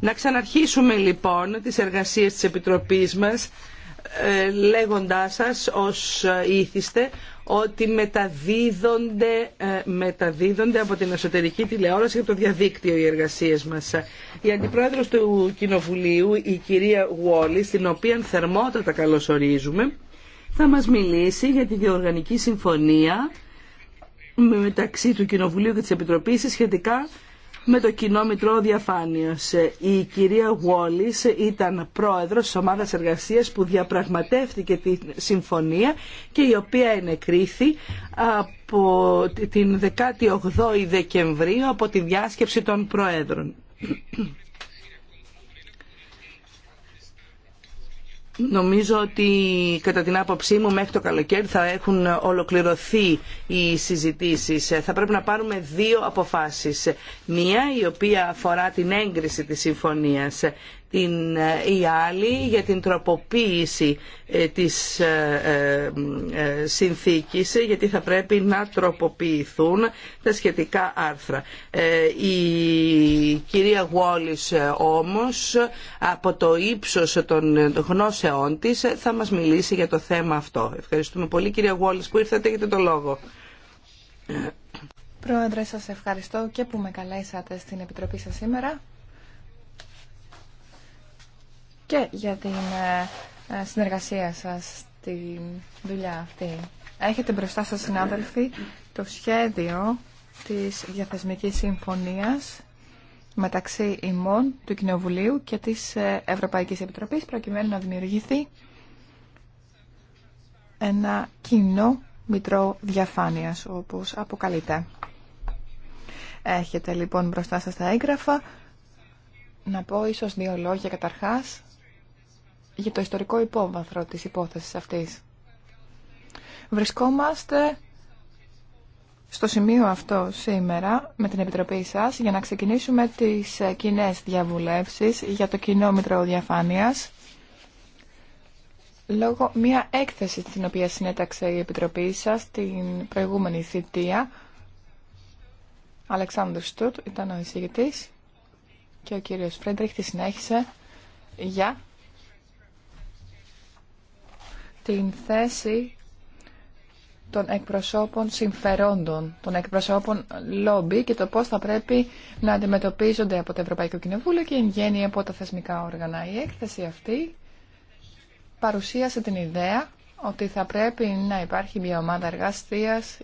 Να ξαναρχίσουμε λοιπόν τις εργασίες της Επιτροπής μας ε, λέγοντάς σας ως ε, ήθιστε ότι μεταδίδονται, ε, μεταδίδονται από την εσωτερική τηλεόραση και από το διαδίκτυο οι εργασίες μας. Η Αντιπρόεδρος του Κοινοβουλίου, η κυρία Γουόλη, την οποία θερμότατα καλωσορίζουμε, θα μας μιλήσει για τη Διοργανική Συμφωνία μεταξύ του Κοινοβουλίου και της Επιτροπής σχετικά με το κοινό Μητρό Διαφάνειας. Η κυρία Γουόλης ήταν πρόεδρος της ομάδας εργασίας που διαπραγματεύτηκε τη συμφωνία και η οποία ενεκρίθη από την 18η Δεκεμβρίου από τη διάσκεψη των Προέδρων. Νομίζω ότι κατά την άποψή μου μέχρι το καλοκαίρι θα έχουν ολοκληρωθεί οι συζητήσεις. Θα πρέπει να πάρουμε δύο αποφάσεις. Μία η οποία αφορά την έγκριση της συμφωνίας την, ε, οι για την τροποποίηση ε, της ε, συνθήκης γιατί θα πρέπει να τροποποιηθούν τα σχετικά άρθρα. Η κυρία Γουόλης όμως από το ύψος των γνώσεών της θα μας μιλήσει για το θέμα αυτό. Ευχαριστούμε πολύ κυρία Γουόλης που ήρθατε για το λόγο. Πρόεδρε, σας ευχαριστώ και που με καλέσατε στην Επιτροπή σας σήμερα και για την ε, συνεργασία σας στη δουλειά αυτή. Έχετε μπροστά σας, συνάδελφοι, το σχέδιο της διαθεσμικής συμφωνίας μεταξύ ημών του Κοινοβουλίου και της ε, Ευρωπαϊκής Επιτροπής προκειμένου να δημιουργηθεί ένα κοινό μητρό διαφάνειας, όπως αποκαλείται. Έχετε λοιπόν μπροστά σας τα έγγραφα. Να πω ίσως δύο λόγια καταρχάς για το ιστορικό υπόβαθρο της υπόθεσης αυτής. Βρισκόμαστε στο σημείο αυτό σήμερα με την Επιτροπή σας για να ξεκινήσουμε τις ε, κοινέ διαβουλεύσεις για το κοινό Μητρό Διαφάνειας λόγω μια έκθεση την οποία συνέταξε η Επιτροπή σας την προηγούμενη θητεία. Αλεξάνδρου Στουτ ήταν ο εισηγητής και ο κύριος Φρέντριχ τη συνέχισε για την θέση των εκπροσώπων συμφερόντων, των εκπροσώπων λόμπι και το πώς θα πρέπει να αντιμετωπίζονται από το Ευρωπαϊκό Κοινοβούλιο και εν γέννη από τα θεσμικά όργανα. Η έκθεση αυτή παρουσίασε την ιδέα ότι θα πρέπει να υπάρχει μια ομάδα εργαστίας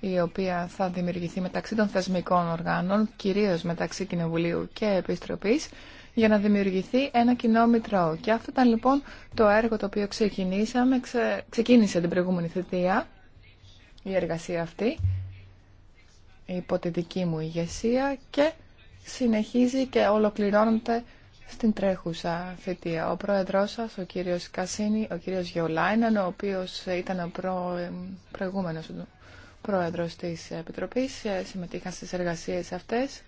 η οποία θα δημιουργηθεί μεταξύ των θεσμικών οργάνων, κυρίως μεταξύ Κοινοβουλίου και Επιστροπής, για να δημιουργηθεί ένα κοινό μητρό. Και αυτό ήταν λοιπόν το έργο το οποίο ξεκινήσαμε, ξεκίνησε την προηγούμενη θητεία, η εργασία αυτή, υπό τη δική μου ηγεσία και συνεχίζει και ολοκληρώνεται στην τρέχουσα θητεία. Ο πρόεδρός σας, ο κύριος Κασίνη, ο κύριος Γεωλάιναν, ο οποίος ήταν ο προ... προηγούμενος πρόεδρος της Επιτροπής, συμμετείχαν στις εργασίες αυτές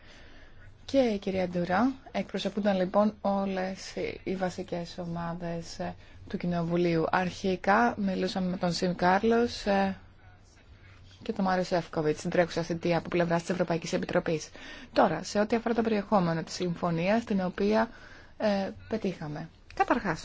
και η κυρία Ντουρά. Εκπροσωπούνταν λοιπόν όλες οι βασικές ομάδες ε, του Κοινοβουλίου. Αρχικά μιλούσαμε με τον Σιμ Κάρλος ε, και τον Μάριο Σεύκοβιτ, την τρέχουσα θητεία από πλευρά τη Ευρωπαϊκή Επιτροπή. Τώρα, σε ό,τι αφορά το περιεχόμενο τη συμφωνία, την οποία ε, πετύχαμε. Καταρχά,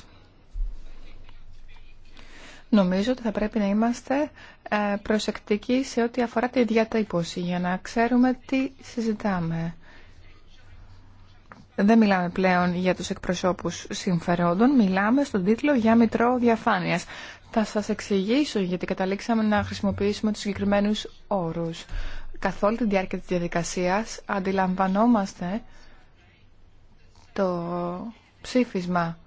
νομίζω ότι θα πρέπει να είμαστε ε, προσεκτικοί σε ό,τι αφορά τη διατύπωση, για να ξέρουμε τι συζητάμε δεν μιλάμε πλέον για τους εκπροσώπους συμφερόντων, μιλάμε στον τίτλο για Μητρό Διαφάνειας. Θα σας εξηγήσω γιατί καταλήξαμε να χρησιμοποιήσουμε τους συγκεκριμένους όρους. Καθ' όλη τη διάρκεια της διαδικασίας αντιλαμβανόμαστε το ψήφισμα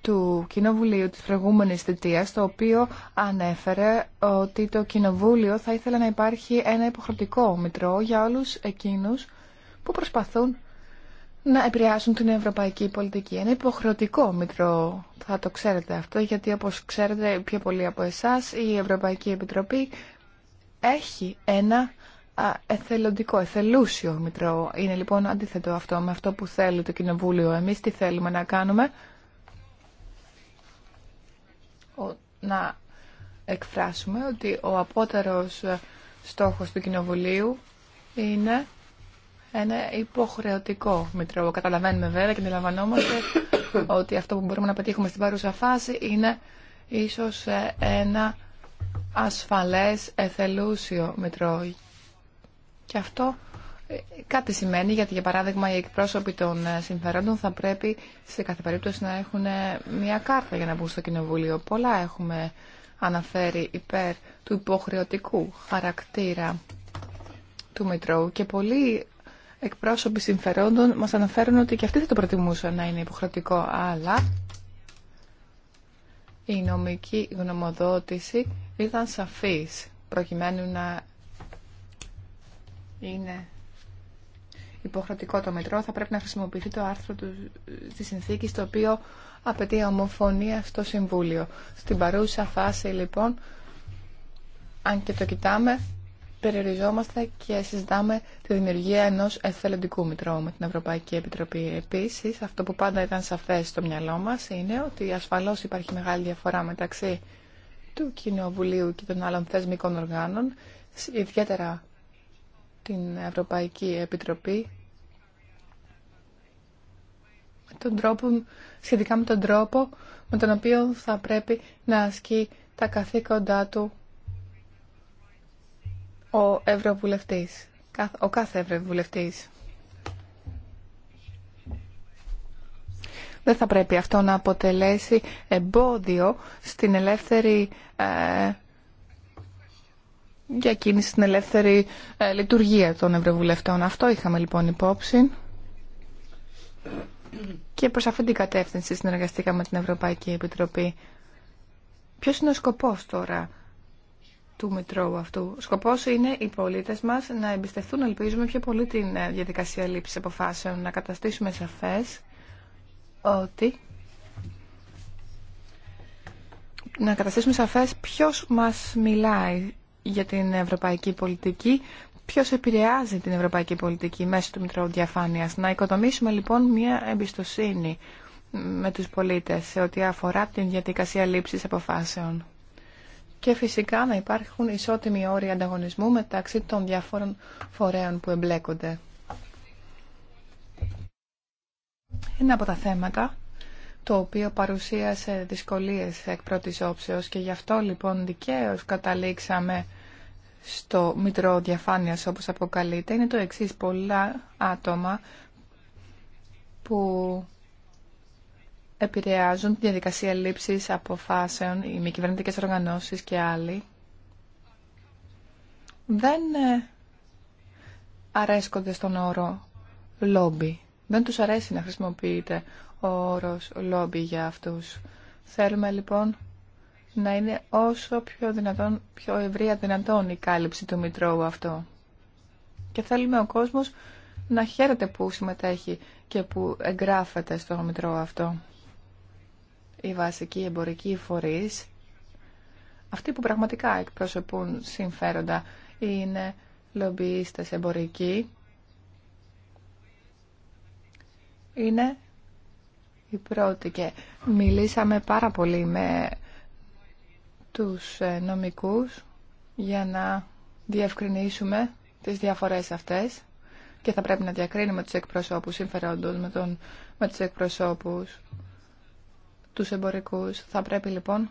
του Κοινοβουλίου της προηγούμενης θητείας, το οποίο ανέφερε ότι το Κοινοβούλιο θα ήθελε να υπάρχει ένα υποχρεωτικό μητρό για όλους εκείνους που προσπαθούν να επηρεάσουν την ευρωπαϊκή πολιτική. Είναι υποχρεωτικό μητρό, θα το ξέρετε αυτό, γιατί όπως ξέρετε πιο πολλοί από εσάς η Ευρωπαϊκή Επιτροπή έχει ένα εθελοντικό, εθελούσιο μητρό. Είναι λοιπόν αντίθετο αυτό με αυτό που θέλει το Κοινοβούλιο. Εμείς τι θέλουμε να κάνουμε, να εκφράσουμε ότι ο απότερος στόχος του Κοινοβουλίου είναι ένα υποχρεωτικό μητρό. Καταλαβαίνουμε βέβαια και αντιλαμβανόμαστε ότι αυτό που μπορούμε να πετύχουμε στην παρούσα φάση είναι ίσως ε, ένα ασφαλές εθελούσιο μητρό. Και αυτό ε, κάτι σημαίνει γιατί για παράδειγμα οι εκπρόσωποι των ε, συμφερόντων θα πρέπει σε κάθε περίπτωση να έχουν μια κάρτα για να μπουν στο κοινοβούλιο. Πολλά έχουμε αναφέρει υπέρ του υποχρεωτικού χαρακτήρα του Μητρώου και πολλοί εκπρόσωποι συμφερόντων μας αναφέρουν ότι και αυτοί δεν το προτιμούσαν να είναι υποχρεωτικό, αλλά η νομική γνωμοδότηση ήταν σαφής προκειμένου να είναι υποχρεωτικό το μετρό θα πρέπει να χρησιμοποιηθεί το άρθρο του, της συνθήκης το οποίο απαιτεί ομοφωνία στο Συμβούλιο. Στην παρούσα φάση λοιπόν, αν και το κοιτάμε, περιοριζόμαστε και συζητάμε τη δημιουργία ενός εθελοντικού μητρώου με την Ευρωπαϊκή Επιτροπή. Επίσης, αυτό που πάντα ήταν σαφές στο μυαλό μας είναι ότι ασφαλώς υπάρχει μεγάλη διαφορά μεταξύ του Κοινοβουλίου και των άλλων θεσμικών οργάνων, ιδιαίτερα την Ευρωπαϊκή Επιτροπή, τον τρόπο, σχετικά με τον τρόπο με τον οποίο θα πρέπει να ασκεί τα καθήκοντά του ο Ευρωβουλευτής, ο κάθε Ευρωβουλευτής. Δεν θα πρέπει αυτό να αποτελέσει εμπόδιο στην ελεύθερη ε, διακίνηση, στην ελεύθερη ε, λειτουργία των Ευρωβουλευτών. Αυτό είχαμε λοιπόν υπόψη. Και προς αυτήν την κατεύθυνση συνεργαστήκαμε με την Ευρωπαϊκή Επιτροπή. Ποιος είναι ο σκοπός τώρα του αυτού. Σκοπός είναι οι πολίτες μας να εμπιστευτούν, ελπίζουμε, πιο πολύ την ε, διαδικασία λήψη αποφάσεων, να καταστήσουμε σαφές ότι να καταστήσουμε σαφές ποιος μας μιλάει για την ευρωπαϊκή πολιτική, ποιος επηρεάζει την ευρωπαϊκή πολιτική μέσω του Μητρώου Διαφάνειας. Να οικοδομήσουμε λοιπόν μια εμπιστοσύνη με τους πολίτες σε ό,τι αφορά την διαδικασία λήψης αποφάσεων και φυσικά να υπάρχουν ισότιμοι όροι ανταγωνισμού μεταξύ των διάφορων φορέων που εμπλέκονται. Ένα από τα θέματα το οποίο παρουσίασε δυσκολίες εκ πρώτης όψεως και γι' αυτό λοιπόν δικαίως καταλήξαμε στο Μητρό Διαφάνειας όπως αποκαλείται είναι το εξής πολλά άτομα που επηρεάζουν τη διαδικασία λήψης αποφάσεων, οι μη κυβερνητικέ οργανώσεις και άλλοι, δεν ε, αρέσκονται στον όρο λόμπι. Δεν τους αρέσει να χρησιμοποιείται ο όρος λόμπι για αυτούς. Θέλουμε λοιπόν να είναι όσο πιο, δυνατόν, πιο ευρεία δυνατόν η κάλυψη του Μητρώου αυτό. Και θέλουμε ο κόσμος να χαίρεται που συμμετέχει και που εγγράφεται στο Μητρώο αυτό οι βασικοί εμπορικοί φορείς, αυτοί που πραγματικά εκπροσωπούν συμφέροντα είναι λομπιίστες εμπορικοί, είναι η πρώτη και μιλήσαμε πάρα πολύ με τους ε, νομικούς για να διευκρινίσουμε τις διαφορές αυτές και θα πρέπει να διακρίνουμε τους εκπροσώπους συμφερόντων με, τον, με τους εκπροσώπους τους εμπορικούς. Θα πρέπει λοιπόν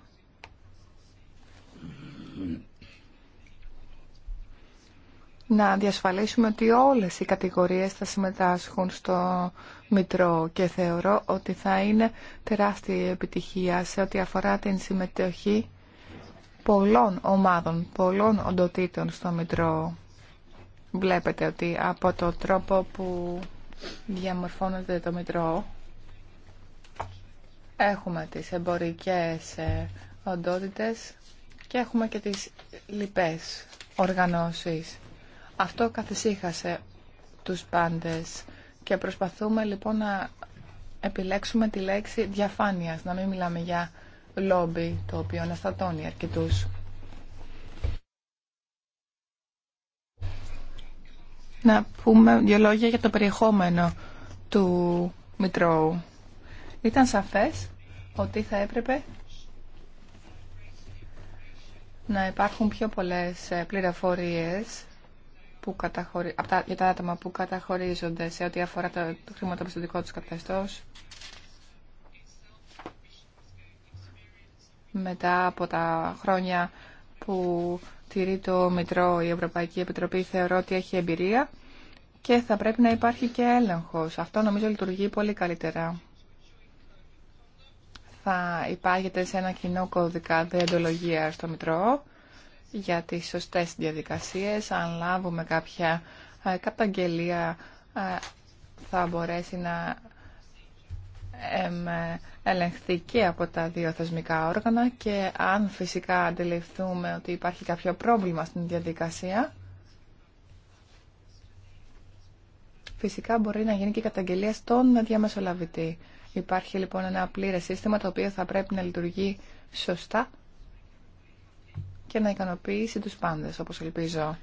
να διασφαλίσουμε ότι όλες οι κατηγορίες θα συμμετάσχουν στο Μητρό και θεωρώ ότι θα είναι τεράστια επιτυχία σε ό,τι αφορά την συμμετοχή πολλών ομάδων, πολλών οντοτήτων στο Μητρό. Βλέπετε ότι από το τρόπο που διαμορφώνεται το Μητρό Έχουμε τις εμπορικές ε, οντότητες και έχουμε και τις λοιπές οργανώσεις. Αυτό καθησύχασε τους πάντες και προσπαθούμε λοιπόν να επιλέξουμε τη λέξη διαφάνειας, να μην μιλάμε για λόμπι το οποίο αναστατώνει αρκετούς. Να πούμε δύο λόγια για το περιεχόμενο του Μητρώου. Ήταν σαφές ότι θα έπρεπε να υπάρχουν πιο πολλές ε, πληροφορίες που για τα άτομα που καταχωρίζονται σε ό,τι αφορά το, το χρηματοπιστωτικό τους καθεστώς. Μετά από τα χρόνια που τηρεί το Μητρό η Ευρωπαϊκή Επιτροπή θεωρώ ότι έχει εμπειρία και θα πρέπει να υπάρχει και έλεγχος. Αυτό νομίζω λειτουργεί πολύ καλύτερα θα υπάγεται σε ένα κοινό κώδικα διοντολογία στο Μητρό για τις σωστές διαδικασίες. Αν λάβουμε κάποια ε, καταγγελία ε, θα μπορέσει να ελεγχθεί και από τα δύο θεσμικά όργανα και αν φυσικά αντιληφθούμε ότι υπάρχει κάποιο πρόβλημα στην διαδικασία φυσικά μπορεί να γίνει και καταγγελία στον διαμεσολαβητή. Υπάρχει λοιπόν ένα πλήρες σύστημα το οποίο θα πρέπει να λειτουργεί σωστά και να ικανοποιήσει τους πάντες, όπως ελπίζω.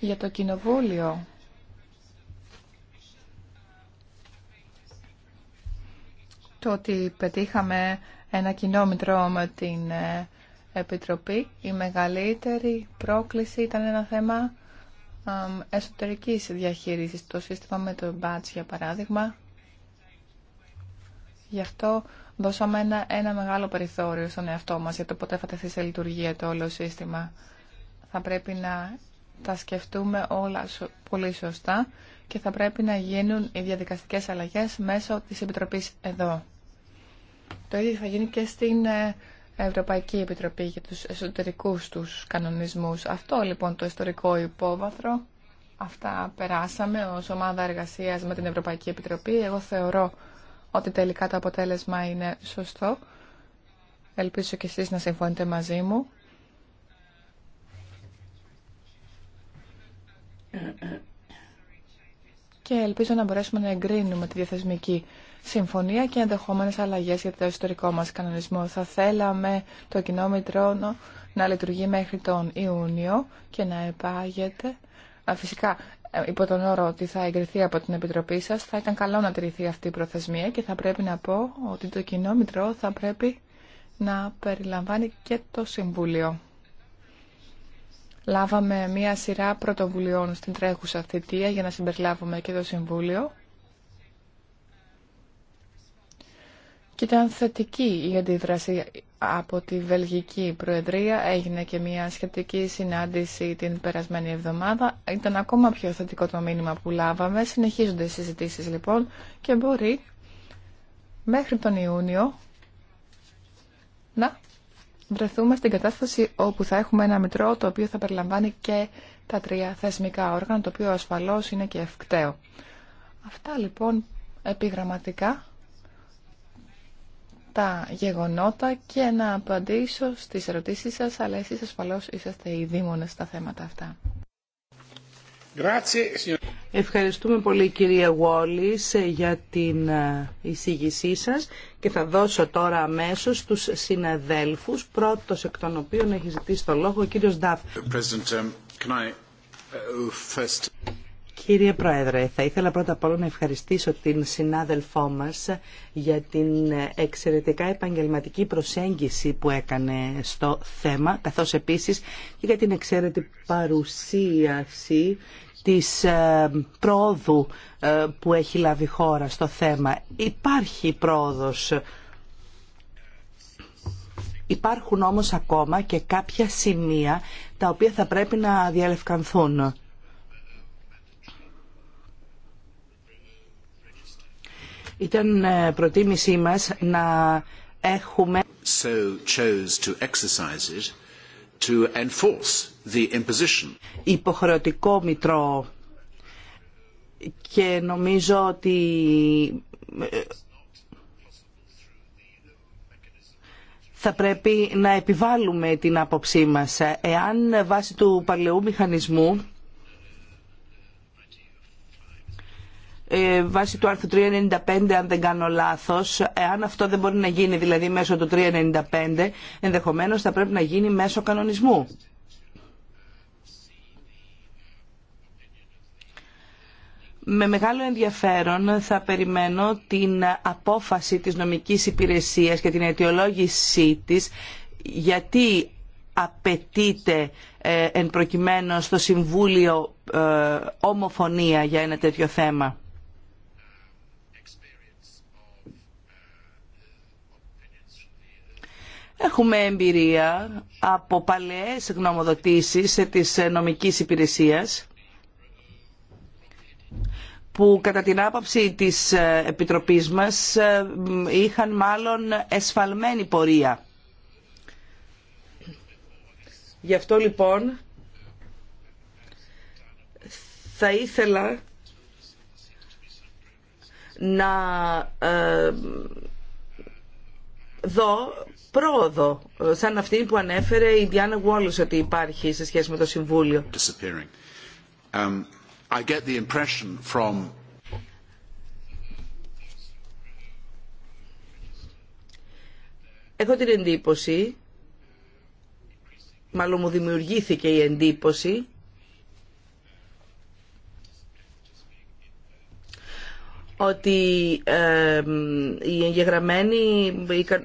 Για το Κοινοβούλιο, το ότι πετύχαμε ένα κοινόμητρο με την ε, Επιτροπή, η μεγαλύτερη πρόκληση ήταν ένα θέμα εσωτερικής διαχείρισης. Το σύστημα με το BATS, για παράδειγμα, Γι' αυτό δώσαμε ένα, ένα μεγάλο περιθώριο στον εαυτό μας για το πότε θα τεθεί σε λειτουργία το όλο σύστημα. Θα πρέπει να τα σκεφτούμε όλα πολύ σωστά και θα πρέπει να γίνουν οι διαδικαστικές αλλαγές μέσω της Επιτροπής εδώ. Το ίδιο θα γίνει και στην ε, Ευρωπαϊκή Επιτροπή για τους εσωτερικούς τους κανονισμούς. Αυτό λοιπόν το ιστορικό υπόβαθρο, αυτά περάσαμε ως ομάδα εργασίας με την Ευρωπαϊκή Επιτροπή. Εγώ θεωρώ ότι τελικά το αποτέλεσμα είναι σωστό. Ελπίζω και εσείς να συμφωνείτε μαζί μου. Και ελπίζω να μπορέσουμε να εγκρίνουμε τη διαθεσμική συμφωνία και ενδεχόμενε αλλαγές για το ιστορικό μας κανονισμό. Θα θέλαμε το κοινό μητρόνο να λειτουργεί μέχρι τον Ιούνιο και να επάγεται. Φυσικά ε, υπό τον όρο ότι θα εγκριθεί από την Επιτροπή σας, θα ήταν καλό να τηρηθεί αυτή η προθεσμία και θα πρέπει να πω ότι το κοινό μητρό θα πρέπει να περιλαμβάνει και το Συμβούλιο. Λάβαμε μία σειρά πρωτοβουλειών στην τρέχουσα θητεία για να συμπεριλάβουμε και το Συμβούλιο. Και ήταν θετική η αντίδραση από τη Βελγική Προεδρία έγινε και μια σχετική συνάντηση την περασμένη εβδομάδα. Ήταν ακόμα πιο θετικό το μήνυμα που λάβαμε. Συνεχίζονται οι συζητήσεις λοιπόν και μπορεί μέχρι τον Ιούνιο να βρεθούμε στην κατάσταση όπου θα έχουμε ένα μητρό το οποίο θα περιλαμβάνει και τα τρία θεσμικά όργανα, το οποίο ασφαλώς είναι και ευκταίο. Αυτά λοιπόν επιγραμματικά τα γεγονότα και να απαντήσω στις ερωτήσεις σας, αλλά εσείς ασφαλώς είσαστε οι δήμονες στα θέματα αυτά. Ευχαριστούμε πολύ κυρία Γουόλης για την ε, εισήγησή σας και θα δώσω τώρα αμέσως τους συναδέλφους, πρώτος εκ των οποίων έχει ζητήσει το λόγο ο κύριος Ντάφ. Κύριε Πρόεδρε, θα ήθελα πρώτα απ' όλα να ευχαριστήσω την συνάδελφό μας για την εξαιρετικά επαγγελματική προσέγγιση που έκανε στο θέμα, καθώς επίσης και για την εξαιρετική παρουσίαση της ε, πρόοδου ε, που έχει λάβει χώρα στο θέμα. Υπάρχει πρόοδος. Υπάρχουν όμως ακόμα και κάποια σημεία τα οποία θα πρέπει να διαλευκανθούν Ήταν ε, προτίμησή μας να έχουμε υποχρεωτικό μητρό και νομίζω ότι ε, θα πρέπει να επιβάλλουμε την άποψή μας. Εάν ε, βάσει του παλαιού μηχανισμού Ε, βάσει του άρθρου 395 αν δεν κάνω λάθος. Εάν αυτό δεν μπορεί να γίνει δηλαδή μέσω του 395 ενδεχομένως θα πρέπει να γίνει μέσω κανονισμού. Με μεγάλο ενδιαφέρον θα περιμένω την απόφαση της νομικής υπηρεσίας και την αιτιολόγησή της γιατί απαιτείται ε, εν προκειμένου στο Συμβούλιο ε, ομοφωνία για ένα τέτοιο θέμα. Έχουμε εμπειρία από παλαιές γνωμοδοτήσεις της νομικής υπηρεσίας που κατά την άποψη της Επιτροπής μας ε, είχαν μάλλον εσφαλμένη πορεία. Γι' αυτό λοιπόν θα ήθελα να ε, δω πρόοδο, σαν αυτή που ανέφερε η Διάννα Γουόλους ότι υπάρχει σε σχέση με το Συμβούλιο. Um, Έχω την εντύπωση, μάλλον μου δημιουργήθηκε η εντύπωση, ότι οι εγγεγραμμένοι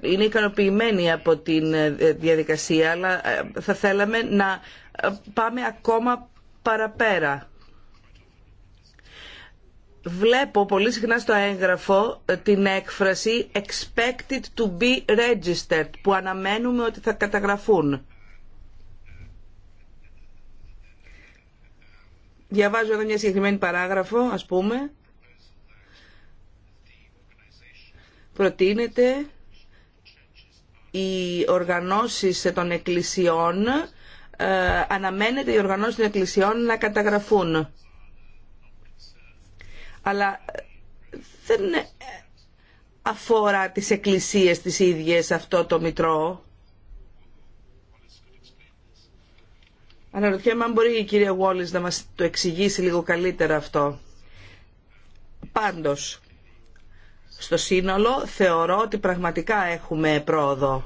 είναι ικανοποιημένοι από την ε, διαδικασία, αλλά ε, θα θέλαμε να ε, πάμε ακόμα παραπέρα. Βλέπω πολύ συχνά στο έγγραφο την έκφραση expected to be registered που αναμένουμε ότι θα καταγραφούν. Διαβάζω εδώ μια συγκεκριμένη παράγραφο, ας πούμε, προτείνεται οι οργανώσεις των εκκλησιών ε, αναμένεται οι οργανώσεις των εκκλησιών να καταγραφούν. Αλλά ε, δεν ε, αφορά τις εκκλησίες τις ίδιες αυτό το Μητρό. Αναρωτιέμαι αν μπορεί η κυρία Γουόλης να μας το εξηγήσει λίγο καλύτερα αυτό. Πάντως, στο σύνολο θεωρώ ότι πραγματικά έχουμε πρόοδο.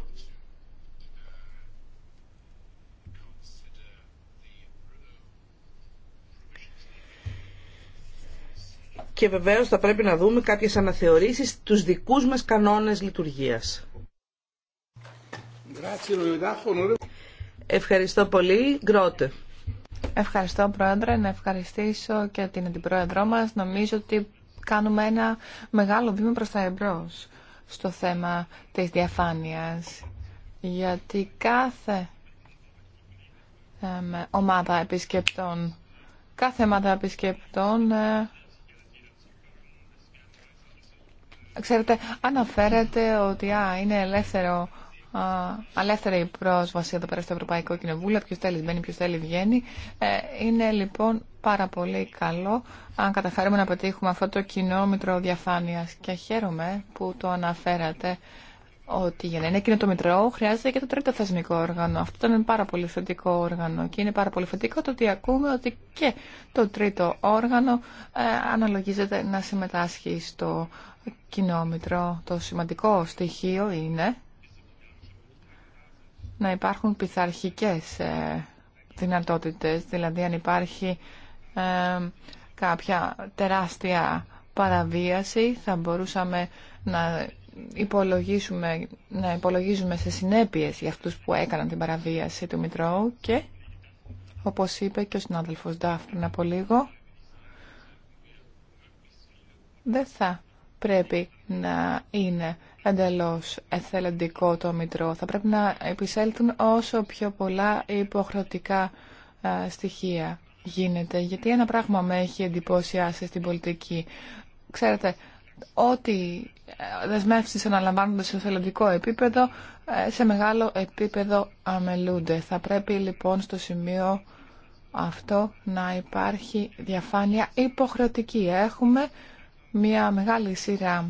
Και βεβαίως θα πρέπει να δούμε κάποιες αναθεωρήσεις τους δικούς μας κανόνες λειτουργίας. Ευχαριστώ πολύ. Γκρότε. Ευχαριστώ Πρόεδρε. Να ευχαριστήσω και την Αντιπρόεδρό μας. Νομίζω ότι κάνουμε ένα μεγάλο βήμα προς τα εμπρός στο θέμα της διαφάνειας. Γιατί κάθε ομάδα επισκεπτών, κάθε ομάδα επισκεπτών ε, Ξέρετε, αναφέρεται ότι α, είναι ελεύθερο, α, ελεύθερη η πρόσβαση εδώ πέρα στο Ευρωπαϊκό Κοινοβούλιο, ποιος θέλει μπαίνει, ποιος θέλει βγαίνει. Ε, είναι λοιπόν πάρα πολύ καλό αν καταφέρουμε να πετύχουμε αυτό το κοινό μητρό διαφάνειας και χαίρομαι που το αναφέρατε ότι για να είναι εκείνο το Μητρό χρειάζεται και το τρίτο θεσμικό όργανο. Αυτό ήταν πάρα πολύ θετικό όργανο και είναι πάρα πολύ θετικό το ότι ακούμε ότι και το τρίτο όργανο ε, αναλογίζεται να συμμετάσχει στο κοινό Μητρό. Το σημαντικό στοιχείο είναι να υπάρχουν πειθαρχικέ ε, δυνατότητες, δηλαδή αν υπάρχει κάποια τεράστια παραβίαση. Θα μπορούσαμε να υπολογίσουμε, να υπολογίζουμε σε συνέπειες για αυτούς που έκαναν την παραβίαση του Μητρώου και, όπως είπε και ο συνάδελφος Ντάφ πριν από λίγο, δεν θα πρέπει να είναι εντελώς εθελοντικό το Μητρό. Θα πρέπει να επισέλθουν όσο πιο πολλά υποχρεωτικά ε, στοιχεία γίνεται. Γιατί ένα πράγμα με έχει εντυπωσιάσει στην πολιτική. Ξέρετε, ό,τι ε, δεσμεύσει αναλαμβάνονται σε θελοντικό επίπεδο, ε, σε μεγάλο επίπεδο αμελούνται. Θα πρέπει λοιπόν στο σημείο αυτό να υπάρχει διαφάνεια υποχρεωτική. Έχουμε μια μεγάλη σειρά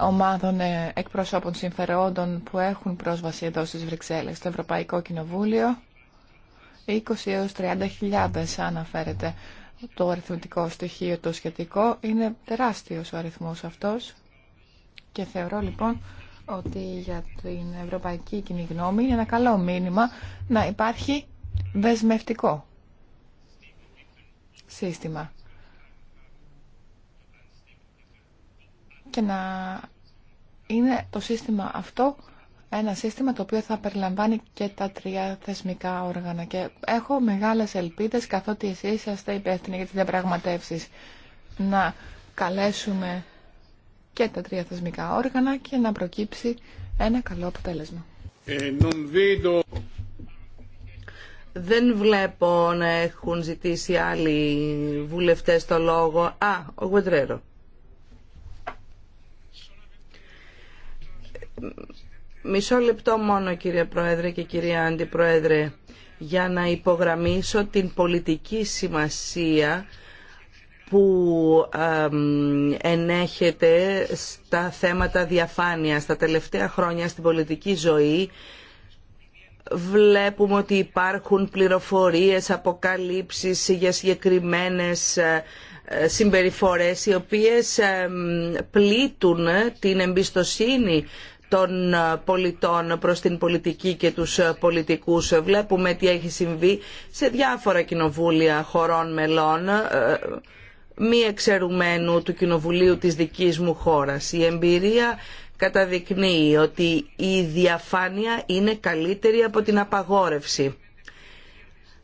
ομάδων ε, εκπροσώπων συμφερόντων που έχουν πρόσβαση εδώ στις Βρυξέλλες, στο Ευρωπαϊκό Κοινοβούλιο 20 έως 30.000 αναφέρεται το αριθμητικό στοιχείο το σχετικό. Είναι τεράστιος ο αριθμός αυτός και θεωρώ λοιπόν ότι για την ευρωπαϊκή κοινή γνώμη είναι ένα καλό μήνυμα να υπάρχει δεσμευτικό σύστημα και να είναι το σύστημα αυτό ένα σύστημα το οποίο θα περιλαμβάνει και τα τρία θεσμικά όργανα. Και έχω μεγάλες ελπίδες, καθότι εσείς είσαστε υπεύθυνοι για τις διαπραγματεύσεις, να καλέσουμε και τα τρία θεσμικά όργανα και να προκύψει ένα καλό αποτέλεσμα. Ε, Δεν βλέπω να έχουν ζητήσει άλλοι βουλευτές το λόγο. Α, ο Γουεντρέρο. Μισό λεπτό μόνο κύριε Πρόεδρε και κυρία Αντιπρόεδρε για να υπογραμμίσω την πολιτική σημασία που ενέχεται στα θέματα διαφάνειας. Τα τελευταία χρόνια στην πολιτική ζωή βλέπουμε ότι υπάρχουν πληροφορίες, αποκαλύψεις για συγκεκριμένες ε, συμπεριφορές οι οποίες πλήττουν την εμπιστοσύνη των πολιτών προς την πολιτική και τους πολιτικούς. Βλέπουμε τι έχει συμβεί σε διάφορα κοινοβούλια χωρών μελών ε, μη εξαιρουμένου του κοινοβουλίου της δικής μου χώρας. Η εμπειρία καταδεικνύει ότι η διαφάνεια είναι καλύτερη από την απαγόρευση.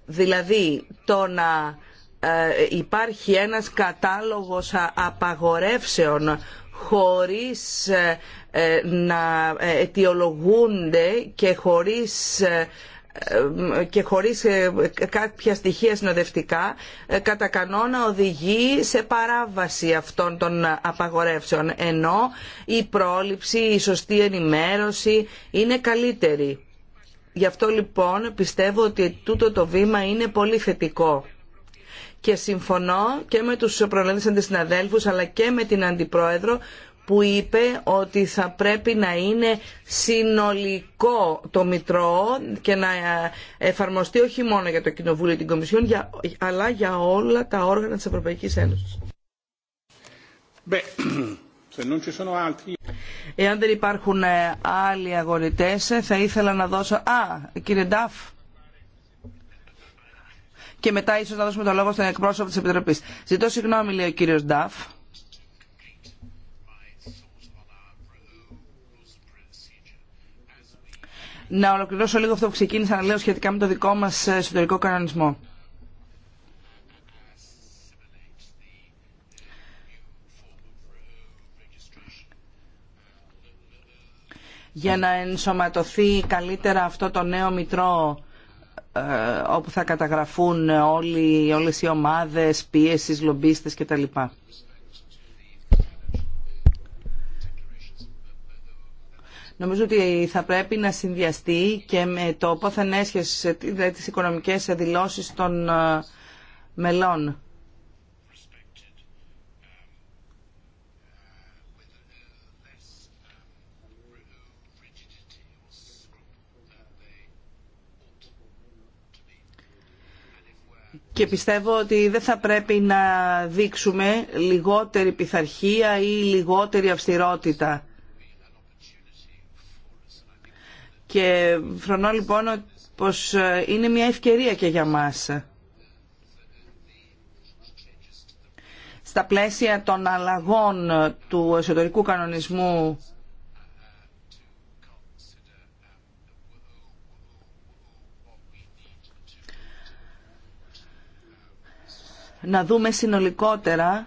Δηλαδή το να ε, υπάρχει ένας κατάλογος απαγορεύσεων χωρίς ε, ε, να αιτιολογούνται και χωρίς ε, και χωρίς κάποια στοιχεία συνοδευτικά κατά κανόνα οδηγεί σε παράβαση αυτών των απαγορεύσεων ενώ η πρόληψη, η σωστή ενημέρωση είναι καλύτερη. Γι' αυτό λοιπόν πιστεύω ότι τούτο το βήμα είναι πολύ θετικό και συμφωνώ και με τους προλέντες συναδέλφους αλλά και με την Αντιπρόεδρο που είπε ότι θα πρέπει να είναι συνολικό το Μητρό και να εφαρμοστεί όχι μόνο για το Κοινοβούλιο την Κομισιόν αλλά για όλα τα όργανα της Ευρωπαϊκής Ένωσης. Εάν δεν υπάρχουν ε, άλλοι αγωνιτές θα ήθελα να δώσω... Α, κύριε Ντάφ και μετά ίσως να δώσουμε το λόγο στον εκπρόσωπο της Επιτροπής. Ζητώ συγγνώμη, λέει ο κύριος Νταφ. Να ολοκληρώσω λίγο αυτό που ξεκίνησα να λέω σχετικά με το δικό μας ε, εσωτερικό κανονισμό. Για να ενσωματωθεί καλύτερα αυτό το νέο μητρό ε, όπου θα καταγραφούν όλοι, όλες οι ομάδες πίεσης, λομπίστες κτλ. Νομίζω ότι θα πρέπει να συνδυαστεί και με το πόθεν έσχεση, τις οικονομικές δηλώσεις των ε, μελών. και πιστεύω ότι δεν θα πρέπει να δείξουμε λιγότερη πειθαρχία ή λιγότερη αυστηρότητα. Και φρονώ λοιπόν πως ε, είναι μια ευκαιρία και για μας. Στα πλαίσια των αλλαγών του εσωτερικού κανονισμού να δούμε συνολικότερα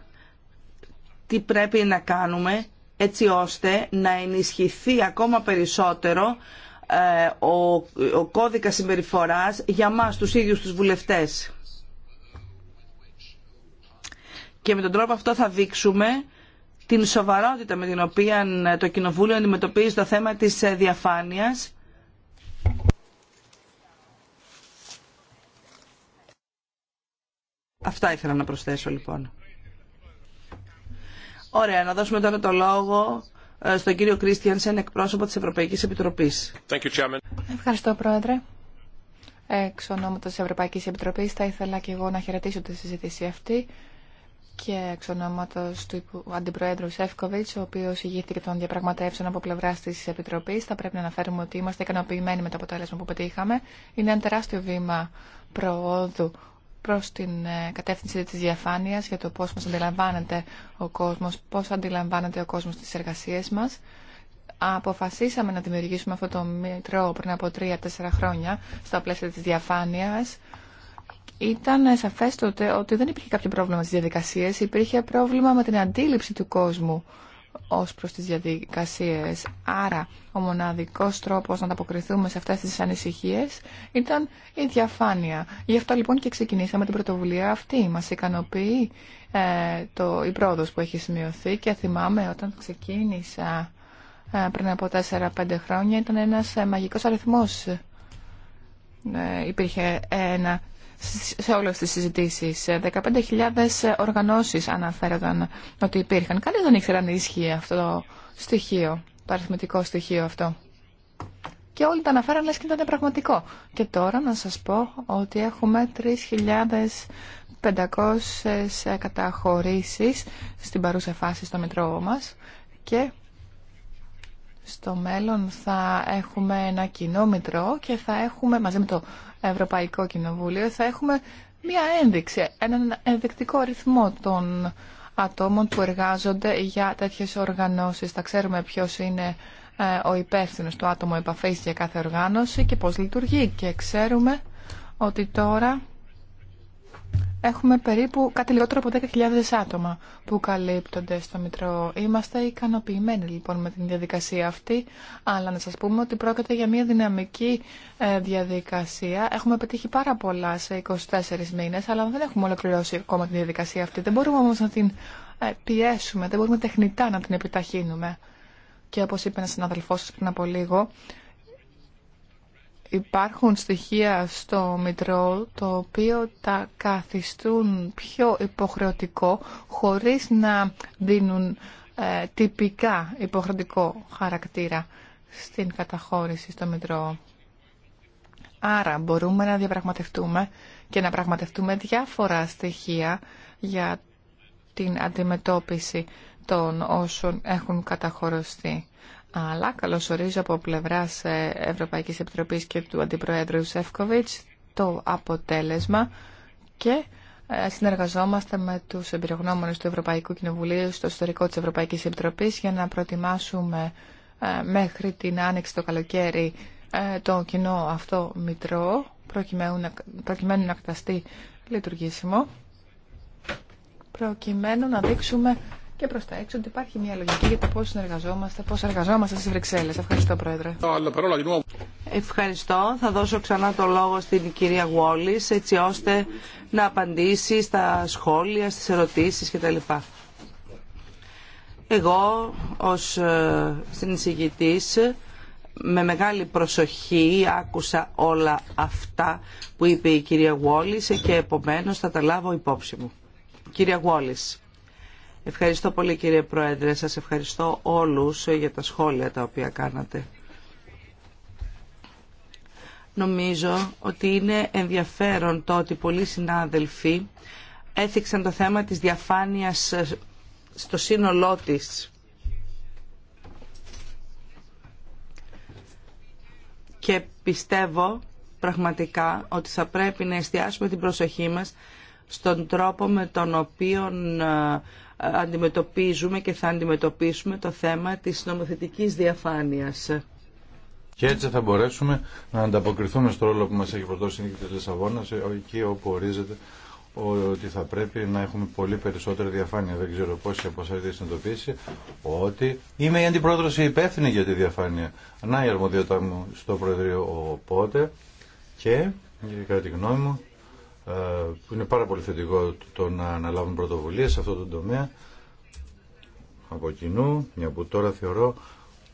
τι πρέπει να κάνουμε έτσι ώστε να ενισχυθεί ακόμα περισσότερο ε, ο, ο κώδικας συμπεριφοράς για μας τους ίδιους τους βουλευτές. Και με τον τρόπο αυτό θα δείξουμε την σοβαρότητα με την οποία το Κοινοβούλιο αντιμετωπίζει το θέμα της ε, διαφάνειας Αυτά ήθελα να προσθέσω λοιπόν. Ωραία, να δώσουμε τώρα το λόγο ε, στον κύριο Κρίστιανσεν, εκπρόσωπο της Ευρωπαϊκής Επιτροπής. you, Ευχαριστώ, Πρόεδρε. Εξ ονόματος της Ευρωπαϊκής Επιτροπής θα ήθελα και εγώ να χαιρετήσω τη συζήτηση αυτή και εξ ονόματος του Αντιπροέδρου Σεύκοβιτς, ο οποίος ηγήθηκε των διαπραγματεύσεων από πλευρά της Επιτροπής, θα πρέπει να αναφέρουμε ότι είμαστε ικανοποιημένοι με το αποτέλεσμα που πετύχαμε. Είναι ένα τεράστιο βήμα προόδου προς την ε, κατεύθυνση της διαφάνειας για το πώς μας αντιλαμβάνεται ο κόσμος, πώς αντιλαμβάνεται ο κόσμος τις εργασίες μας. Αποφασίσαμε να δημιουργήσουμε αυτό το μητρό πριν από τρία-τέσσερα χρόνια στα πλαίσια της διαφάνειας. Ήταν σαφές τότε ότι δεν υπήρχε κάποιο πρόβλημα στις διαδικασίες, υπήρχε πρόβλημα με την αντίληψη του κόσμου ως προς τις διαδικασίες. Άρα, ο μοναδικός τρόπος να ανταποκριθούμε σε αυτές τις ανησυχίες ήταν η διαφάνεια. Γι' αυτό λοιπόν και ξεκινήσαμε την πρωτοβουλία αυτή. Μας ικανοποιεί ε, το, η πρόοδος που έχει σημειωθεί και θυμάμαι όταν ξεκίνησα ε, πριν από 4-5 χρόνια ήταν ένας ε, μαγικός αριθμός. Ε, υπήρχε ένα σε όλες τις συζητήσεις. 15.000 ε, οργανώσεις αναφέρονταν ότι υπήρχαν. Κανείς δεν ήξερε αν ισχύει αυτό το στοιχείο, το αριθμητικό στοιχείο αυτό. Και όλοι τα αναφέραν λες και ήταν πραγματικό. Και τώρα να σας πω ότι έχουμε 3.500 καταχωρήσεις στην παρούσα φάση στο Μητρό μας και στο μέλλον θα έχουμε ένα κοινό μητρό και θα έχουμε μαζί με το Ευρωπαϊκό Κοινοβούλιο θα έχουμε μία ένδειξη, έναν ενδεικτικό ρυθμό των ατόμων που εργάζονται για τέτοιες οργανώσεις. Θα ξέρουμε ποιος είναι ε, ο υπεύθυνο του άτομο επαφής για κάθε οργάνωση και πώς λειτουργεί. Και ξέρουμε ότι τώρα έχουμε περίπου κάτι λιγότερο από 10.000 άτομα που καλύπτονται στο Μητρό. Είμαστε ικανοποιημένοι λοιπόν με την διαδικασία αυτή, αλλά να σας πούμε ότι πρόκειται για μια δυναμική ε, διαδικασία. Έχουμε πετύχει πάρα πολλά σε 24 μήνες, αλλά δεν έχουμε ολοκληρώσει ακόμα την διαδικασία αυτή. Δεν μπορούμε όμως να την ε, πιέσουμε, δεν μπορούμε τεχνητά να την επιταχύνουμε. Και όπως είπε ένας συναδελφός σας πριν από λίγο, υπάρχουν στοιχεία στο Μητρό το οποίο τα καθιστούν πιο υποχρεωτικό χωρίς να δίνουν ε, τυπικά υποχρεωτικό χαρακτήρα στην καταχώρηση στο Μητρό. Άρα μπορούμε να διαπραγματευτούμε και να πραγματευτούμε διάφορα στοιχεία για την αντιμετώπιση των όσων έχουν καταχωριστεί. Αλλά καλωσορίζω από πλευράς ε, Ευρωπαϊκής Επιτροπής και του Αντιπροέδρου Σεύκοβιτς το αποτέλεσμα και ε, συνεργαζόμαστε με τους εμπειρογνώμονες του Ευρωπαϊκού Κοινοβουλίου στο ιστορικό της Ευρωπαϊκής Επιτροπής για να προετοιμάσουμε ε, μέχρι την άνοιξη το καλοκαίρι το κοινό αυτό μητρό προκειμένου να, προκειμένου να καταστεί λειτουργήσιμο προκειμένου να δείξουμε και προς τα έξω ότι υπάρχει μια λογική για το πώς συνεργαζόμαστε, πώς εργαζόμαστε στις Βρυξέλλες. Ευχαριστώ Πρόεδρε. Ευχαριστώ. Θα δώσω ξανά το λόγο στην κυρία Γουόλη, έτσι ώστε να απαντήσει στα σχόλια, στις ερωτήσεις κτλ. Εγώ ως ε, συνεισηγητής με μεγάλη προσοχή άκουσα όλα αυτά που είπε η κυρία Γουόλης και επομένως θα τα λάβω υπόψη μου. Κυρία Γουόλης. Ευχαριστώ πολύ κύριε Πρόεδρε. Σας ευχαριστώ όλους για τα σχόλια τα οποία κάνατε. Νομίζω ότι είναι ενδιαφέρον το ότι πολλοί συνάδελφοι έθιξαν το θέμα της διαφάνειας στο σύνολό της. Και πιστεύω πραγματικά ότι θα πρέπει να εστιάσουμε την προσοχή μας στον τρόπο με τον οποίο ε, αντιμετωπίζουμε και θα αντιμετωπίσουμε το θέμα της νομοθετικής διαφάνειας. Και έτσι θα μπορέσουμε να ανταποκριθούμε στο ρόλο που μας έχει προδώσει η Νίκη της Λισαβόνας, ε, εκεί όπου ορίζεται ότι θα πρέπει να έχουμε πολύ περισσότερη διαφάνεια. Δεν ξέρω πώς από εσά έχετε συνειδητοποιήσει ότι είμαι η αντιπρόεδρος υπεύθυνη για τη διαφάνεια. Να η αρμοδιότητα μου στο Προεδρείο οπότε και κατά τη γνώμη μου που ε, είναι πάρα πολύ θετικό το να αναλάβουν πρωτοβουλίες σε αυτό το τομέα από κοινού, μια που τώρα θεωρώ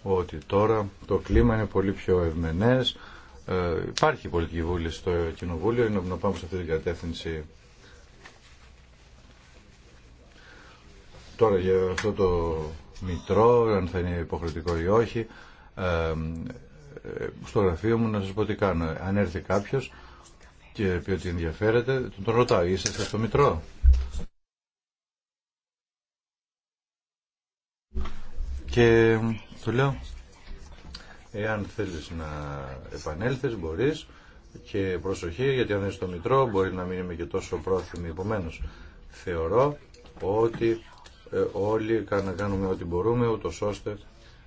ότι τώρα το κλίμα είναι πολύ πιο ευμενές, ε, υπάρχει πολιτική βούληση στο Κοινοβούλιο, είναι να πάμε σε αυτή την κατεύθυνση. Τώρα για αυτό το μητρό, αν θα είναι υποχρεωτικό ή όχι, ε, ε, στο γραφείο μου να σας πω τι κάνω. Αν έρθει κάποιος, και πει ότι ενδιαφέρεται, τον, τον ρωτάω, είσαι στο Μητρό. Και του λέω, εάν θέλεις να επανέλθεις μπορείς και προσοχή γιατί αν είσαι στο Μητρό μπορεί να μην είμαι και τόσο πρόθυμη. επομένω. θεωρώ ότι ε, όλοι να κάνουμε ό,τι μπορούμε ούτως ώστε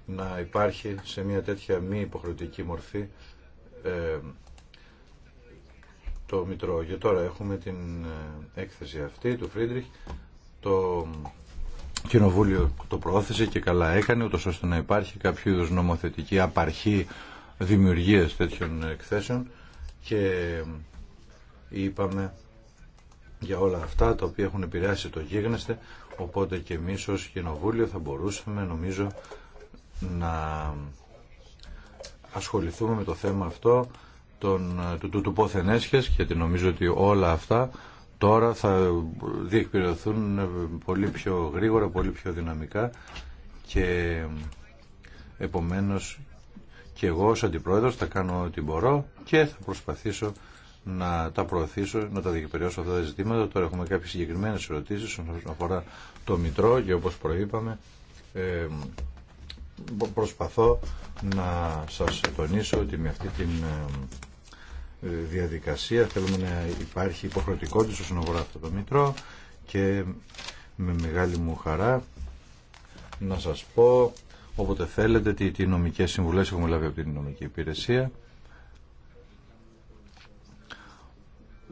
να υπάρχει σε μια τέτοια μη υποχρεωτική μορφή ε, το Μητρό. τώρα έχουμε την ε, έκθεση αυτή του Φρίντριχ. Το Κοινοβούλιο το προώθησε και καλά έκανε, ούτως ώστε να υπάρχει κάποιο είδους νομοθετική απαρχή δημιουργίας τέτοιων εκθέσεων και είπαμε για όλα αυτά τα οποία έχουν επηρεάσει το γίγνεσθε οπότε και εμείς ως κοινοβούλιο θα μπορούσαμε νομίζω να ασχοληθούμε με το θέμα αυτό τον του, του, του πόθεν έσχες γιατί νομίζω ότι όλα αυτά τώρα θα διεκπληρωθούν ε, πολύ πιο γρήγορα, πολύ πιο δυναμικά και επομένως και εγώ ως αντιπρόεδρος θα κάνω ό,τι μπορώ και θα προσπαθήσω να τα προωθήσω, να τα διεκπαιριώσω αυτά τα ζητήματα. Τώρα έχουμε κάποιες συγκεκριμένες ερωτήσεις όσον αφορά το Μητρό και όπως προείπαμε ε, προσπαθώ να σας τονίσω ότι με αυτή τη ε, ε, διαδικασία θέλουμε να υπάρχει υποχρεωτικότητα όσον αφορά αυτό το Μητρό και με μεγάλη μου χαρά να σας πω όποτε θέλετε τι, τι νομικές συμβουλές έχουμε λάβει από την νομική υπηρεσία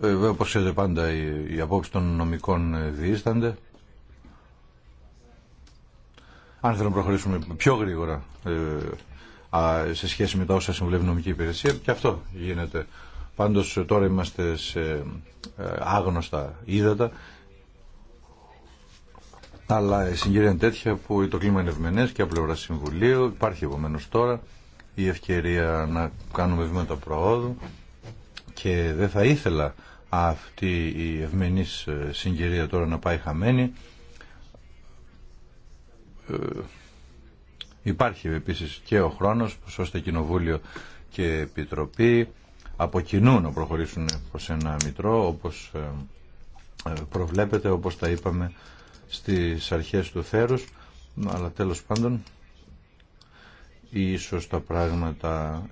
Βέβαια ε, όπως ξέρετε πάντα οι, οι απόψεις των νομικών διήστανται αν θέλουμε να προχωρήσουμε πιο γρήγορα ε, σε σχέση με τα όσα συμβουλεύει η νομική υπηρεσία και αυτό γίνεται. Πάντως τώρα είμαστε σε ε, άγνωστα ύδατα αλλά η συγκυρία είναι τέτοια που το κλίμα είναι ευμενές και από πλευρά συμβουλίου υπάρχει επομένω τώρα η ευκαιρία να κάνουμε βήματα προόδου και δεν θα ήθελα αυτή η ευμενής ε, συγκυρία τώρα να πάει χαμένη ε, υπάρχει επίσης και ο χρόνος ώστε Κοινοβούλιο και Επιτροπή από κοινού να προχωρήσουν προς ένα μητρό όπως ε, ε, προβλέπεται όπως τα είπαμε στις αρχές του θέρους αλλά τέλος πάντων ίσως τα πράγματα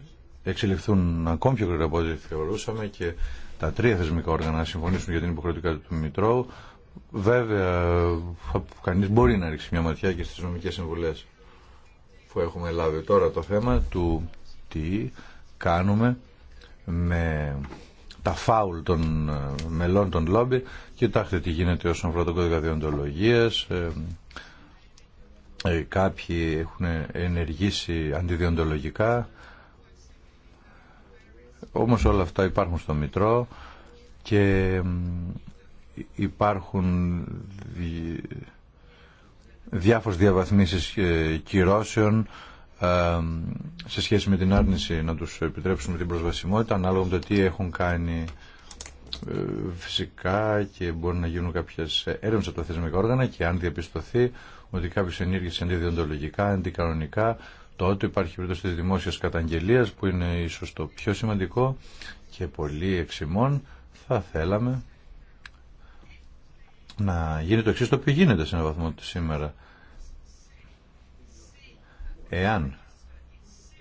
εξελιχθούν ακόμη πιο γρήγορα από ό,τι θεωρούσαμε και τα τρία θεσμικά όργανα συμφωνήσουν για την υποχρεωτικά του Μητρώου Βέβαια, κανείς μπορεί να ρίξει μια ματιά και στις νομικές συμβουλέ που έχουμε λάβει τώρα το θέμα του τι κάνουμε με τα φάουλ των ε, μελών των λόμπι. Κοιτάξτε τι γίνεται όσον αφορά τον κώδικα διοντολογία. Ε, ε, κάποιοι έχουν ενεργήσει αντιδιοντολογικά. Όμως όλα αυτά υπάρχουν στο Μητρό και υπάρχουν διάφορες διαβαθμίσεις κυρώσεων σε σχέση με την άρνηση να τους επιτρέψουμε την προσβασιμότητα ανάλογα με το τι έχουν κάνει ε, φυσικά και μπορεί να γίνουν κάποιες έρευνες από τα θεσμικά όργανα και αν διαπιστωθεί ότι κάποιος ενήργησε αντιδιοντολογικά, αντικανονικά τότε υπάρχει περίπτωση της δημόσιας καταγγελίας που είναι ίσως το πιο σημαντικό και πολύ εξημών θα θέλαμε να γίνει το εξή το οποίο γίνεται σε έναν βαθμό σήμερα. Εάν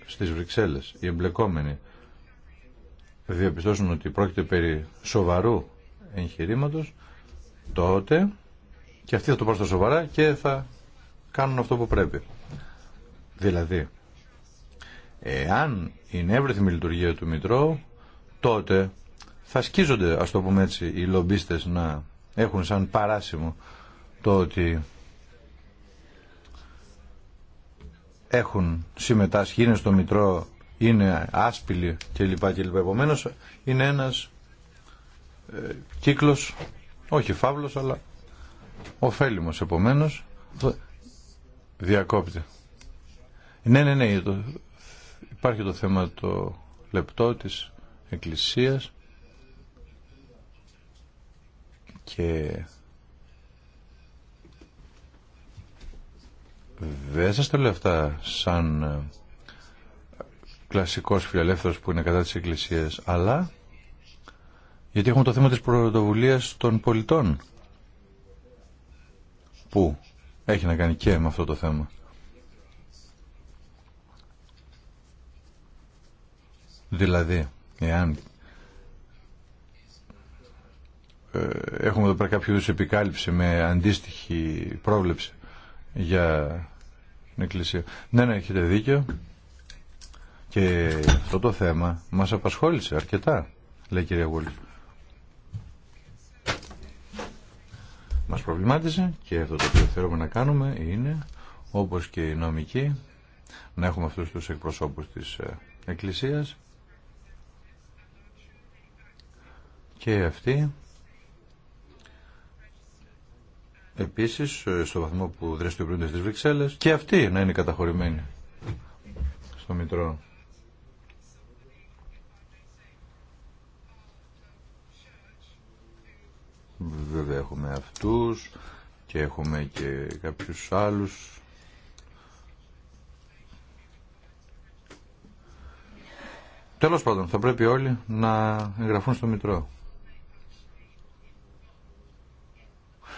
στις Βρυξέλλες οι εμπλεκόμενοι διαπιστώσουν ότι πρόκειται περί σοβαρού εγχειρήματο, τότε και αυτοί θα το πάρουν σοβαρά και θα κάνουν αυτό που πρέπει. Δηλαδή, εάν είναι η λειτουργία του Μητρώου, τότε θα σκίζονται, ας το πούμε έτσι, οι λομπίστες να έχουν σαν παράσημο το ότι έχουν συμμετάσχει, είναι στο Μητρό, είναι άσπηλοι κλπ. κλπ. Επομένως είναι ένας ε, κύκλος, όχι φαύλος, αλλά ωφέλιμος επομένως. Διακόπτε. Ναι, ναι, ναι, υπάρχει το θέμα το λεπτό της Εκκλησίας. και δεν σας το λέω αυτά σαν ε, κλασικός φιλελεύθερος που είναι κατά της Εκκλησίας αλλά γιατί έχουμε το θέμα της πρωτοβουλία των πολιτών που έχει να κάνει και με αυτό το θέμα. Δηλαδή, εάν ε, έχουμε εδώ πέρα κάποιο επικάλυψη με αντίστοιχη πρόβλεψη για την Εκκλησία. Ναι, ναι, έχετε δίκιο. Και αυτό το θέμα μας απασχόλησε αρκετά, λέει η κυρία Μας προβλημάτισε και αυτό το οποίο θέλουμε να κάνουμε είναι, όπως και οι νομικοί, να έχουμε αυτούς τους εκπροσώπους της ε, Εκκλησίας και αυτοί Επίσης, ε, στο βαθμό που δραστηριοποιούνται στι Βρυξέλλε, και αυτοί να είναι καταχωρημένοι στο Μητρό. Βέβαια έχουμε αυτούς και έχουμε και κάποιους άλλους Τέλος πάντων, θα πρέπει όλοι να εγγραφούν στο Μητρό.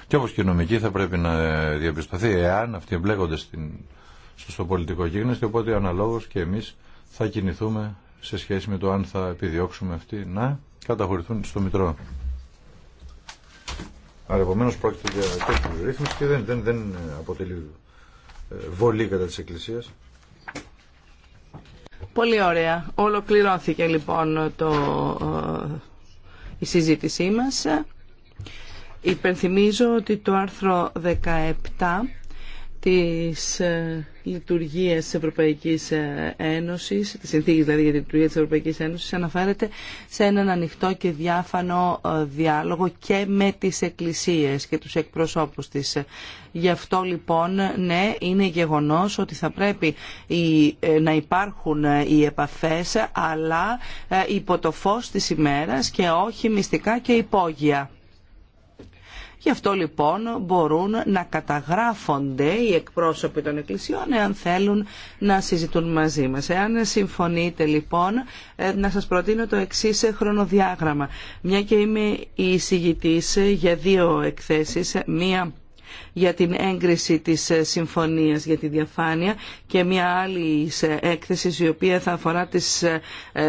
Και όπω και οι νομικοί θα πρέπει να διαπιστωθεί εάν αυτοί εμπλέκονται στην, στο πολιτικό γίγνεσθε, οπότε αναλόγω και εμείς θα κινηθούμε σε σχέση με το αν θα επιδιώξουμε αυτοί να καταχωρηθούν στο Μητρό. Άρα επομένω πρόκειται για τέτοιου ρύθμιση και δεν, δεν, δεν αποτελεί ε, βολή κατά τη εκκλησία. Πολύ ωραία. Ολοκληρώθηκε λοιπόν το, ε, η συζήτησή μας. Υπενθυμίζω ότι το άρθρο 17 της ε, λειτουργίας της Ευρωπαϊκής ε, Ένωσης, δηλαδή για τη λειτουργία της Ευρωπαϊκής Ένωσης, αναφέρεται σε έναν ανοιχτό και διάφανο ε, διάλογο και με τις εκκλησίες και τους εκπροσώπους της. Γι' αυτό λοιπόν, ναι, είναι γεγονός ότι θα πρέπει να υπάρχουν οι επαφές, αλλά υπό το φως της ημέρας και όχι μυστικά και υπόγεια. Γι' αυτό λοιπόν μπορούν να καταγράφονται οι εκπρόσωποι των εκκλησιών εάν θέλουν να συζητούν μαζί μας. Εάν συμφωνείτε λοιπόν ε, να σας προτείνω το εξής χρονοδιάγραμμα. Μια και είμαι η εισηγητής για δύο εκθέσεις, μία για την έγκριση της ε, συμφωνίας για τη διαφάνεια και μια άλλη έκθεση η οποία θα αφορά τις ε, ε,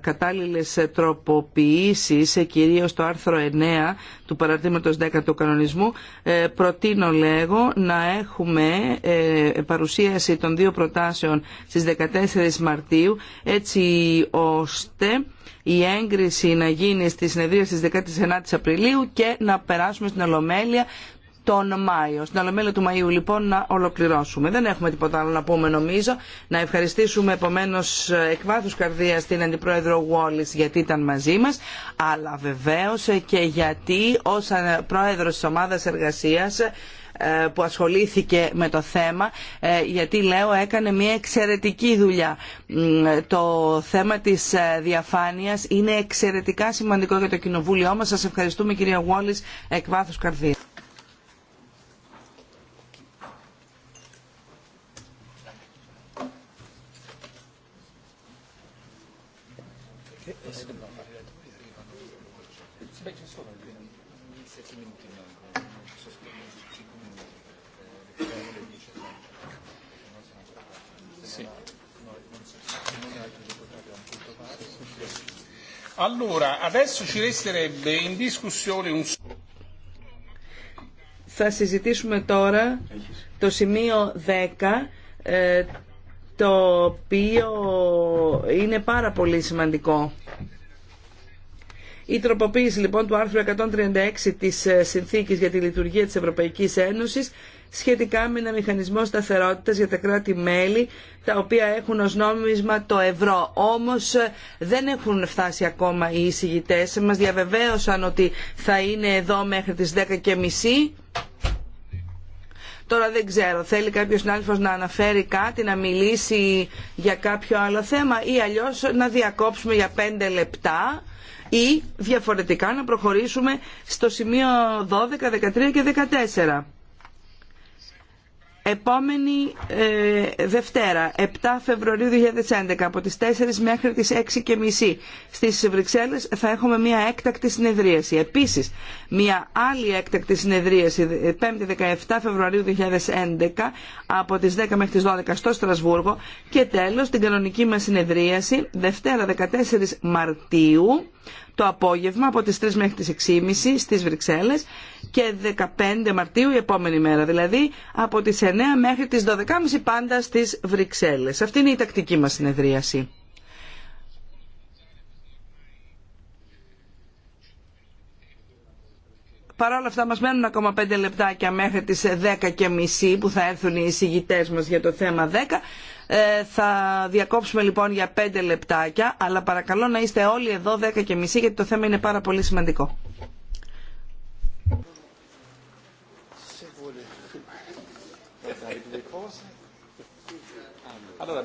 κατάλληλες τροποποιήσεις κυρίως το άρθρο 9 του παραδείγματος 10 του κανονισμού προτείνω λέγω να έχουμε παρουσίαση των δύο προτάσεων στις 14 Μαρτίου έτσι ώστε η έγκριση να γίνει στη συνεδρία στις 19 Απριλίου και να περάσουμε στην Ολομέλεια τον Μάιο. Στην Ολομέλεια του Μαΐου λοιπόν να ολοκληρώσουμε. Δεν έχουμε τίποτα άλλο να πούμε νομίζω. Να ευχαριστήσουμε επομένω εκ βάθους καρδίας την Αντιπρόεδρο Wallis γιατί ήταν μαζί μας, αλλά βεβαίως και γιατί ως πρόεδρος της ομάδας εργασίας ε, που ασχολήθηκε με το θέμα ε, γιατί λέω έκανε μια εξαιρετική δουλειά. Το θέμα της ε, διαφάνειας είναι εξαιρετικά σημαντικό για το κοινοβούλιο μας. Σας ευχαριστούμε κυρία Γουόλης εκ βάθους καρδίας. Θα συζητήσουμε τώρα το σημείο 10, ε, το οποίο είναι πάρα πολύ σημαντικό. Η τροποποίηση λοιπόν του άρθρου 136 της ε, Συνθήκης για τη Λειτουργία της Ευρωπαϊκής Ένωσης σχετικά με ένα μηχανισμό σταθερότητας για τα κράτη-μέλη τα οποία έχουν ως νόμισμα το ευρώ. Όμως ε, δεν έχουν φτάσει ακόμα οι εισηγητές. Μας διαβεβαίωσαν ότι θα είναι εδώ μέχρι τις 10.30. Τώρα δεν ξέρω, θέλει κάποιο συνάδελφο να αναφέρει κάτι, να μιλήσει για κάποιο άλλο θέμα ή αλλιώ να διακόψουμε για πέντε λεπτά ή διαφορετικά να προχωρήσουμε στο σημείο 12, 13 και 14. Επόμενη ε, Δευτέρα, 7 Φεβρουαρίου 2011, από τις 4 μέχρι τις 6 και μισή στις Βρυξέλλες θα έχουμε μια έκτακτη συνεδρίαση. Επίσης, μια άλλη έκτακτη συνεδρίαση, 17 Φεβρουαρίου 2011, από τις 10 μέχρι τις 12 στο Στρασβούργο και τέλος την κανονική μας συνεδρίαση, Δευτέρα 14 Μαρτίου, το απόγευμα από τις 3 μέχρι τις 6.30 στις Βρυξέλλες και 15 Μαρτίου η επόμενη μέρα, δηλαδή από τις 9 μέχρι τις 12.30 πάντα στις Βρυξέλλες. Αυτή είναι η τακτική μας συνεδρίαση. Παρ' όλα αυτά μας μένουν ακόμα πέντε λεπτάκια μέχρι τις 10 και μισή που θα έρθουν οι εισηγητές μας για το θέμα 10. Ε, θα διακόψουμε λοιπόν για 5 λεπτάκια, αλλά παρακαλώ να είστε όλοι εδώ 10 και μισή γιατί το θέμα είναι πάρα πολύ σημαντικό. Allora,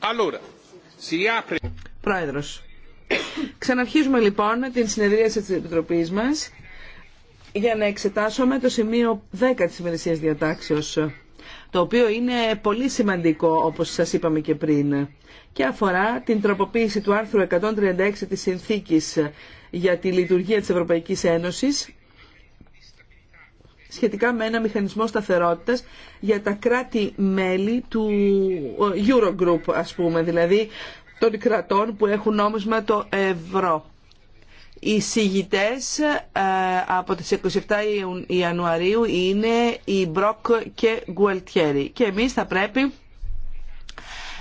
Allora, Πρόεδρος. Ξαναρχίζουμε λοιπόν την συνεδρίαση της Επιτροπής μας για να εξετάσουμε το σημείο 10 της ημερησίας διατάξεως το οποίο είναι πολύ σημαντικό όπως σας είπαμε και πριν και αφορά την τροποποίηση του άρθρου 136 της Συνθήκης για τη λειτουργία της Ευρωπαϊκής Ένωσης σχετικά με ένα μηχανισμό σταθερότητας για τα κράτη-μέλη του Eurogroup, ας πούμε, δηλαδή των κρατών που έχουν νόμισμα το ευρώ. Οι συγητές ε, από τις 27 Ιανουαρίου είναι οι Μπροκ και Γκουελτιέρη και εμείς θα πρέπει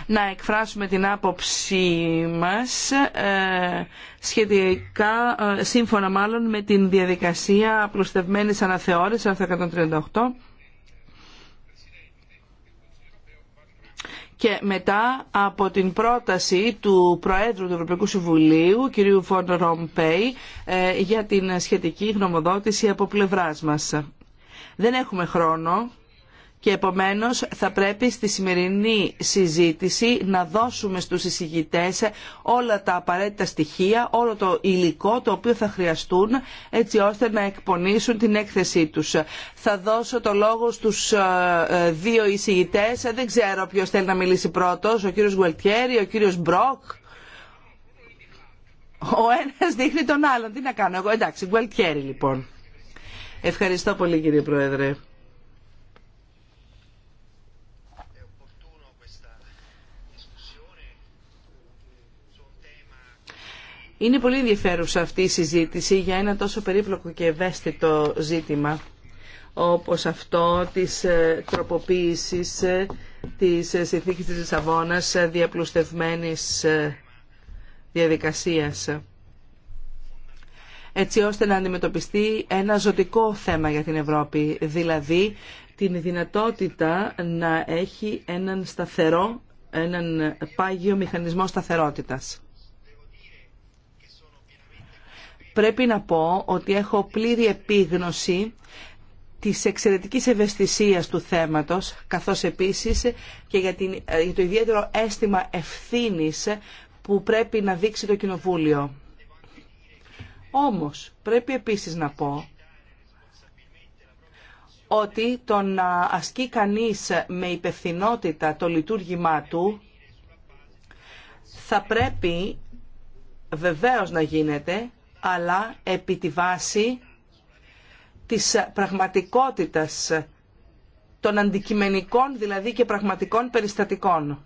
να εκφράσουμε την άποψή μας ε, σχετικά, ε, σύμφωνα μάλλον με την διαδικασία απλουστευμένης αναθεώρησης, άρθρο 138, και μετά από την πρόταση του Προέδρου του Ευρωπαϊκού Συμβουλίου, κ. Φον Ρομπέι, ε, για την σχετική γνωμοδότηση από πλευράς μας. Δεν έχουμε χρόνο και επομένως θα πρέπει στη σημερινή συζήτηση να δώσουμε στους εισηγητές όλα τα απαραίτητα στοιχεία, όλο το υλικό το οποίο θα χρειαστούν έτσι ώστε να εκπονήσουν την έκθεσή τους. Θα δώσω το λόγο στους ε, ε, δύο εισηγητές, δεν ξέρω ποιος θέλει να μιλήσει πρώτος, ο κύριος Γουελτιέρη, ο κύριος Μπροκ. Ο ένας δείχνει τον άλλον. Τι να κάνω εγώ. Εντάξει, Γουελτιέρη λοιπόν. Ευχαριστώ πολύ κύριε Πρόεδρε. Είναι πολύ ενδιαφέρουσα αυτή η συζήτηση για ένα τόσο περίπλοκο και ευαίσθητο ζήτημα όπως αυτό της ε, τροποποίησης ε, της ε, συνθήκης της Λισαβόνας διαπλουστευμένης διαδικασίας έτσι ώστε να αντιμετωπιστεί ένα ζωτικό θέμα για την Ευρώπη, δηλαδή την δυνατότητα να έχει έναν σταθερό, έναν πάγιο μηχανισμό σταθερότητας πρέπει να πω ότι έχω πλήρη επίγνωση της εξαιρετικής ευαισθησίας του θέματος, καθώς επίσης και για, την, για το ιδιαίτερο αίσθημα ευθύνης που πρέπει να δείξει το Κοινοβούλιο. Όμως, πρέπει επίσης να πω ότι το να ασκεί κανείς με υπευθυνότητα το λειτουργήμά του θα πρέπει βεβαίως να γίνεται αλλά επί τη βάση της πραγματικότητας των αντικειμενικών δηλαδή και πραγματικών περιστατικών.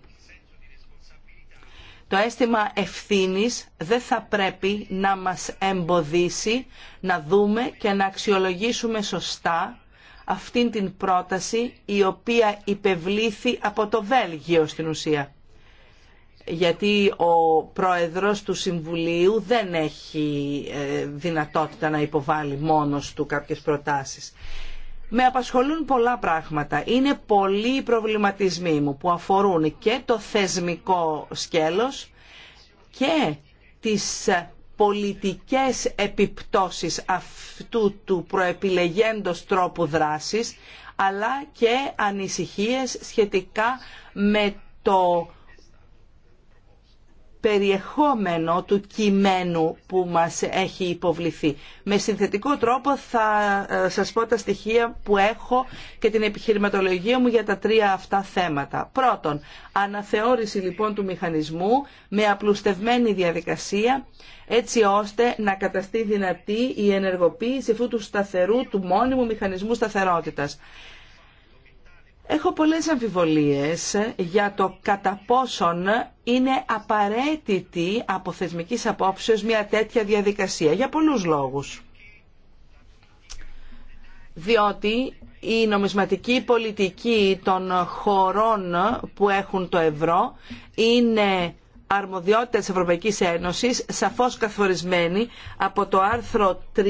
Το αίσθημα ευθύνης δεν θα πρέπει να μας εμποδίσει να δούμε και να αξιολογήσουμε σωστά αυτήν την πρόταση η οποία υπευλήθη από το Βέλγιο στην ουσία γιατί ο πρόεδρος του Συμβουλίου δεν έχει ε, δυνατότητα να υποβάλει μόνος του κάποιες προτάσεις. Με απασχολούν πολλά πράγματα. Είναι πολλοί οι προβληματισμοί μου που αφορούν και το θεσμικό σκέλος και τις πολιτικές επιπτώσεις αυτού του προεπιλεγέντος τρόπου δράσης αλλά και ανησυχίες σχετικά με το περιεχόμενο του κειμένου που μας έχει υποβληθεί. Με συνθετικό τρόπο θα ε, σας πω τα στοιχεία που έχω και την επιχειρηματολογία μου για τα τρία αυτά θέματα. Πρώτον, αναθεώρηση λοιπόν του μηχανισμού με απλουστευμένη διαδικασία έτσι ώστε να καταστεί δυνατή η ενεργοποίηση αυτού του σταθερού, του μόνιμου μηχανισμού σταθερότητας. Έχω πολλές αμφιβολίες για το κατά πόσον είναι απαραίτητη από θεσμικής απόψεως μια τέτοια διαδικασία, για πολλούς λόγους. Διότι η νομισματική πολιτική των χωρών που έχουν το ευρώ είναι αρμοδιότητα της Ευρωπαϊκής Ένωσης, σαφώς καθορισμένη από το άρθρο 3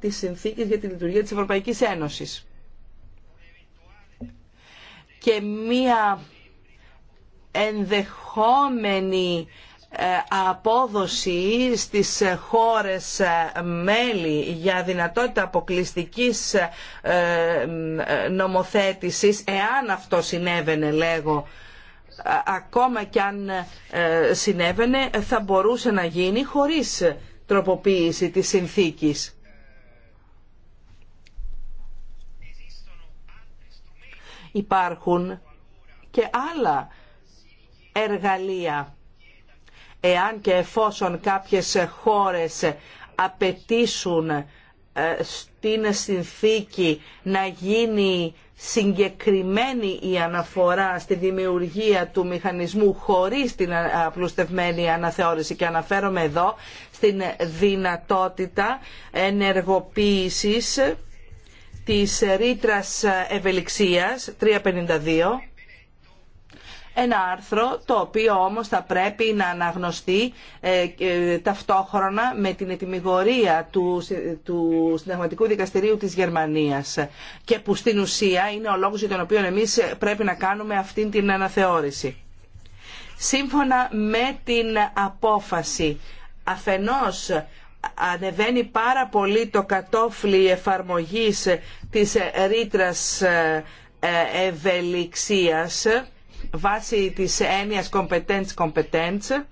της Συνθήκης για τη Λειτουργία της Ευρωπαϊκής Ένωσης και μία ενδεχόμενη ε, απόδοση στις ε, χώρες ε, μέλη για δυνατότητα αποκλειστικής νομοθέτησης, εάν αυτό συνέβαινε λέγω, ακόμα κι αν συνέβαινε θα μπορούσε να γίνει χωρίς τροποποίηση της συνθήκης. υπάρχουν και άλλα εργαλεία. Εάν και εφόσον κάποιες χώρες απαιτήσουν ε, στην συνθήκη να γίνει συγκεκριμένη η αναφορά στη δημιουργία του μηχανισμού χωρίς την απλουστευμένη αναθεώρηση και αναφέρομαι εδώ στην δυνατότητα ενεργοποίησης της ρήτρα ευελιξίας 352 ένα άρθρο το οποίο όμως θα πρέπει να αναγνωστεί ε, ε, ταυτόχρονα με την ετοιμιγορία του, του Συνταγματικού Δικαστηρίου της Γερμανίας και που στην ουσία είναι ο λόγος για τον οποίο εμείς πρέπει να κάνουμε αυτή την αναθεώρηση. Σύμφωνα με την απόφαση αφενός ανεβαίνει πάρα πολύ το κατόφλι εφαρμογής της ρήτρας ε, ε, ευελιξίας βάσει της έννοιας competence competence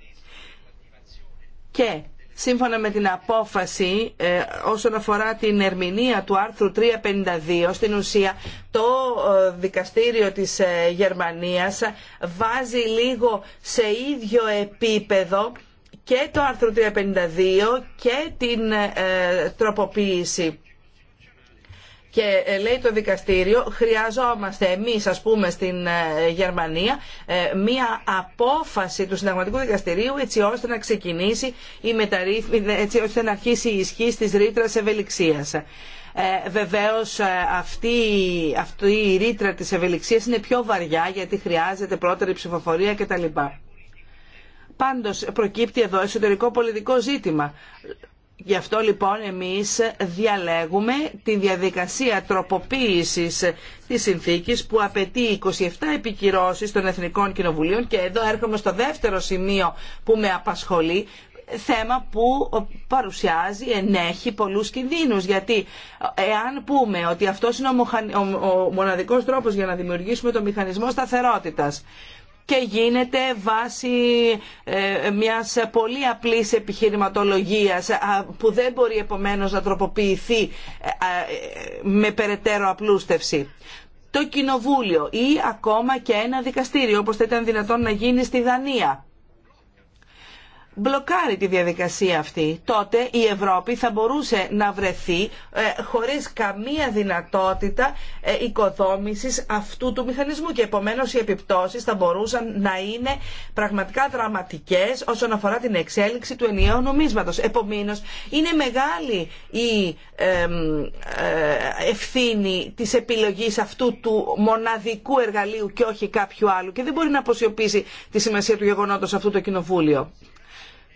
και σύμφωνα με την απόφαση ε, όσον αφορά την ερμηνεία του άρθρου 352 στην ουσία το δικαστήριο της Γερμανίας βάζει λίγο σε ίδιο επίπεδο και το άρθρο 352 και την ε, τροποποίηση. Και ε, λέει το δικαστήριο, χρειαζόμαστε εμείς, ας πούμε, στην ε, Γερμανία, ε, μία απόφαση του Συνταγματικού Δικαστηρίου έτσι ώστε να ξεκινήσει η μεταρρύθμιση, έτσι ώστε να αρχίσει η ισχύ της ρήτρας ευελιξίας. Ε, βεβαίως αυτή, αυτή η ρήτρα της ευελιξίας είναι πιο βαριά γιατί χρειάζεται πρώτερη ψηφοφορία κτλ. Πάντως προκύπτει εδώ εσωτερικό πολιτικό ζήτημα. Γι' αυτό λοιπόν εμείς διαλέγουμε τη διαδικασία τροποποίησης της συνθήκης που απαιτεί 27 επικυρώσεις των Εθνικών Κοινοβουλίων και εδώ έρχομαι στο δεύτερο σημείο που με απασχολεί θέμα που παρουσιάζει, ενέχει πολλούς κινδύνους. Γιατί εάν πούμε ότι αυτός είναι ο μοναδικός τρόπος για να δημιουργήσουμε το μηχανισμό σταθερότητας και γίνεται βάσει μιας πολύ απλής επιχειρηματολογίας που δεν μπορεί επομένως να τροποποιηθεί ε, με περαιτέρω απλούστευση το κοινοβούλιο ή ακόμα και ένα δικαστήριο όπως θα ήταν δυνατόν να γίνει στη Δανία μπλοκάρει τη διαδικασία αυτή, τότε η Ευρώπη θα μπορούσε να βρεθεί ε, χωρίς καμία δυνατότητα ε, οικοδόμησης αυτού του μηχανισμού και επομένως οι επιπτώσεις θα μπορούσαν να είναι πραγματικά δραματικές όσον αφορά την εξέλιξη του ενιαίου νομίσματος. Επομένως, είναι μεγάλη η ε, ευθύνη της επιλογής αυτού του μοναδικού εργαλείου και όχι κάποιου άλλου και δεν μπορεί να αποσιωπήσει τη σημασία του γεγονότος αυτού το κοινοβούλιο.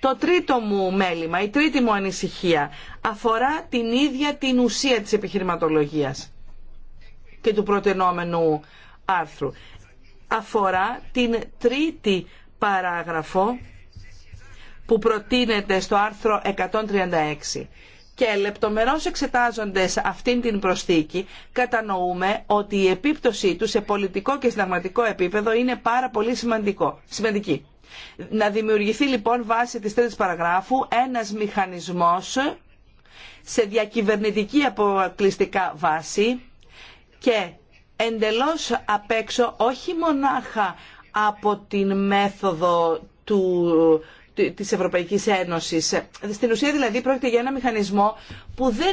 Το τρίτο μου μέλημα, η τρίτη μου ανησυχία αφορά την ίδια την ουσία της επιχειρηματολογίας και του προτενόμενου άρθρου. Αφορά την τρίτη παράγραφο που προτείνεται στο άρθρο 136 και λεπτομερώς εξετάζοντας αυτήν την προσθήκη κατανοούμε ότι η επίπτωσή του σε πολιτικό και συνταγματικό επίπεδο είναι πάρα πολύ σημαντική. Να δημιουργηθεί λοιπόν βάσει της τρίτης παραγράφου ένας μηχανισμός σε διακυβερνητική αποκλειστικά βάση και εντελώς απ' όχι μονάχα από την μέθοδο του της Ευρωπαϊκής Ένωσης. Στην ουσία δηλαδή πρόκειται για ένα μηχανισμό που δεν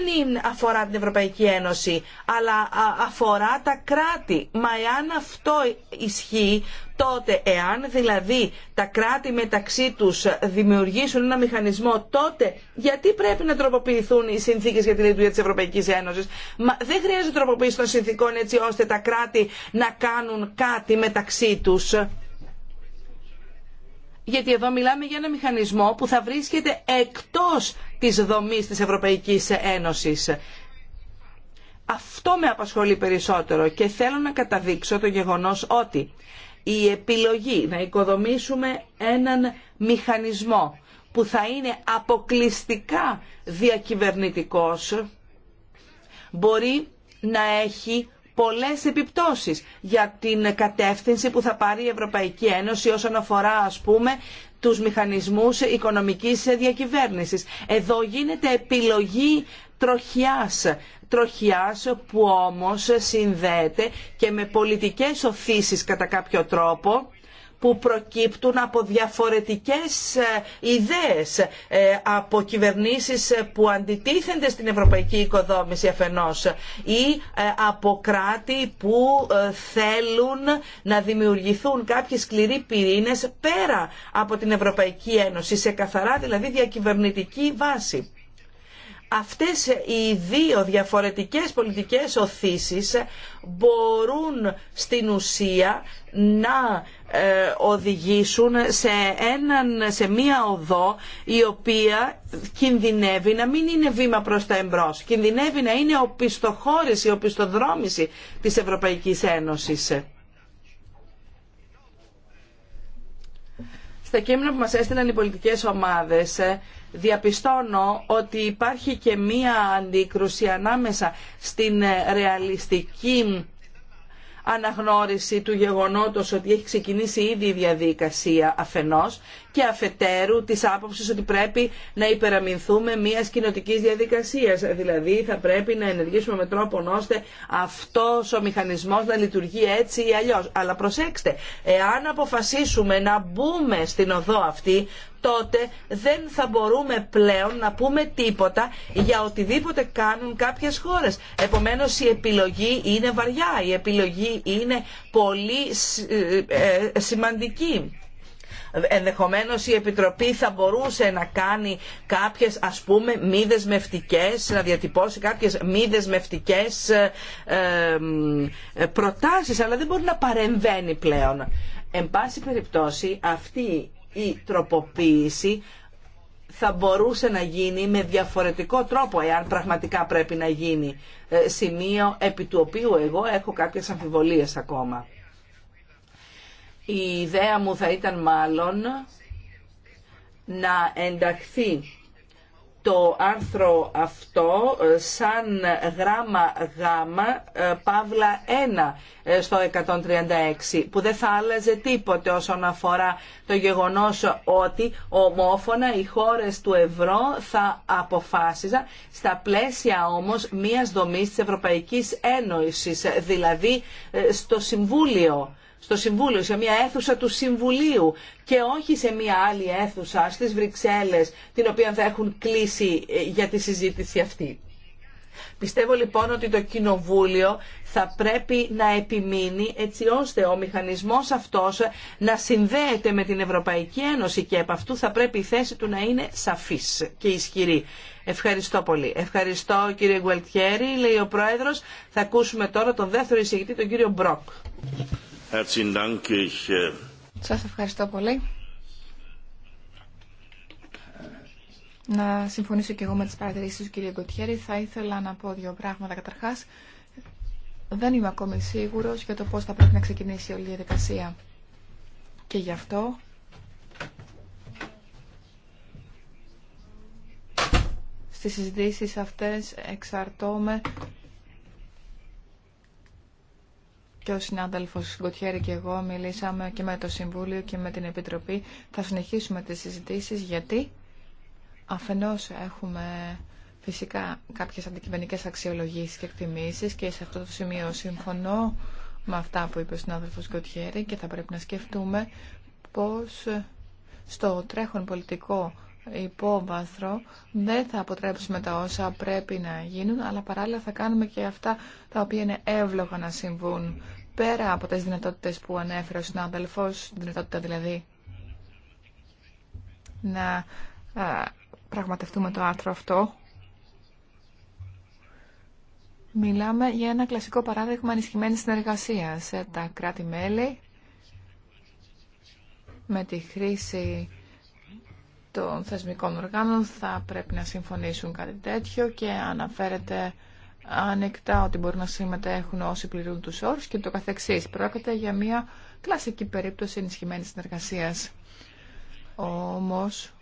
αφορά την Ευρωπαϊκή Ένωση, αλλά αφορά τα κράτη. Μα εάν αυτό ισχύει, τότε εάν δηλαδή τα κράτη μεταξύ τους δημιουργήσουν ένα μηχανισμό, τότε γιατί πρέπει να τροποποιηθούν οι συνθήκες για τη λειτουργία της Ευρωπαϊκή Ένωση. Μα δεν χρειάζεται τροποποίηση των συνθήκων έτσι ώστε τα κράτη να κάνουν κάτι μεταξύ του γιατί εδώ μιλάμε για ένα μηχανισμό που θα βρίσκεται εκτός της δομής της Ευρωπαϊκής Ένωσης. Αυτό με απασχολεί περισσότερο και θέλω να καταδείξω το γεγονός ότι η επιλογή να οικοδομήσουμε έναν μηχανισμό που θα είναι αποκλειστικά διακυβερνητικός μπορεί να έχει πολλές επιπτώσεις για την κατεύθυνση που θα πάρει η Ευρωπαϊκή Ένωση όσον αφορά ας πούμε τους μηχανισμούς οικονομικής διακυβέρνησης. Εδώ γίνεται επιλογή τροχιάς, τροχιάς που όμως συνδέεται και με πολιτικές οθήσεις κατά κάποιο τρόπο που προκύπτουν από διαφορετικές ε, ιδέες ε, από κυβερνήσεις ε, που αντιτίθενται στην ευρωπαϊκή οικοδόμηση αφενός ή από κράτη που θέλουν να δημιουργηθούν κάποιοι σκληροί πυρήνες πέρα από την Ευρωπαϊκή Ένωση, σε καθαρά δηλαδή διακυβερνητική βάση. Αυτές οι δύο διαφορετικές πολιτικές οθήσεις μπορούν στην ουσία να ε, οδηγήσουν σε, έναν, σε μία οδό η οποία κινδυνεύει να μην είναι βήμα προς τα εμπρός. Κινδυνεύει να είναι οπισθοχώρηση, οπισθοδρόμηση της Ευρωπαϊκής Ένωσης. Στα κείμενα που μας έστειλαν οι πολιτικές ομάδες ε, διαπιστώνω ότι υπάρχει και μία αντίκρουση ανάμεσα στην ε, ρεαλιστική αναγνώριση του γεγονότος ότι έχει ξεκινήσει ήδη η διαδικασία αφενός και αφετέρου της άποψης ότι πρέπει να υπεραμεινθούμε μιας κοινοτική διαδικασίας. Δηλαδή θα πρέπει να ενεργήσουμε με τρόπο ώστε αυτός ο μηχανισμός να λειτουργεί έτσι ή αλλιώς. Αλλά προσέξτε, εάν αποφασίσουμε να μπούμε στην οδό αυτή, τότε δεν θα μπορούμε πλέον να πούμε τίποτα για οτιδήποτε κάνουν κάποιες χώρες. Επομένως η επιλογή είναι βαριά, η επιλογή είναι πολύ ε, ε, σημαντική ενδεχομένως η Επιτροπή θα μπορούσε να κάνει κάποιες ας πούμε μη δεσμευτικέ, να διατυπώσει κάποιες μη δεσμευτικέ ε, προτάσεις αλλά δεν μπορεί να παρεμβαίνει πλέον. Εν πάση περιπτώσει αυτή η τροποποίηση θα μπορούσε να γίνει με διαφορετικό τρόπο εάν πραγματικά πρέπει να γίνει ε, σημείο επί του οποίου εγώ έχω κάποιες αμφιβολίες ακόμα. Η ιδέα μου θα ήταν μάλλον να ενταχθεί το άρθρο αυτό ε, σαν γράμμα γάμα ε, παύλα 1 ε, στο 136 που δεν θα άλλαζε τίποτε όσον αφορά το γεγονός ότι ομόφωνα οι χώρες του ευρώ θα αποφάσιζαν στα πλαίσια όμως μιας δομής της Ευρωπαϊκής Ένωσης δηλαδή στο Συμβούλιο στο Συμβούλιο, σε μια αίθουσα του Συμβουλίου και όχι σε μια άλλη αίθουσα στις Βρυξέλλες, την οποία θα έχουν κλείσει ε, για τη συζήτηση αυτή. Πιστεύω λοιπόν ότι το Κοινοβούλιο θα πρέπει να επιμείνει έτσι ώστε ο μηχανισμός αυτός να συνδέεται με την Ευρωπαϊκή Ένωση και επ' αυτού θα πρέπει η θέση του να είναι σαφής και ισχυρή. Ευχαριστώ πολύ. Ευχαριστώ κύριε Γουελτιέρη, λέει ο Πρόεδρος. Θα ακούσουμε τώρα τον δεύτερο εισηγητή, τον κύριο Μπροκ. Äh, Σας ευχαριστώ πολύ. Να συμφωνήσω και εγώ με τις παρατηρήσεις του κ. Γκοτιέρη. Θα ήθελα να πω δύο πράγματα. Καταρχάς, δεν είμαι ακόμη σίγουρος για το πώς θα πρέπει να ξεκινήσει όλη η διαδικασία. Και γι' αυτό στις συζητήσεις αυτές εξαρτώμε και ο συνάδελφος Γκοτιέρη και εγώ μιλήσαμε και με το Συμβούλιο και με την Επιτροπή. Θα συνεχίσουμε τις συζητήσεις γιατί αφενός έχουμε φυσικά κάποιες αντικειμενικές αξιολογήσεις και εκτιμήσεις και σε αυτό το σημείο συμφωνώ με αυτά που είπε ο συνάδελφος Γκοτιέρη και θα πρέπει να σκεφτούμε πώς στο τρέχον πολιτικό υπόβαθρο δεν θα αποτρέψουμε τα όσα πρέπει να γίνουν αλλά παράλληλα θα κάνουμε και αυτά τα οποία είναι εύλογα να συμβούν πέρα από τις δυνατότητες που ανέφερε ο συνάδελφος, δυνατότητα δηλαδή να πραγματευτούμε το άρθρο αυτό, μιλάμε για ένα κλασικό παράδειγμα ενισχυμένης συνεργασίας. Τα κράτη-μέλη με τη χρήση των θεσμικών οργάνων θα πρέπει να συμφωνήσουν κάτι τέτοιο και αναφέρεται ανεκτά ότι μπορούν να συμμετέχουν όσοι πληρούν τους όρους και το καθεξής. Πρόκειται για μια κλασική περίπτωση ενισχυμένη συνεργασίας. Όμως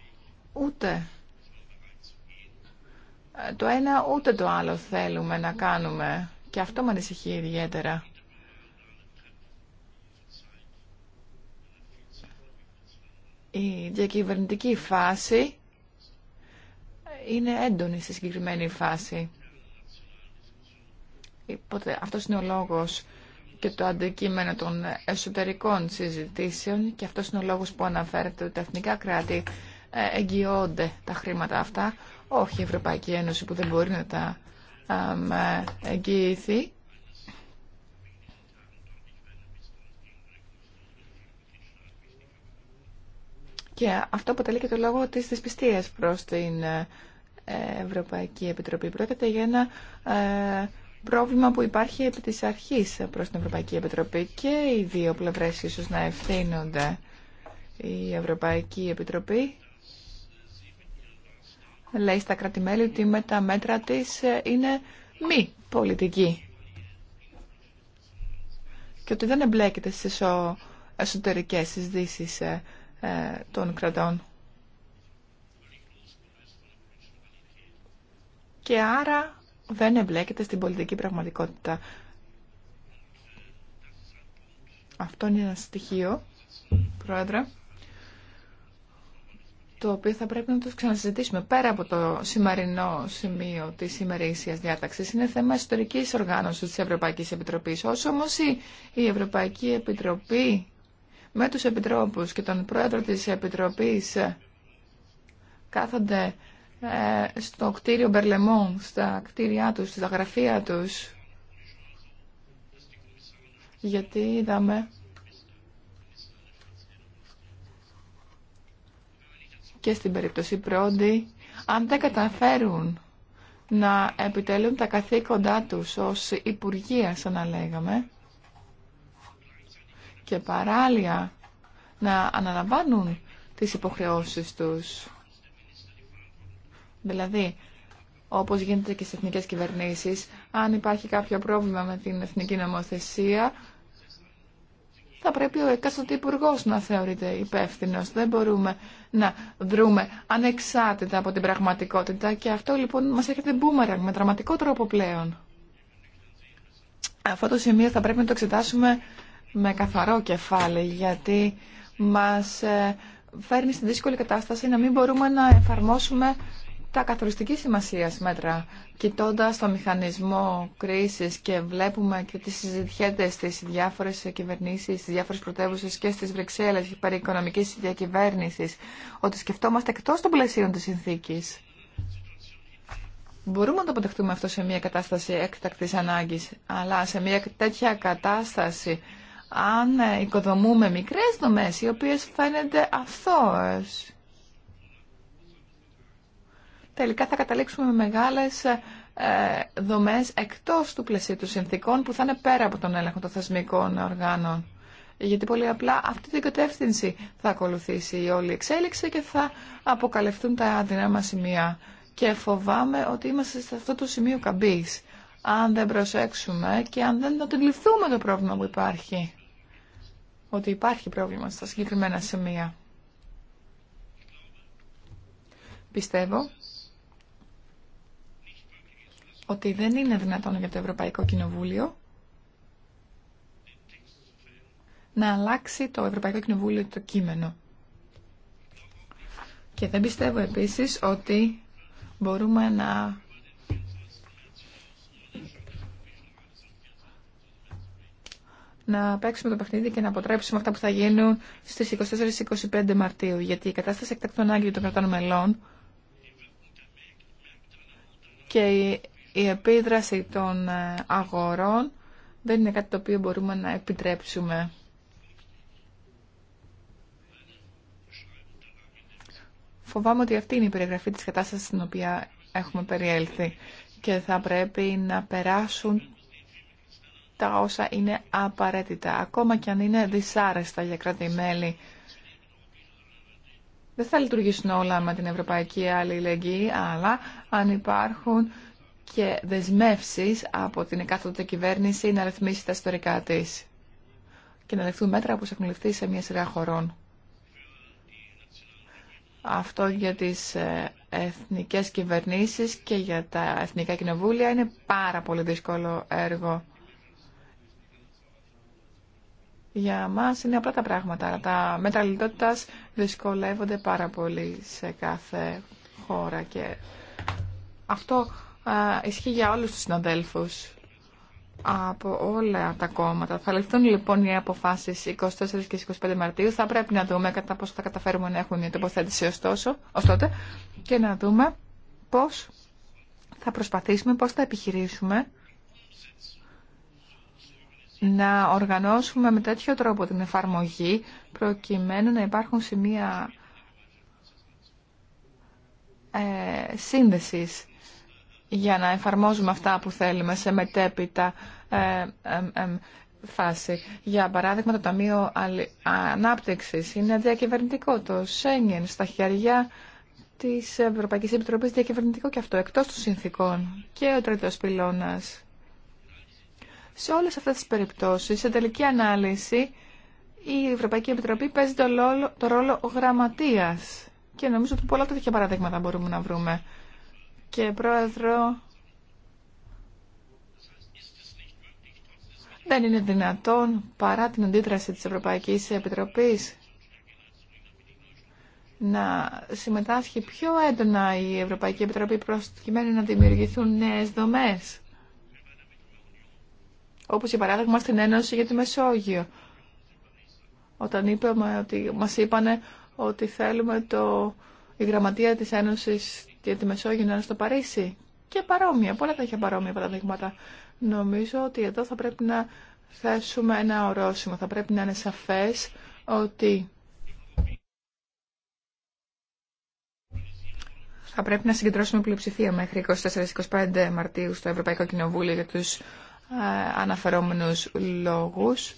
ούτε το ένα ούτε το άλλο θέλουμε να κάνουμε και αυτό με ανησυχεί ιδιαίτερα. Η διακυβερνητική φάση είναι έντονη στη συγκεκριμένη φάση. Οπότε αυτός είναι ο λόγος και το αντικείμενο των εσωτερικών συζητήσεων και αυτός είναι ο λόγος που αναφέρεται ότι τα εθνικά κράτη ε, εγγυώνται τα χρήματα αυτά, όχι η Ευρωπαϊκή Ένωση που δεν μπορεί να τα ε, εγγυηθεί. Και αυτό αποτελεί και το λόγο της δυσπιστίας προς την ε, Ευρωπαϊκή Επιτροπή. Πρόκειται για ένα πρόβλημα που υπάρχει επί της αρχής προς την Ευρωπαϊκή Επιτροπή και οι δύο πλευρές ίσως να ευθύνονται. Η Ευρωπαϊκή Επιτροπή λέει στα κρατημέλη ότι με τα μέτρα της είναι μη πολιτική και ότι δεν εμπλέκεται στις εσωτερικές συζητήσεις ε, ε, των κρατών. Και άρα δεν εμπλέκεται στην πολιτική πραγματικότητα. Αυτό είναι ένα στοιχείο, Πρόεδρε, το οποίο θα πρέπει να το ξανασυζητήσουμε πέρα από το σημερινό σημείο τη ημερησία διάταξη. Είναι θέμα ιστορική οργάνωσης της Ευρωπαϊκής Επιτροπής. Όσο όμως η Ευρωπαϊκή Επιτροπή με τους επιτρόπους και τον πρόεδρο της Επιτροπής κάθονται ε, στο κτίριο Μπερλεμόν, στα κτίρια τους, στα γραφεία τους. Γιατί είδαμε και στην περίπτωση πρώτη, αν δεν καταφέρουν να επιτελούν τα καθήκοντά τους ως υπουργεία, σαν να λέγαμε, και παράλληλα να αναλαμβάνουν τις υποχρεώσεις τους Δηλαδή, όπως γίνεται και στις εθνικές κυβερνήσεις, αν υπάρχει κάποιο πρόβλημα με την εθνική νομοθεσία, θα πρέπει ο εκάστοτε υπουργό να θεωρείται υπεύθυνο. Δεν μπορούμε να δρούμε ανεξάρτητα από την πραγματικότητα και αυτό λοιπόν μα έρχεται μπούμερανγκ με δραματικό τρόπο πλέον. Αυτό το σημείο θα πρέπει να το εξετάσουμε με καθαρό κεφάλι γιατί μας ε, φέρνει στην δύσκολη κατάσταση να μην μπορούμε να εφαρμόσουμε τα καθοριστική σημασία μέτρα. Κοιτώντα το μηχανισμό κρίση και βλέπουμε και τι συζητιέται στι διάφορε κυβερνήσει, στι διάφορε πρωτεύουσε και στι Βρυξέλλε περί οικονομική διακυβέρνηση, ότι σκεφτόμαστε εκτό των πλαισίων τη συνθήκη. Μπορούμε να το αποτεχτούμε αυτό σε μια κατάσταση έκτακτης ανάγκη, αλλά σε μια τέτοια κατάσταση, αν οικοδομούμε μικρέ δομέ οι οποίε φαίνονται αθώες, τελικά θα καταλήξουμε με μεγάλες ε, δομές εκτός του πλαισίου του συνθήκων που θα είναι πέρα από τον έλεγχο των θεσμικών οργάνων. Γιατί πολύ απλά αυτή την κατεύθυνση θα ακολουθήσει η όλη εξέλιξη και θα αποκαλυφθούν τα μας σημεία. Και φοβάμαι ότι είμαστε σε αυτό το σημείο καμπής. Αν δεν προσέξουμε και αν δεν αντιληφθούμε το πρόβλημα που υπάρχει. Ότι υπάρχει πρόβλημα στα συγκεκριμένα σημεία. Πιστεύω ότι δεν είναι δυνατόν για το Ευρωπαϊκό Κοινοβούλιο να αλλάξει το Ευρωπαϊκό Κοινοβούλιο το κείμενο. Και δεν πιστεύω επίσης ότι μπορούμε να να παίξουμε το παιχνίδι και να αποτρέψουμε αυτά που θα γίνουν στις 24-25 Μαρτίου. Γιατί η κατάσταση εκτακτών άγγιων των κρατών μελών και η επίδραση των ε, αγορών δεν είναι κάτι το οποίο μπορούμε να επιτρέψουμε. Φοβάμαι ότι αυτή είναι η περιγραφή της κατάστασης στην οποία έχουμε περιέλθει και θα πρέπει να περάσουν τα όσα είναι απαραίτητα, ακόμα και αν είναι δυσάρεστα για κρατη Δεν θα λειτουργήσουν όλα με την Ευρωπαϊκή Αλληλεγγύη, αλλά αν υπάρχουν και δεσμεύσεις από την εκάστοτε κυβέρνηση να ρυθμίσει τα ιστορικά της και να ληφθούν μέτρα που έχουν ληφθεί σε μια σειρά χωρών. Αυτό για τις ε, εθνικές κυβερνήσεις και για τα εθνικά κοινοβούλια είναι πάρα πολύ δύσκολο έργο. Για μας είναι απλά τα πράγματα. Τα μέτρα λιτότητας δυσκολεύονται πάρα πολύ σε κάθε χώρα και αυτό ισχύει για όλους τους συναδέλφους από όλα τα κόμματα. Θα ληφθούν λοιπόν οι αποφάσεις 24 και 25 Μαρτίου. Θα πρέπει να δούμε κατά πόσο θα καταφέρουμε να έχουμε μια τοποθέτηση ωστόσο, τότε και να δούμε πώς θα προσπαθήσουμε, πώς θα επιχειρήσουμε να οργανώσουμε με τέτοιο τρόπο την εφαρμογή προκειμένου να υπάρχουν σημεία ε, σύνδεσης για να εφαρμόζουμε αυτά που θέλουμε σε μετέπειτα ε, ε, ε, φάση. Για παράδειγμα, το Ταμείο Ανάπτυξης είναι διακυβερνητικό. Το ΣΕΝΙΕΝ στα χέρια της Ευρωπαϊκής Επιτροπής διακυβερνητικό και αυτό, εκτός των συνθήκων και ο τρίτος πυλώνας. Σε όλες αυτές τις περιπτώσεις, σε τελική ανάλυση, η Ευρωπαϊκή Επιτροπή παίζει το ρόλο, το ρόλο γραμματείας. Και νομίζω ότι πολλά τέτοια παραδείγματα μπορούμε να βρούμε και πρόεδρο δεν είναι δυνατόν παρά την αντίδραση της Ευρωπαϊκής Επιτροπής να συμμετάσχει πιο έντονα η Ευρωπαϊκή Επιτροπή προκειμένου να δημιουργηθούν νέες δομές όπως για παράδειγμα στην Ένωση για τη Μεσόγειο όταν είπαμε ότι, μας είπανε ότι θέλουμε το, η γραμματεία της Ένωσης και τη Μεσόγειο στο Παρίσι και παρόμοια, πολλά τέτοια παρόμοια παραδείγματα. Νομίζω ότι εδώ θα πρέπει να θέσουμε ένα ορόσημο, θα πρέπει να είναι σαφές ότι θα πρέπει να συγκεντρώσουμε πλειοψηφία μέχρι 24-25 Μαρτίου στο Ευρωπαϊκό Κοινοβούλιο για τους ε, αναφερόμενους λόγους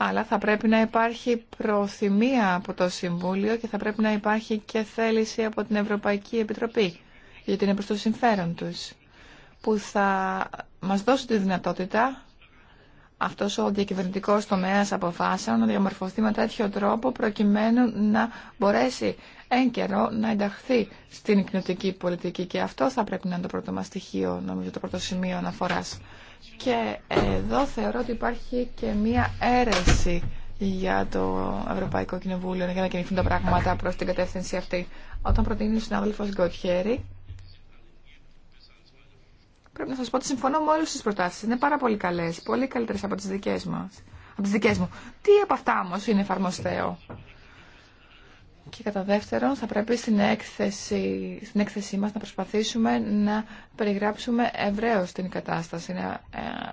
αλλά θα πρέπει να υπάρχει προθυμία από το Συμβούλιο και θα πρέπει να υπάρχει και θέληση από την Ευρωπαϊκή Επιτροπή, γιατί είναι προς το συμφέρον τους, που θα μας δώσει τη δυνατότητα αυτός ο διακυβερνητικός τομέας αποφάσεων να διαμορφωθεί με τέτοιο τρόπο προκειμένου να μπορέσει εν καιρό να ενταχθεί στην κοινωτική πολιτική και αυτό θα πρέπει να είναι το πρώτο μας στοιχείο, νομίζω το πρώτο σημείο αναφοράς. Και εδώ θεωρώ ότι υπάρχει και μία αίρεση για το Ευρωπαϊκό Κοινοβούλιο για να κινηθούν τα πράγματα προς την κατεύθυνση αυτή. Όταν προτείνει ο συνάδελφος Γκοτχέρη, πρέπει να σας πω ότι συμφωνώ με όλες τις προτάσεις. Είναι πάρα πολύ καλές, πολύ καλύτερες από τις δικές μας. Από τις δικές μου. Τι από αυτά όμως είναι εφαρμοστέο. Και κατά δεύτερον, θα πρέπει στην έκθεση, στην έκθεσή μας να προσπαθήσουμε να περιγράψουμε ευρέως την κατάσταση, να ε,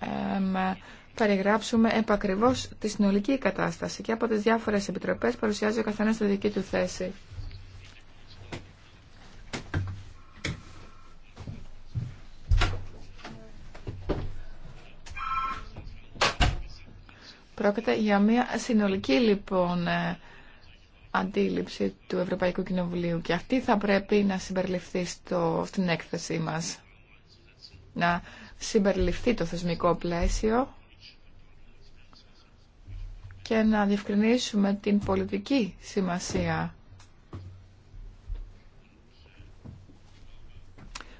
ε, ε, περιγράψουμε επακριβώς τη συνολική κατάσταση και από τις διάφορες επιτροπές παρουσιάζει ο καθένας τη δική του θέση. Πρόκειται για μια συνολική λοιπόν αντίληψη του Ευρωπαϊκού Κοινοβουλίου και αυτή θα πρέπει να συμπεριληφθεί στο, στην έκθεσή μας. Να συμπεριληφθεί το θεσμικό πλαίσιο και να διευκρινίσουμε την πολιτική σημασία.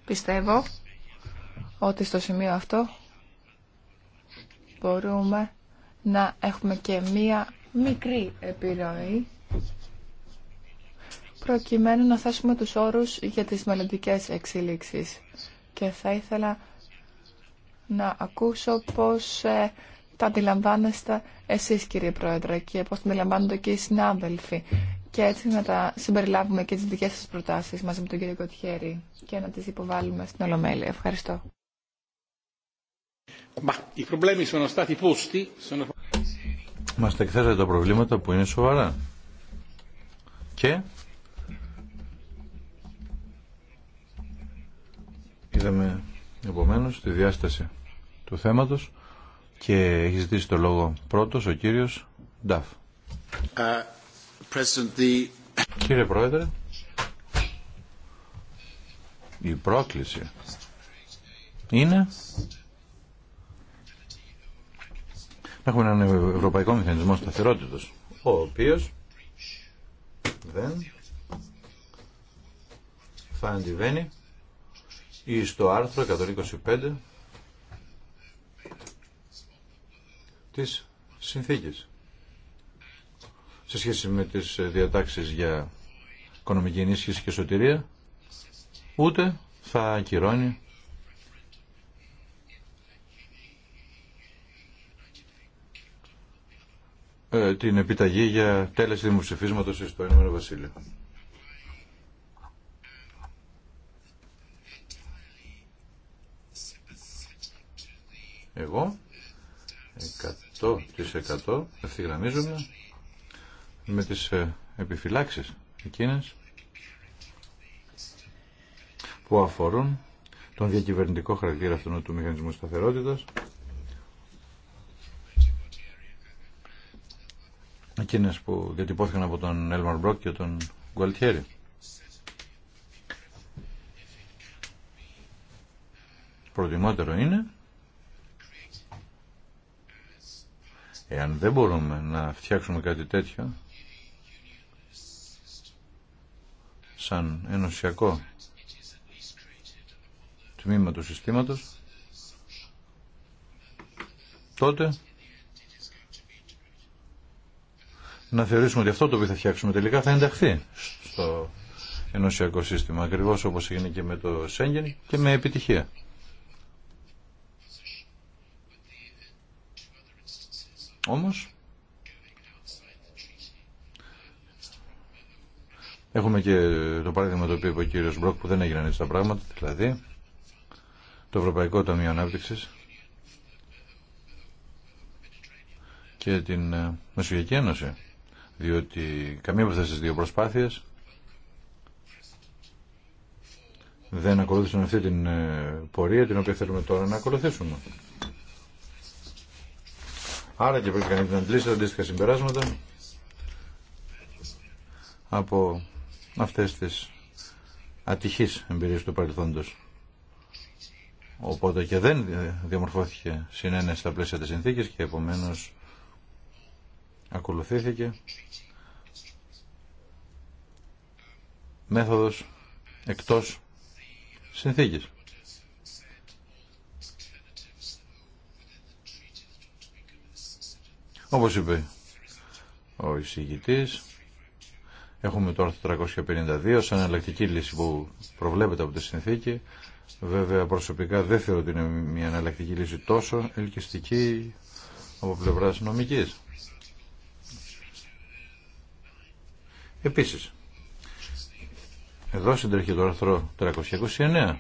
Πιστεύω ότι στο σημείο αυτό μπορούμε να έχουμε και μία μικρή επιρροή προκειμένου να θέσουμε τους όρους για τις μελλοντικέ εξελίξεις. Και θα ήθελα να ακούσω πώς ε, τα αντιλαμβάνεστε εσείς κύριε Πρόεδρε και πώς τα αντιλαμβάνονται και οι συνάδελφοι και έτσι να τα συμπεριλάβουμε και τις δικές σας προτάσεις μαζί με τον κύριο Κοτιέρη και να τις υποβάλουμε στην Ολομέλεια. Ευχαριστώ. Μας τα προβλήματα που είναι σοβαρά και Είδαμε επομένως τη διάσταση του θέματος και έχει ζητήσει το λόγο πρώτος ο κύριος Νταφ. Uh, the... Κύριε Πρόεδρε, η πρόκληση είναι να έχουμε έναν ευρωπαϊκό μηχανισμό σταθερότητας, ο οποίος δεν θα αντιβαίνει ή στο άρθρο 125 της συνθήκης σε σχέση με τις διατάξεις για οικονομική ενίσχυση και σωτηρία ούτε θα ακυρώνει ε, την επιταγή για τέλεση δημοψηφίσματος στο Ηνωμένο Βασίλειο. Εγώ 100% ευθυγραμμίζομαι με τις ε, επιφυλάξεις εκείνες που αφορούν τον διακυβερνητικό χαρακτήρα αυτού του μηχανισμού σταθερότητας εκείνες που διατυπώθηκαν από τον Έλμαρ Μπρόκ και τον Γκουαλτιέρη. Προτιμότερο είναι Εάν δεν μπορούμε να φτιάξουμε κάτι τέτοιο, σαν ενωσιακό τμήμα του συστήματος, τότε να θεωρήσουμε ότι αυτό το οποίο θα φτιάξουμε τελικά θα ενταχθεί στο ενωσιακό σύστημα, ακριβώς όπως έγινε και με το Σέγγεν και με επιτυχία. Όμως, έχουμε και το παράδειγμα το οποίο είπε ο κύριος Μπρόκ που δεν έγιναν έτσι τα πράγματα, δηλαδή το Ευρωπαϊκό Ταμείο Ανάπτυξης και την ε, Μεσογειακή Ένωση, διότι καμία από αυτές τις δύο προσπάθειες δεν ακολούθησαν αυτή την ε, πορεία την οποία θέλουμε τώρα να ακολουθήσουμε. Άρα και πρέπει κανείς να αντλήσει τα αντίστοιχα συμπεράσματα από αυτές τις ατυχείς εμπειρίες του παρελθόντος. Οπότε και δεν διαμορφώθηκε συνένεση στα πλαίσια της συνθήκης και επομένως ακολουθήθηκε μέθοδος εκτός συνθήκης. Όπως είπε ο εισηγητής, έχουμε το άρθρο 352 σαν εναλλακτική λύση που προβλέπεται από τη συνθήκη. Βέβαια προσωπικά δεν θεωρώ ότι είναι μια εναλλακτική λύση τόσο ελκυστική από πλευρά νομική. Επίσης, εδώ συντρέχει το άρθρο 329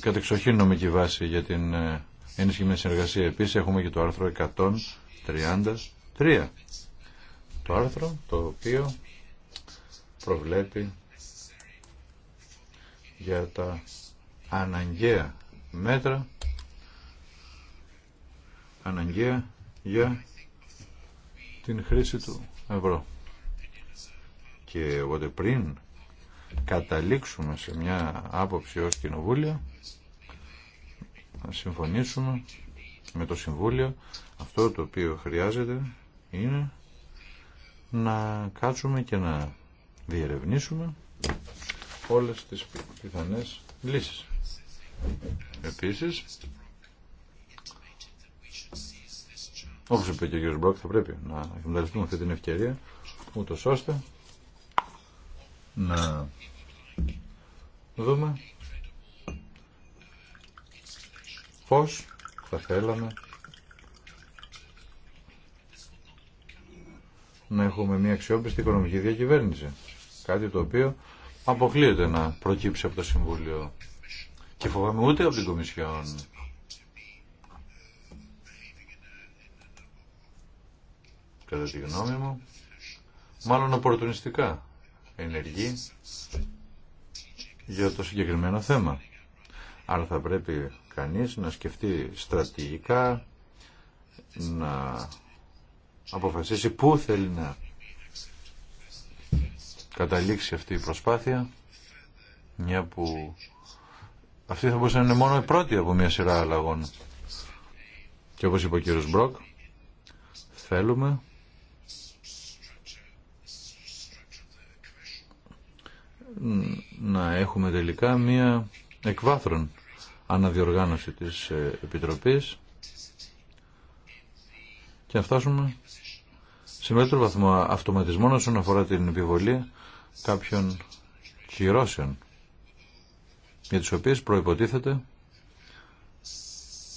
κατεξοχήν νομική βάση για την ε, ενισχυμένη συνεργασία. Επίσης έχουμε και το άρθρο 133. Το άρθρο το οποίο προβλέπει για τα αναγκαία μέτρα αναγκαία για την χρήση του ευρώ. Και οπότε πριν καταλήξουμε σε μια άποψη ως κοινοβούλιο να συμφωνήσουμε με το Συμβούλιο αυτό το οποίο χρειάζεται είναι να κάτσουμε και να διερευνήσουμε όλες τις πιθανές λύσεις. Επίσης, όπως είπε και ο κ. Μπρόκ, θα πρέπει να εκμεταλλευτούμε αυτή την ευκαιρία, ούτως ώστε να δούμε πώς θα θέλαμε να έχουμε μια αξιόπιστη οικονομική διακυβέρνηση. Κάτι το οποίο αποκλείεται να προκύψει από το Συμβούλιο και φοβάμαι ούτε από την Κομισιόν. Κατά τη γνώμη μου, μάλλον απορτουνιστικά ενεργή για το συγκεκριμένο θέμα. Αλλά θα πρέπει κανείς να σκεφτεί στρατηγικά, να αποφασίσει πού θέλει να καταλήξει αυτή η προσπάθεια, μια που αυτή θα μπορούσε να είναι μόνο η πρώτη από μια σειρά αλλαγών. Και όπως είπε ο κύριος Μπροκ, θέλουμε να έχουμε τελικά μία εκβάθρον αναδιοργάνωση της ε, Επιτροπής και να φτάσουμε σε μέτρο βαθμό αυτοματισμών όσον αφορά την επιβολή κάποιων κυρώσεων για τις οποίες προϋποτίθεται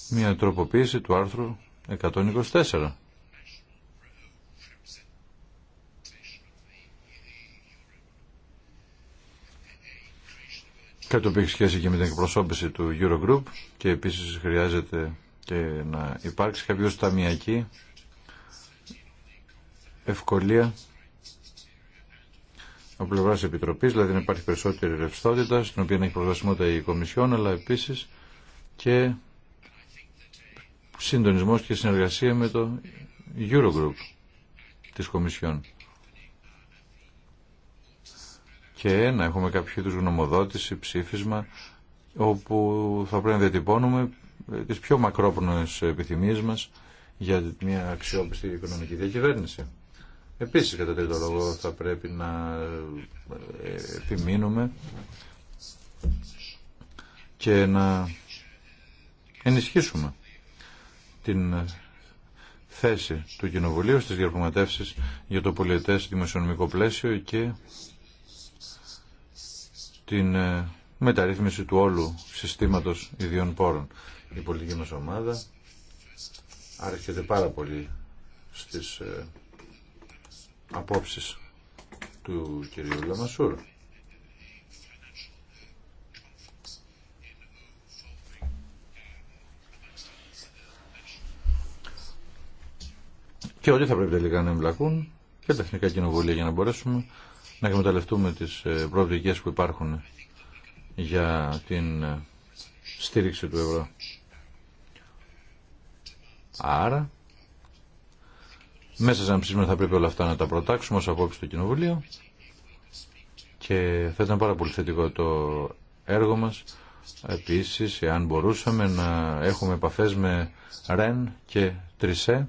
μια τροποποίηση του άρθρου 124 Κάτι που έχει σχέση και με την εκπροσώπηση του Eurogroup και επίσης χρειάζεται και να υπάρξει κάποιος ταμιακή ευκολία από πλευρά τη Επιτροπή, δηλαδή να υπάρχει περισσότερη ρευστότητα, στην οποία να έχει προσβασιμότητα η Κομισιόν, αλλά επίση και συντονισμό και συνεργασία με το Eurogroup τη Κομισιόν και να έχουμε κάποιο είδου γνωμοδότηση, ψήφισμα, όπου θα πρέπει να διατυπώνουμε ε, τις πιο μακρόπνοες επιθυμίες μας για μια αξιόπιστη οικονομική διακυβέρνηση. Επίσης, κατά τέτοιο λόγο, θα πρέπει να ε, επιμείνουμε και να ενισχύσουμε την θέση του Κοινοβουλίου στις διαπραγματεύσεις για το πολιετές δημοσιονομικό πλαίσιο και την ε, μεταρρύθμιση του όλου συστήματος ιδιών πόρων. Η πολιτική μας ομάδα άρχεται πάρα πολύ στις ε, απόψεις του κυρίου Λαμασούρ. Και όλοι θα πρέπει τελικά να εμπλακούν και τεχνικά εθνικά κοινοβουλία για να μπορέσουμε να εκμεταλλευτούμε τις ε, προοπτικέ που υπάρχουν για την ε, στήριξη του ευρώ. Άρα, μέσα σε ένα θα πρέπει όλα αυτά να τα προτάξουμε ως απόψη του Κοινοβουλίου και θα ήταν πάρα πολύ θετικό το έργο μας. Επίσης, εάν μπορούσαμε να έχουμε επαφές με Ρεν και Τρισέ,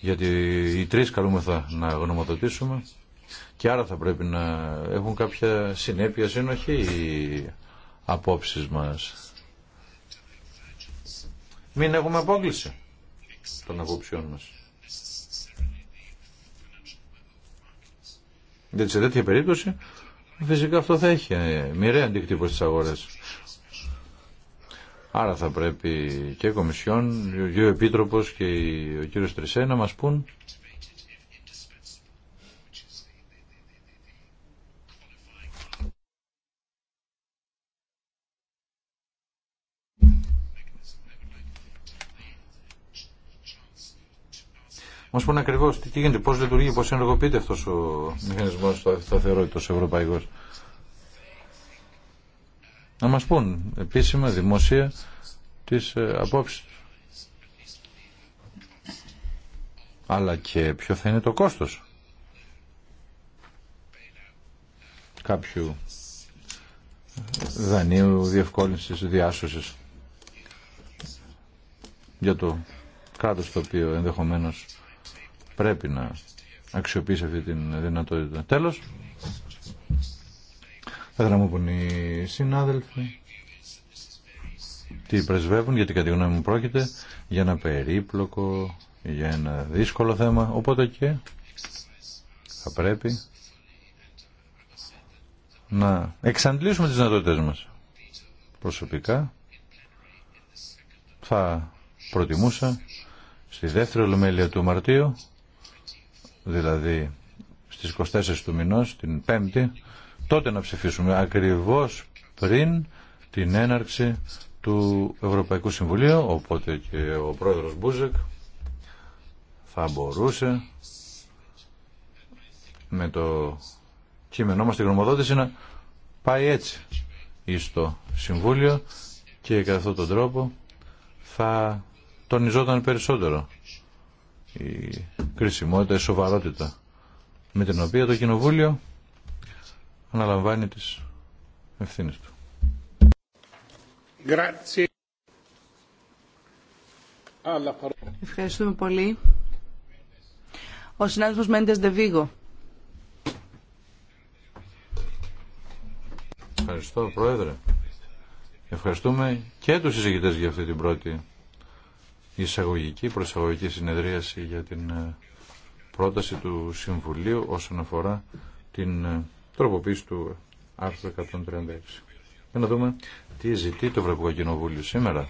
γιατί οι τρεις καλούμεθα να γνωμοδοτήσουμε και άρα θα πρέπει να έχουν κάποια συνέπεια συνοχή οι απόψεις μας. Μην έχουμε απόκληση των απόψεών μας. Γιατί σε τέτοια περίπτωση φυσικά αυτό θα έχει μοιραία αντίκτυπο στις αγορές. Άρα θα πρέπει και η Κομισιόν, ο Επίτροπος και ο κύριος Τρισέ να μας πούν μας πούνε ακριβώ, τι, τι γίνεται, πώς λειτουργεί, πώ ενεργοποιείται αυτός ο μηχανισμός σταθερότητα ευρωπαϊκό. Να μα πούν επίσημα, δημοσία, τις ε, απόψεις Αλλά και ποιο θα είναι το κόστος κάποιου δανείου διευκόλυνσης διάσωση για το κράτο το οποίο ενδεχομένω πρέπει να αξιοποιήσει αυτή τη δυνατότητα. Τέλος, θα ήθελα οι συνάδελφοι τι πρεσβεύουν, γιατί κατά τη μου πρόκειται για ένα περίπλοκο, για ένα δύσκολο θέμα, οπότε και θα πρέπει να εξαντλήσουμε τις δυνατότητες μας. Προσωπικά θα προτιμούσα στη δεύτερη ολομέλεια του Μαρτίου δηλαδή στις 24 του μηνός, την 5η, τότε να ψηφίσουμε ακριβώς πριν την έναρξη του Ευρωπαϊκού Συμβουλίου, οπότε και ο πρόεδρος Μπούζεκ θα μπορούσε με το κείμενό μας την γνωμοδότηση να πάει έτσι εις το Συμβούλιο και κατά αυτόν τον τρόπο θα τονιζόταν περισσότερο η κρισιμότητα, σοβαρότητα με την οποία το Κοινοβούλιο αναλαμβάνει τις ευθύνες του. Ευχαριστούμε πολύ. Ο συνάδελφος Μέντες Δεβίγο. Ευχαριστώ, Πρόεδρε. Ευχαριστούμε και τους συζητητές για αυτή την πρώτη εισαγωγική, προσαγωγική συνεδρίαση για την ε, πρόταση του Συμβουλίου όσον αφορά την ε, τροποποίηση του άρθρου 136. Για να δούμε τι ζητεί το Ευρωπαϊκό Κοινοβούλιο σήμερα.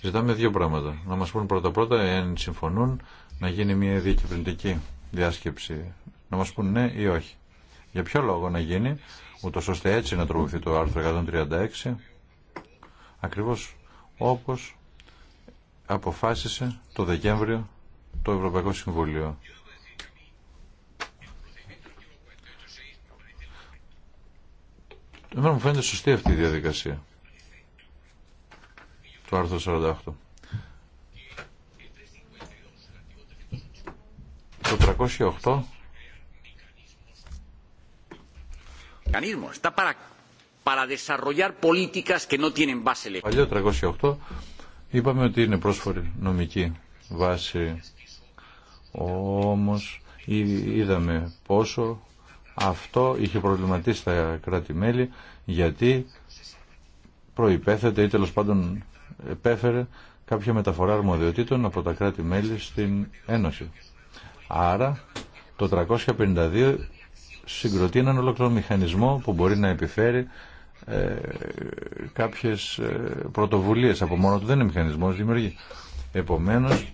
Ζητάμε δύο πράγματα. Να μας πούν πρώτα-πρώτα, εάν συμφωνούν, να γίνει μια διακυβερνητική διάσκεψη. Να μας πούν ναι ή όχι. Για ποιο λόγο να γίνει, ούτω ώστε έτσι να τροποποιηθεί το άρθρο 136, ακριβώς όπως αποφάσισε το Δεκέμβριο το Ευρωπαϊκό Συμβούλιο. Εμένα μου φαίνεται σωστή αυτή η διαδικασία. Το άρθρο 48. Το 308. Está para, para Παλιό 308 Είπαμε ότι είναι πρόσφορη νομική βάση, όμως είδαμε πόσο αυτό είχε προβληματίσει τα κράτη-μέλη γιατί προϋπέθεται ή τέλος πάντων επέφερε κάποια μεταφορά αρμοδιοτήτων από τα κράτη-μέλη στην Ένωση. Άρα το 352 συγκροτεί έναν ολόκληρο μηχανισμό που μπορεί να επιφέρει ε, κάποιες ε, πρωτοβουλίες από μόνο του δεν είναι μηχανισμός δημιουργεί επομένως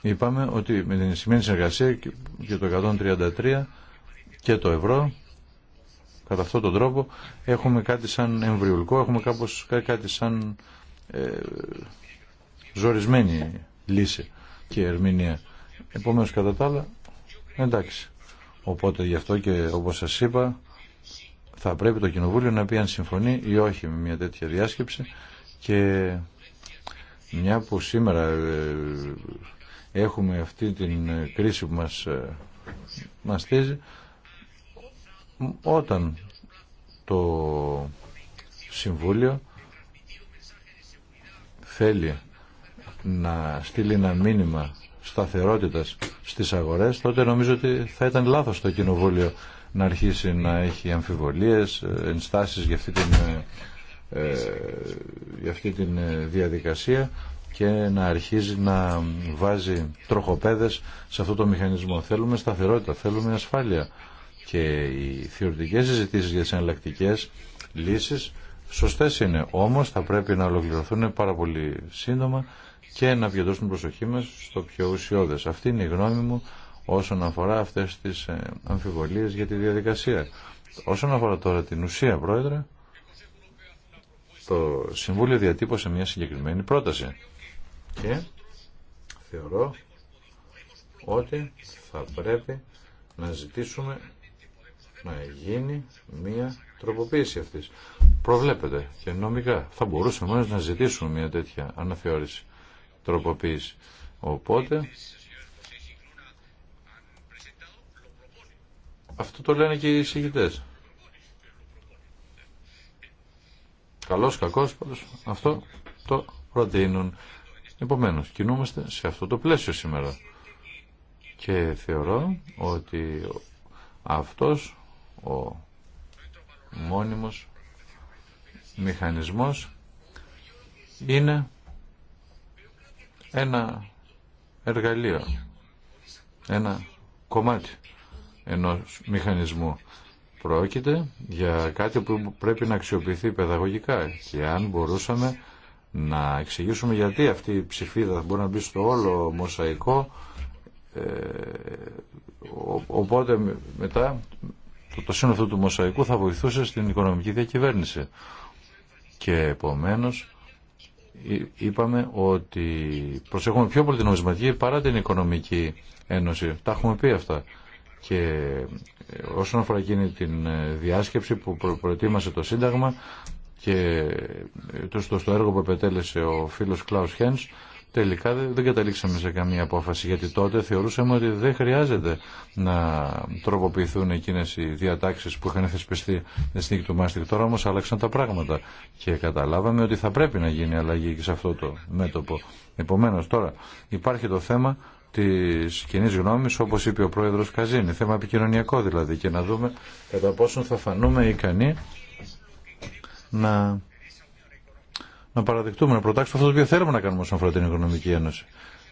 είπαμε ότι με την σημαίνει συνεργασία και το 133 και το ευρώ κατά αυτόν τον τρόπο έχουμε κάτι σαν εμβριουλικό έχουμε κάπως κάτι σαν ε, ζορισμένη λύση και ερμηνεία επομένως κατά τα άλλα εντάξει οπότε γι' αυτό και όπως σας είπα θα πρέπει το Κοινοβούλιο να πει αν συμφωνεί ή όχι με μια τέτοια διάσκεψη και μια που σήμερα ε, έχουμε αυτή την ε, κρίση που μας ε, μαστίζει όταν το Συμβούλιο θέλει να στείλει ένα μήνυμα σταθερότητας στις αγορές τότε νομίζω ότι θα ήταν λάθος το Κοινοβούλιο να αρχίσει να έχει αμφιβολίες, ε, ενστάσεις για αυτή την, ε, ε, για αυτή την διαδικασία και να αρχίζει να βάζει τροχοπέδες σε αυτό το μηχανισμό. Θέλουμε σταθερότητα, θέλουμε ασφάλεια και οι θεωρητικές συζητήσεις για τις εναλλακτικέ λύσεις σωστές είναι, όμως θα πρέπει να ολοκληρωθούν πάρα πολύ σύντομα και να βιωτώσουν προσοχή μας στο πιο ουσιώδες. Αυτή είναι η γνώμη μου όσον αφορά αυτές τις ε, αμφιβολίες για τη διαδικασία. Όσον αφορά τώρα την ουσία, Πρόεδρε, το Συμβούλιο διατύπωσε μια συγκεκριμένη πρόταση και θεωρώ ότι θα πρέπει να ζητήσουμε να γίνει μια τροποποίηση αυτής. Προβλέπετε και νομικά. Θα μπορούσαμε να ζητήσουμε μια τέτοια αναθεώρηση τροποποίηση. Οπότε Αυτό το λένε και οι εισηγητές. Καλός, κακός, αυτό το προτείνουν. Επομένως, κινούμαστε σε αυτό το πλαίσιο σήμερα. Και θεωρώ ότι αυτός ο μόνιμος μηχανισμός είναι ένα εργαλείο, ένα κομμάτι ενός μηχανισμού. Πρόκειται για κάτι που πρέπει να αξιοποιηθεί παιδαγωγικά και αν μπορούσαμε να εξηγήσουμε γιατί αυτή η ψηφίδα θα μπορεί να μπει στο όλο μοσαϊκό ε, οπότε μετά το σύνολο του μοσαϊκού θα βοηθούσε στην οικονομική διακυβέρνηση και επομένως είπαμε ότι προσέχουμε πιο πολύ την νομισματική παρά την οικονομική ένωση τα έχουμε πει αυτά και ε, όσον αφορά εκείνη την ε, διάσκεψη που προετοίμασε το Σύνταγμα και ε, το στο έργο που επετέλεσε ο φίλος Κλάους Χένς, τελικά δεν καταλήξαμε σε καμία απόφαση γιατί τότε θεωρούσαμε ότι δεν χρειάζεται να τροποποιηθούν εκείνες οι διατάξεις που είχαν θεσπιστεί στην νίκη του Μάστιγκ Τώρα όμως άλλαξαν τα πράγματα και καταλάβαμε ότι θα πρέπει να γίνει αλλαγή και σε αυτό το μέτωπο. Επομένως τώρα υπάρχει το θέμα της κοινή γνώμη, όπω είπε ο πρόεδρο Καζίνη θέμα επικοινωνιακό δηλαδή και να δούμε κατά πόσον θα φανούμε ικανοί να, να παραδεχτούμε, να προτάξουμε αυτό το οποίο θέλουμε να κάνουμε όσον αφορά την Οικονομική Ένωση.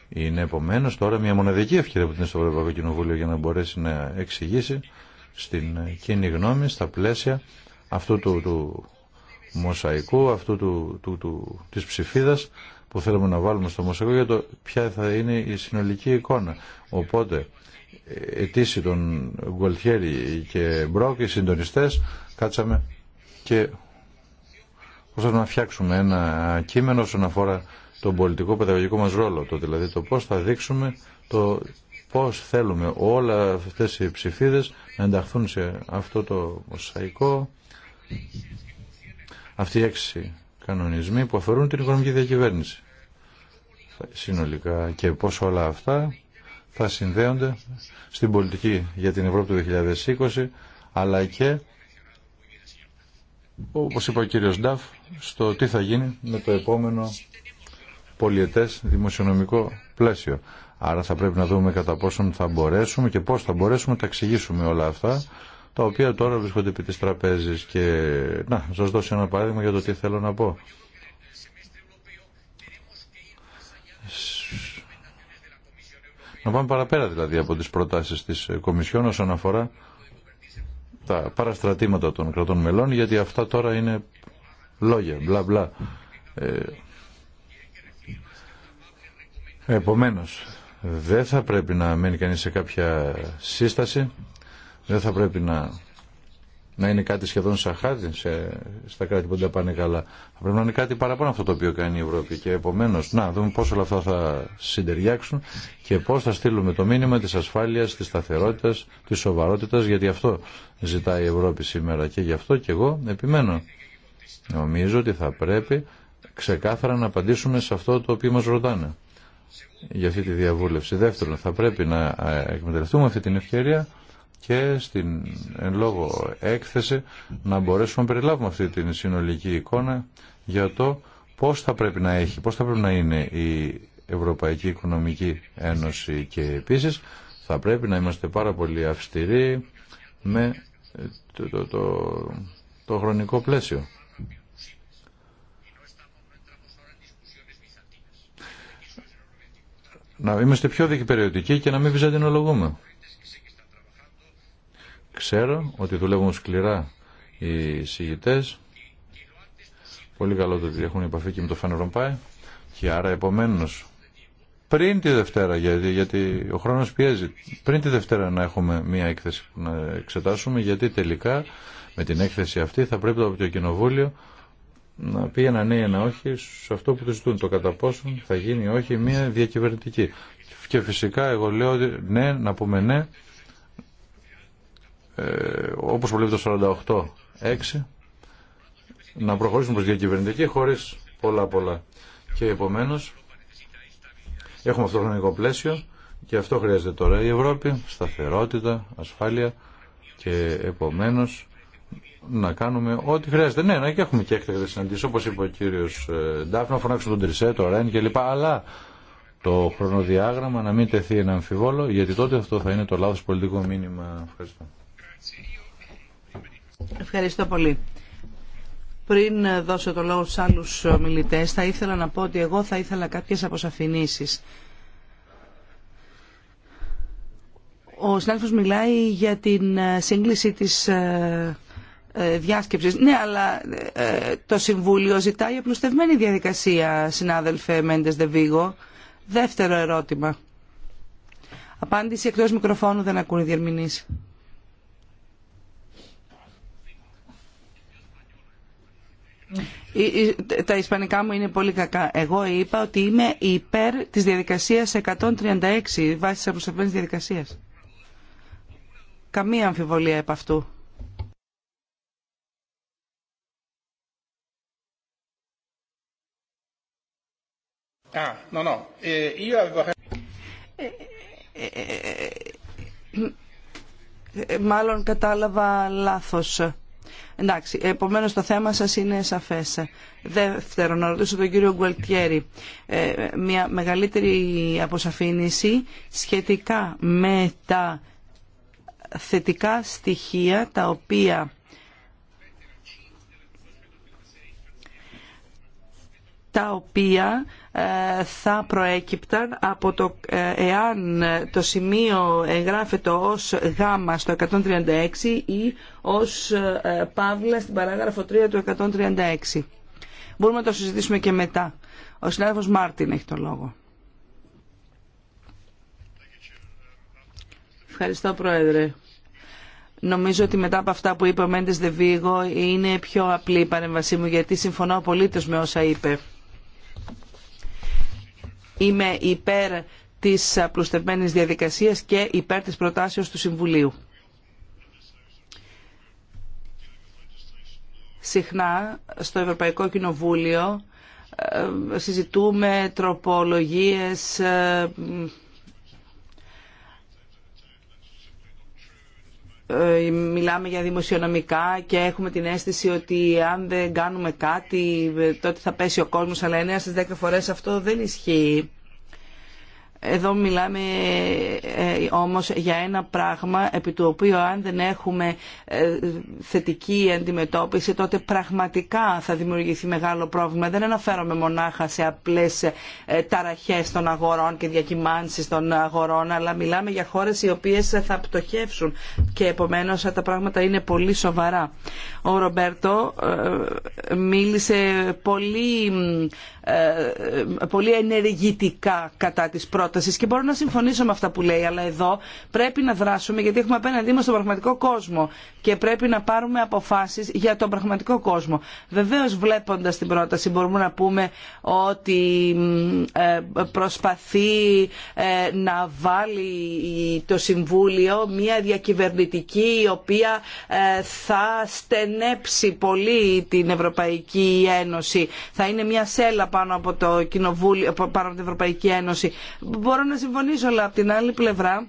Είναι επομένω τώρα μια μοναδική ευκαιρία που είναι στο Ευρωπαϊκό Κοινοβούλιο για να μπορέσει να εξηγήσει στην κοινή γνώμη, στα πλαίσια αυτού του, του μοσαϊκού, αυτού του, του, της ψηφίδας, που θέλουμε να βάλουμε στο μοσαϊκό για το ποια θα είναι η συνολική εικόνα. Οπότε, ετήσι των Γκολτιέρη και Μπρόκ, οι συντονιστές, κάτσαμε και προσπαθούμε να φτιάξουμε ένα κείμενο όσον αφορά τον πολιτικό παιδαγωγικό μας ρόλο, το δηλαδή το πώς θα δείξουμε το πώς θέλουμε όλα αυτές οι ψηφίδες να ενταχθούν σε αυτό το μοσαϊκό. αυτή η έξι κανονισμοί που αφορούν την οικονομική διακυβέρνηση. Συνολικά και πώς όλα αυτά θα συνδέονται στην πολιτική για την Ευρώπη του 2020 αλλά και όπως είπε ο κύριος Νταφ στο τι θα γίνει με το επόμενο πολιετές δημοσιονομικό πλαίσιο. Άρα θα πρέπει να δούμε κατά πόσον θα μπορέσουμε και πώς θα μπορέσουμε να τα εξηγήσουμε όλα αυτά τα οποία τώρα βρίσκονται επί της τραπέζης και να σας δώσω ένα παράδειγμα για το τι θέλω να πω. Να πάμε παραπέρα δηλαδή από τις προτάσεις της Κομισιόν όσον αφορά τα παραστρατήματα των κρατών μελών γιατί αυτά τώρα είναι λόγια, μπλα μπλα. Ε, επομένως, δεν θα πρέπει να μένει κανείς σε κάποια σύσταση δεν θα πρέπει να, να είναι κάτι σχεδόν σαν χάρτη σε, στα κράτη που δεν πάνε καλά. Θα πρέπει να είναι κάτι παραπάνω αυτό το οποίο κάνει η Ευρώπη. Και επομένω, να δούμε πώ όλα αυτά θα συντεριάξουν και πώ θα στείλουμε το μήνυμα τη ασφάλεια, τη σταθερότητα, τη σοβαρότητα, γιατί αυτό ζητάει η Ευρώπη σήμερα. Και γι' αυτό και εγώ επιμένω. Νομίζω ότι θα πρέπει ξεκάθαρα να απαντήσουμε σε αυτό το οποίο μας ρωτάνε για αυτή τη διαβούλευση. Δεύτερον, θα πρέπει να ε, εκμεταλλευτούμε αυτή την ευκαιρία και στην εν λόγω έκθεση να μπορέσουμε να περιλάβουμε αυτή την συνολική εικόνα για το πώς θα πρέπει να έχει, πώς θα πρέπει να είναι η Ευρωπαϊκή Οικονομική Ένωση και επίσης θα πρέπει να είμαστε πάρα πολύ αυστηροί με το, το, το, χρονικό πλαίσιο. Να είμαστε πιο περιοτικοί και να μην βυζαντινολογούμε. Ξέρω ότι δουλεύουν σκληρά οι συγητές. Πολύ καλό το ότι έχουν επαφή και με το Φανερομπάι. Και άρα επομένως πριν τη Δευτέρα, γιατί, γιατί ο χρόνος πιέζει, πριν τη Δευτέρα να έχουμε μία έκθεση που να εξετάσουμε, γιατί τελικά με την έκθεση αυτή θα πρέπει από το Κοινοβούλιο να πει ένα ναι ή ένα όχι σε αυτό που του ζητούν, το κατά πόσο θα γίνει όχι μία διακυβερνητική. Και φυσικά εγώ λέω ότι ναι, να πούμε ναι, ε, όπως βλέπει το 48-6 να προχωρήσουμε προς διακυβερνητική χωρίς πολλά πολλά. Και επομένως έχουμε αυτό το χρονικό πλαίσιο και αυτό χρειάζεται τώρα η Ευρώπη, σταθερότητα, ασφάλεια και επομένως να κάνουμε ό,τι χρειάζεται. Ναι, να και έχουμε και έκτακτες συναντήσεις όπως είπε ο κύριος ε, Ντάφνα, να φωνάξουν τον Τρισέ, τον Ρέν κλπ. Αλλά το χρονοδιάγραμμα να μην τεθεί ένα αμφιβόλο γιατί τότε αυτό θα είναι το λάθος πολιτικό μήνυμα. Ευχαριστώ. Ευχαριστώ πολύ. Πριν δώσω το λόγο στους άλλους μιλητές, θα ήθελα να πω ότι εγώ θα ήθελα κάποιες αποσαφηνήσεις. Ο συνάδελφος μιλάει για την ε, σύγκληση της ε, ε, διάσκεψης. Ναι, αλλά το Συμβούλιο ζητάει απλουστευμένη διαδικασία, συνάδελφε Μέντες Δεβίγο. Δεύτερο ερώτημα. Απάντηση εκτός μικροφώνου δεν ακούνε διερμηνείς. Τα ισπανικά μου είναι πολύ κακά. Εγώ είπα ότι είμαι υπέρ της διαδικασία 136 βάσει τη αποστολής διαδικασίας. Καμία αμφιβολία επ' αυτού. μάλλον κατάλαβα λάθος. Εντάξει, επομένως το θέμα σας είναι σαφές. Δεύτερον, να ρωτήσω τον κύριο Γκουελτιέρη ε, μια μεγαλύτερη αποσαφήνιση σχετικά με τα θετικά στοιχεία τα οποία τα οποία θα προέκυπταν από το ε, εάν το σημείο εγγράφεται ως γάμα στο 136 ή ως ε, παύλα στην παράγραφο 3 του 136. Μπορούμε να το συζητήσουμε και μετά. Ο συνάδελφος Μάρτιν έχει το λόγο. Ευχαριστώ Πρόεδρε. Νομίζω ότι μετά από αυτά που είπε ο Μέντες Δεβίγο είναι πιο απλή η παρέμβασή μου γιατί συμφωνώ απολύτως με όσα είπε. Είμαι υπέρ της απλουστευμένης διαδικασίας και υπέρ της προτάσεως του Συμβουλίου. Συχνά στο Ευρωπαϊκό Κοινοβούλιο ε, συζητούμε τροπολογίες ε, Ε, μιλάμε για δημοσιονομικά και έχουμε την αίσθηση ότι αν δεν κάνουμε κάτι ε, τότε θα πέσει ο κόσμος αλλά εννέα στις 10 φορές αυτό δεν ισχύει. Εδώ μιλάμε ε, όμως για ένα πράγμα επί του οποίου αν δεν έχουμε ε, θετική αντιμετώπιση τότε πραγματικά θα δημιουργηθεί μεγάλο πρόβλημα. Δεν αναφέρομαι μονάχα σε απλές ε, ταραχές των αγορών και διακυμάνσεις των αγορών αλλά μιλάμε για χώρες οι οποίες θα πτωχεύσουν και επομένως τα πράγματα είναι πολύ σοβαρά. Ο Ρομπέρτο μίλησε πολύ ε, ε, πολύ ενεργητικά κατά της πρότασης και μπορώ να συμφωνήσω με αυτά που λέει αλλά εδώ πρέπει να δράσουμε γιατί έχουμε απέναντί μας τον πραγματικό κόσμο και πρέπει να πάρουμε αποφάσεις για τον πραγματικό κόσμο. Βεβαίως βλέποντας την πρόταση μπορούμε να πούμε ότι ε, προσπαθεί να βάλει το Συμβούλιο μια διακυβερνητική η οποία θα στενέψει πολύ την Ευρωπαϊκή Ένωση. Θα είναι μια σέλα πάνω από, το κοινοβούλιο, πάνω από την Ευρωπαϊκή Ένωση. Μπορώ να συμφωνήσω, αλλά από την άλλη πλευρά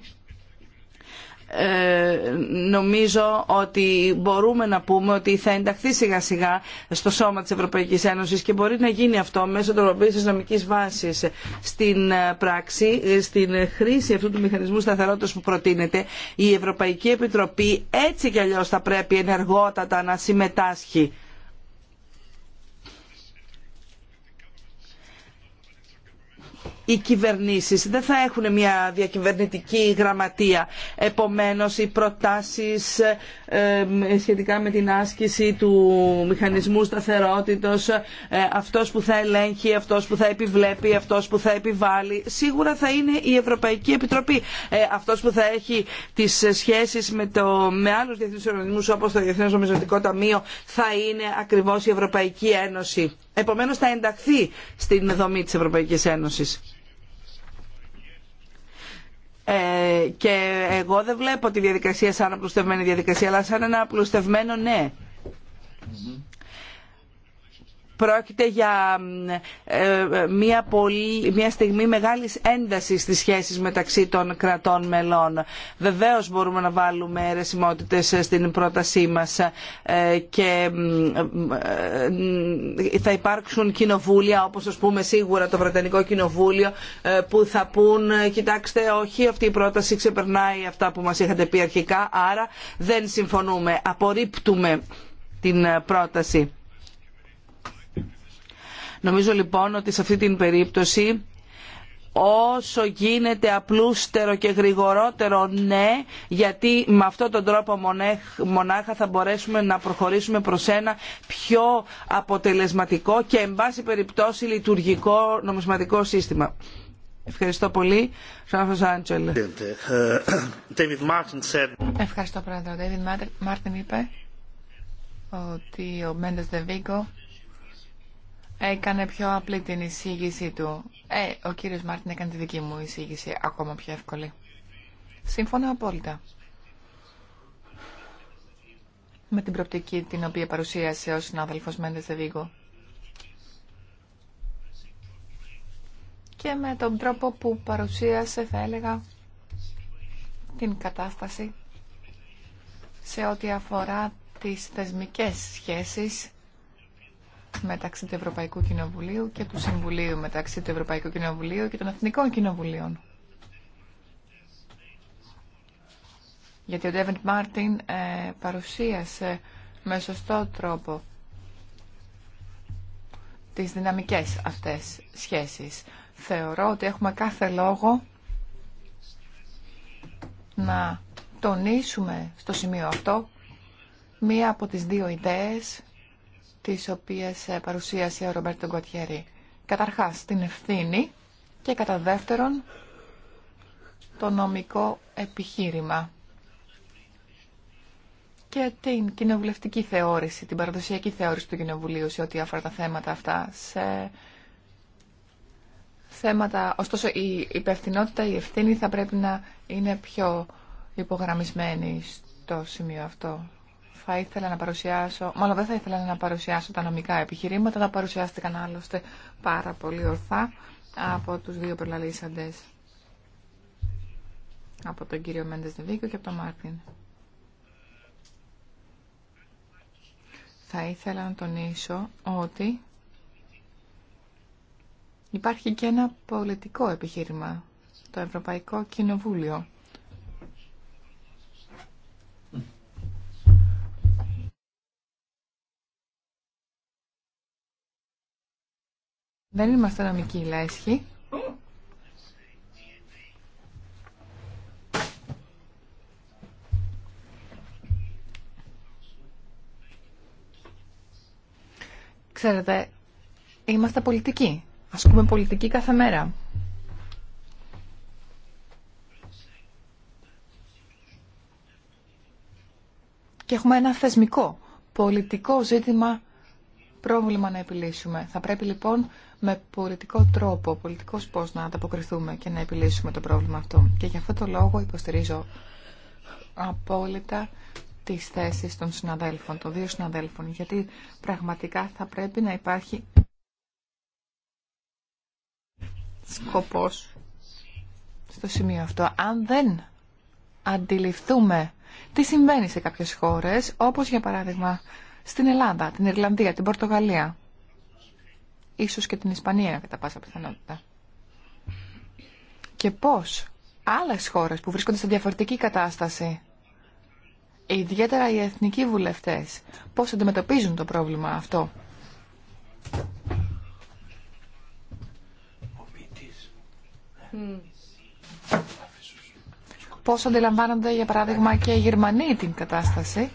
ε, νομίζω ότι μπορούμε να πούμε ότι θα ενταχθεί σιγά σιγά στο σώμα της Ευρωπαϊκής Ένωσης και μπορεί να γίνει αυτό μέσω τροποποίησης τη νομικής βάσης στην ε, πράξη, ε, στην χρήση αυτού του μηχανισμού σταθερότητας που προτείνεται η Ευρωπαϊκή Επιτροπή έτσι κι αλλιώς θα πρέπει ενεργότατα να συμμετάσχει οι κυβερνήσεις δεν θα έχουν μια διακυβερνητική γραμματεία. Επομένως οι προτάσεις ε, ε, σχετικά με την άσκηση του μηχανισμού σταθερότητος, ε, αυτός που θα ελέγχει, αυτός που θα επιβλέπει, αυτός που θα επιβάλλει, σίγουρα θα είναι η Ευρωπαϊκή Επιτροπή. Αυτός που θα έχει τις σχέσεις με, το, με άλλους διεθνείς οργανισμούς όπως το Διεθνές Νομιζωτικό Ταμείο θα είναι ακριβώς η Ευρωπαϊκή Ένωση. Επομένως θα ενταχθεί στην δομή της Ευρωπαϊκής Ένωσης. Ε, και εγώ δεν βλέπω τη διαδικασία σαν απλουστευμένη διαδικασία, αλλά σαν ένα απλουστευμένο ναι. Πρόκειται για ε, ε, μια, μια στιγμή μεγάλης έντασης στις σχέσεις μεταξύ των κρατών μελών. Βεβαίως μπορούμε να βάλουμε αιρεσιμότητες στην πρότασή μας ε, και θα υπάρξουν κοινοβούλια όπως ας πούμε σίγουρα το Βρετανικό Κοινοβούλιο που θα πούν κοιτάξτε όχι αυτή η πρόταση ξεπερνάει αυτά που μας είχατε πει αρχικά άρα δεν συμφωνούμε, απορρίπτουμε την πρόταση. Νομίζω λοιπόν ότι σε αυτή την περίπτωση όσο γίνεται απλούστερο και γρηγορότερο ναι, γιατί με αυτόν τον τρόπο μονάχα θα μπορέσουμε να προχωρήσουμε προς ένα πιο αποτελεσματικό και εν πάση περιπτώσει λειτουργικό νομισματικό σύστημα. Ευχαριστώ πολύ. Ευχαριστώ πρόεδρο. Ο Μάρτιν είπε ότι ο Μέντες Δεβίγκο έκανε πιο απλή την εισήγησή του. Ε, ο κύριος Μάρτιν έκανε τη δική μου εισήγηση ακόμα πιο εύκολη. Σύμφωνα απόλυτα. Με την προπτική την οποία παρουσίασε ο συνάδελφος Μέντες Δεβίγκο. Και με τον τρόπο που παρουσίασε, θα έλεγα, την κατάσταση σε ό,τι αφορά τις θεσμικές σχέσεις μεταξύ του Ευρωπαϊκού Κοινοβουλίου και του Συμβουλίου μεταξύ του Ευρωπαϊκού Κοινοβουλίου και των Εθνικών Κοινοβουλίων. Γιατί ο Ντέβεντ Μάρτιν ε, παρουσίασε με σωστό τρόπο τις δυναμικές αυτές σχέσεις. Θεωρώ ότι έχουμε κάθε λόγο να τονίσουμε στο σημείο αυτό μία από τις δύο ιδέες τις οποίες ε, παρουσίασε ο Ρομπέρτο Γκοτιέρη. Καταρχάς, την ευθύνη και κατά δεύτερον, το νομικό επιχείρημα και την κοινοβουλευτική θεώρηση, την παραδοσιακή θεώρηση του Κοινοβουλίου σε ό,τι αφορά τα θέματα αυτά. Σε θέματα, ωστόσο η υπευθυνότητα, η ευθύνη θα πρέπει να είναι πιο υπογραμμισμένη στο σημείο αυτό θα ήθελα να παρουσιάσω, μάλλον δεν θα ήθελα να παρουσιάσω τα νομικά επιχειρήματα, τα παρουσιάστηκαν άλλωστε πάρα πολύ ορθά από τους δύο προλαλήσαντες. Από τον κύριο Μέντες Δεβίκο και από τον Μάρτιν. Θα ήθελα να τονίσω ότι υπάρχει και ένα πολιτικό επιχείρημα, το Ευρωπαϊκό Κοινοβούλιο Δεν είμαστε νομικοί λέσχοι. Ξέρετε, είμαστε πολιτικοί. Ασκούμε πολιτική κάθε μέρα. Και έχουμε ένα θεσμικό, πολιτικό ζήτημα, πρόβλημα να επιλύσουμε. Θα πρέπει λοιπόν με πολιτικό τρόπο, πολιτικό πώ να ανταποκριθούμε και να επιλύσουμε το πρόβλημα αυτό. Και γι' αυτό το λόγο υποστηρίζω απόλυτα τι θέσει των συναδέλφων, των δύο συναδέλφων, γιατί πραγματικά θα πρέπει να υπάρχει σκοπός στο σημείο αυτό. Αν δεν αντιληφθούμε τι συμβαίνει σε κάποιες χώρες, όπως για παράδειγμα στην Ελλάδα, την Ιρλανδία, την Πορτογαλία, ίσως και την Ισπανία κατά πάσα πιθανότητα. Και πώς άλλες χώρες που βρίσκονται σε διαφορετική κατάσταση, ιδιαίτερα οι εθνικοί βουλευτές, πώς αντιμετωπίζουν το πρόβλημα αυτό. Mm. Πώς αντιλαμβάνονται, για παράδειγμα, και οι Γερμανοί την κατάσταση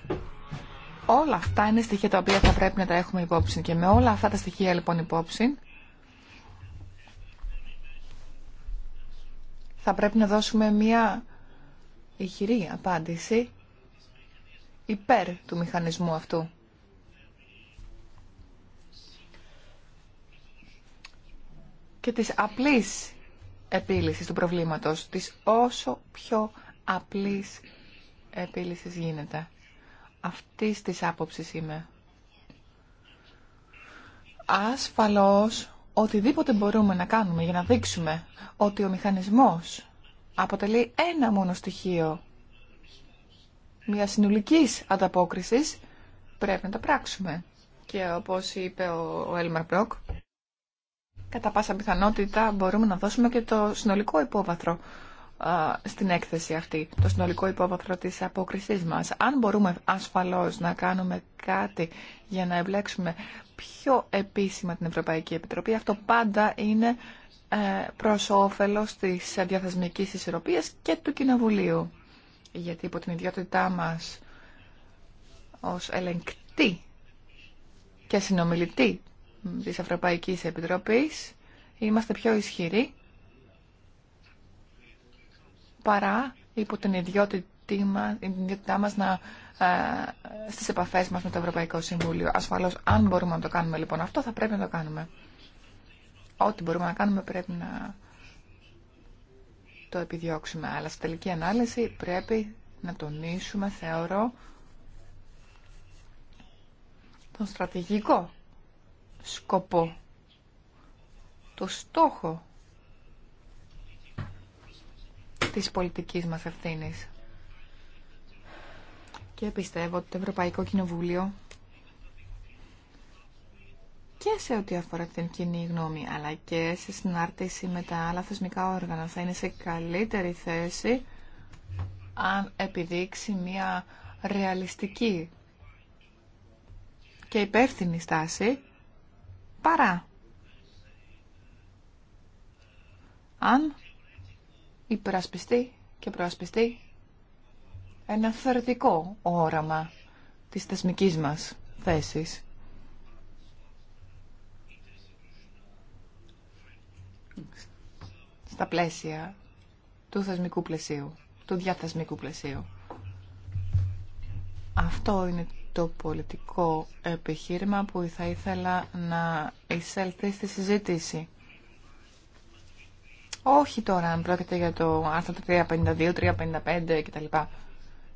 Όλα αυτά είναι στοιχεία τα οποία θα πρέπει να τα έχουμε υπόψη. Και με όλα αυτά τα στοιχεία λοιπόν υπόψη, θα πρέπει να δώσουμε μια ηχηρή απάντηση υπέρ του μηχανισμού αυτού. Και της απλής επίλυσης του προβλήματος, της όσο πιο απλής επίλυσης γίνεται. Αυτή της άποψη είμαι. Ασφαλώς, οτιδήποτε μπορούμε να κάνουμε για να δείξουμε ότι ο μηχανισμός αποτελεί ένα μόνο στοιχείο μια συνολικής ανταπόκρισης, πρέπει να τα πράξουμε. Και όπως είπε ο Έλμαρ Μπροκ, κατά πάσα πιθανότητα μπορούμε να δώσουμε και το συνολικό υπόβαθρο στην έκθεση αυτή, το συνολικό υπόβαθρο της απόκρισής μας. Αν μπορούμε ασφαλώς να κάνουμε κάτι για να εμπλέξουμε πιο επίσημα την Ευρωπαϊκή Επιτροπή, αυτό πάντα είναι ε, προς όφελος της διαθεσμικής ισορροπίας και του Κοινοβουλίου. Γιατί υπό την ιδιότητά μας ως ελεγκτή και συνομιλητή της Ευρωπαϊκής Επιτροπής είμαστε πιο ισχυροί παρά υπό την ιδιότητά μας να, ε, στις επαφές μας με το Ευρωπαϊκό Συμβούλιο. Ασφαλώς, αν μπορούμε να το κάνουμε λοιπόν αυτό, θα πρέπει να το κάνουμε. Ό,τι μπορούμε να κάνουμε πρέπει να το επιδιώξουμε. Αλλά στη τελική ανάλυση πρέπει να τονίσουμε, θεωρώ, τον στρατηγικό σκοπό, το στόχο της πολιτικής μας ευθύνη. Και πιστεύω ότι το Ευρωπαϊκό Κοινοβούλιο και σε ό,τι αφορά την κοινή γνώμη, αλλά και σε συνάρτηση με τα άλλα θεσμικά όργανα, θα είναι σε καλύτερη θέση αν επιδείξει μια ρεαλιστική και υπεύθυνη στάση παρά αν υπερασπιστεί και προασπιστεί ένα θεωρητικό όραμα της θεσμικής μας θέσης. Στα πλαίσια του θεσμικού πλαισίου, του διαθεσμικού πλαισίου. Αυτό είναι το πολιτικό επιχείρημα που θα ήθελα να εισέλθει στη συζήτηση. Όχι τώρα αν πρόκειται για το άρθρο 352, 355 κτλ.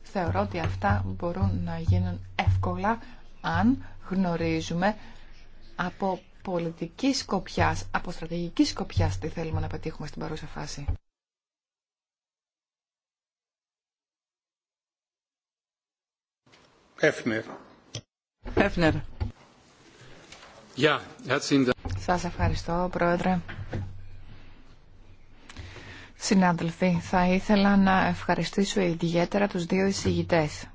Θεωρώ ότι αυτά μπορούν να γίνουν εύκολα αν γνωρίζουμε από πολιτική σκοπιά, από στρατηγική σκοπιά τι θέλουμε να πετύχουμε στην παρούσα φάση. Έφνερ. Yeah, Σας ευχαριστώ, Πρόεδρε. Συνάδελφοι, θα ήθελα να ευχαριστήσω ιδιαίτερα τους δύο εισηγητές.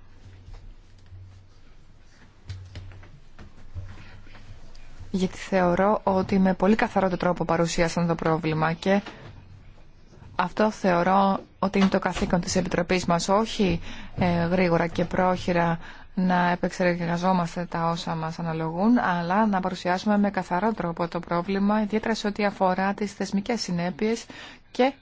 Γιατί θεωρώ ότι με πολύ καθαρό τρόπο παρουσίασαν το πρόβλημα και αυτό θεωρώ ότι είναι το καθήκον της Επιτροπής μας, όχι ε, γρήγορα και πρόχειρα να επεξεργαζόμαστε τα όσα μας αναλογούν, αλλά να παρουσιάσουμε με καθαρό τρόπο το πρόβλημα, ιδιαίτερα σε ό,τι αφορά τις θεσμικές συνέπειες και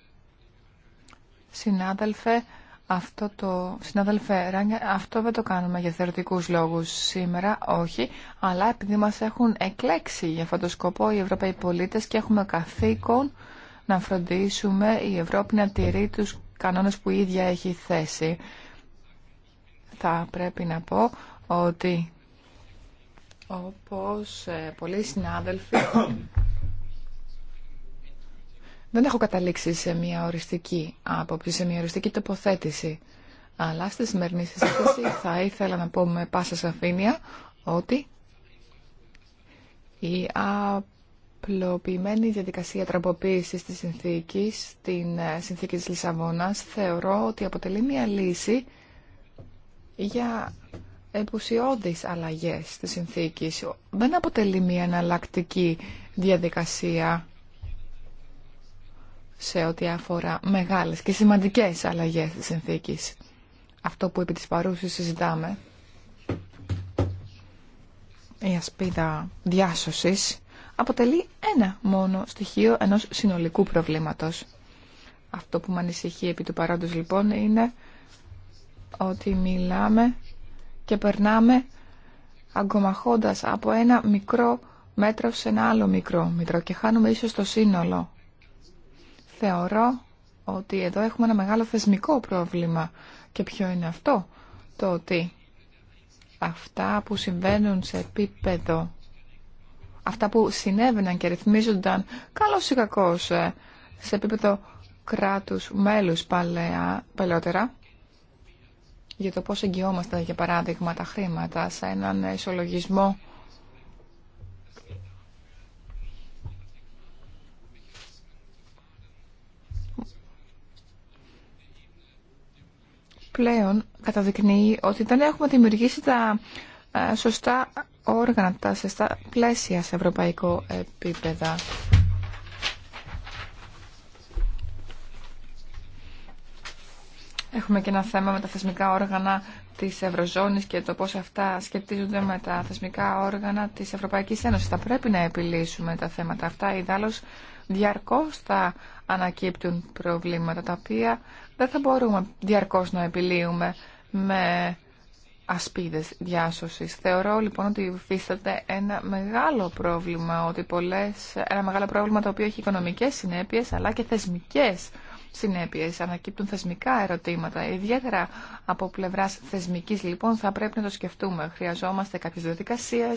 Συνάδελφε, αυτό το... Συνάδελφε αυτό δεν το κάνουμε για θεωρητικούς λόγους σήμερα, όχι, αλλά επειδή μας έχουν εκλέξει για αυτόν τον σκοπό οι Ευρωπαίοι πολίτες και έχουμε καθήκον να φροντίσουμε η Ευρώπη να τηρεί τους κανόνες που η ίδια έχει θέσει. Θα πρέπει να πω ότι όπως ε, πολλοί συνάδελφοι δεν έχω καταλήξει σε μια οριστική άποψη, σε μια οριστική τοποθέτηση. Αλλά στη σημερινή συζήτηση θα ήθελα να πω με πάσα σαφήνεια ότι η απλοποιημένη διαδικασία τραποποίησης της συνθήκης, την ε, συνθήκη της Λισαβόνας, θεωρώ ότι αποτελεί μια λύση για επουσιώδεις αλλαγές της συνθήκης. Δεν αποτελεί μια εναλλακτική διαδικασία σε ό,τι αφορά μεγάλες και σημαντικές αλλαγές της συνθήκης. Αυτό που επί της παρούσης συζητάμε, η ασπίδα διάσωσης, αποτελεί ένα μόνο στοιχείο ενός συνολικού προβλήματος. Αυτό που με ανησυχεί επί του παρόντος λοιπόν είναι ότι μιλάμε και περνάμε αγκομαχώντας από ένα μικρό μέτρο σε ένα άλλο μικρό μέτρο και χάνουμε ίσως το σύνολο θεωρώ ότι εδώ έχουμε ένα μεγάλο θεσμικό πρόβλημα. Και ποιο είναι αυτό, το ότι αυτά που συμβαίνουν σε επίπεδο, αυτά που συνέβαιναν και ρυθμίζονταν καλώς ή κακώς ε, σε επίπεδο κράτους μέλους παλαιά, παλαιότερα, για το πώς εγγυόμαστε, για παράδειγμα, τα χρήματα σε έναν ισολογισμό πλέον καταδεικνύει ότι δεν έχουμε δημιουργήσει τα ε, σωστά όργανα, τα σωστά πλαίσια σε ευρωπαϊκό επίπεδο. Έχουμε και ένα θέμα με τα θεσμικά όργανα της Ευρωζώνης και το πώς αυτά σχετίζονται με τα θεσμικά όργανα της Ευρωπαϊκής Ένωσης. Θα πρέπει να επιλύσουμε τα θέματα αυτά. Ιδάλλως διαρκώς θα ανακύπτουν προβλήματα τα οποία δεν θα μπορούμε διαρκώς να επιλύουμε με ασπίδες διάσωσης. Θεωρώ λοιπόν ότι υφίσταται ένα μεγάλο πρόβλημα, ότι πολλές, ένα μεγάλο πρόβλημα το οποίο έχει οικονομικές συνέπειες αλλά και θεσμικές συνέπειες. Ανακύπτουν θεσμικά ερωτήματα. Ιδιαίτερα από πλευράς θεσμικής λοιπόν θα πρέπει να το σκεφτούμε. Χρειαζόμαστε κάποιες διαδικασίε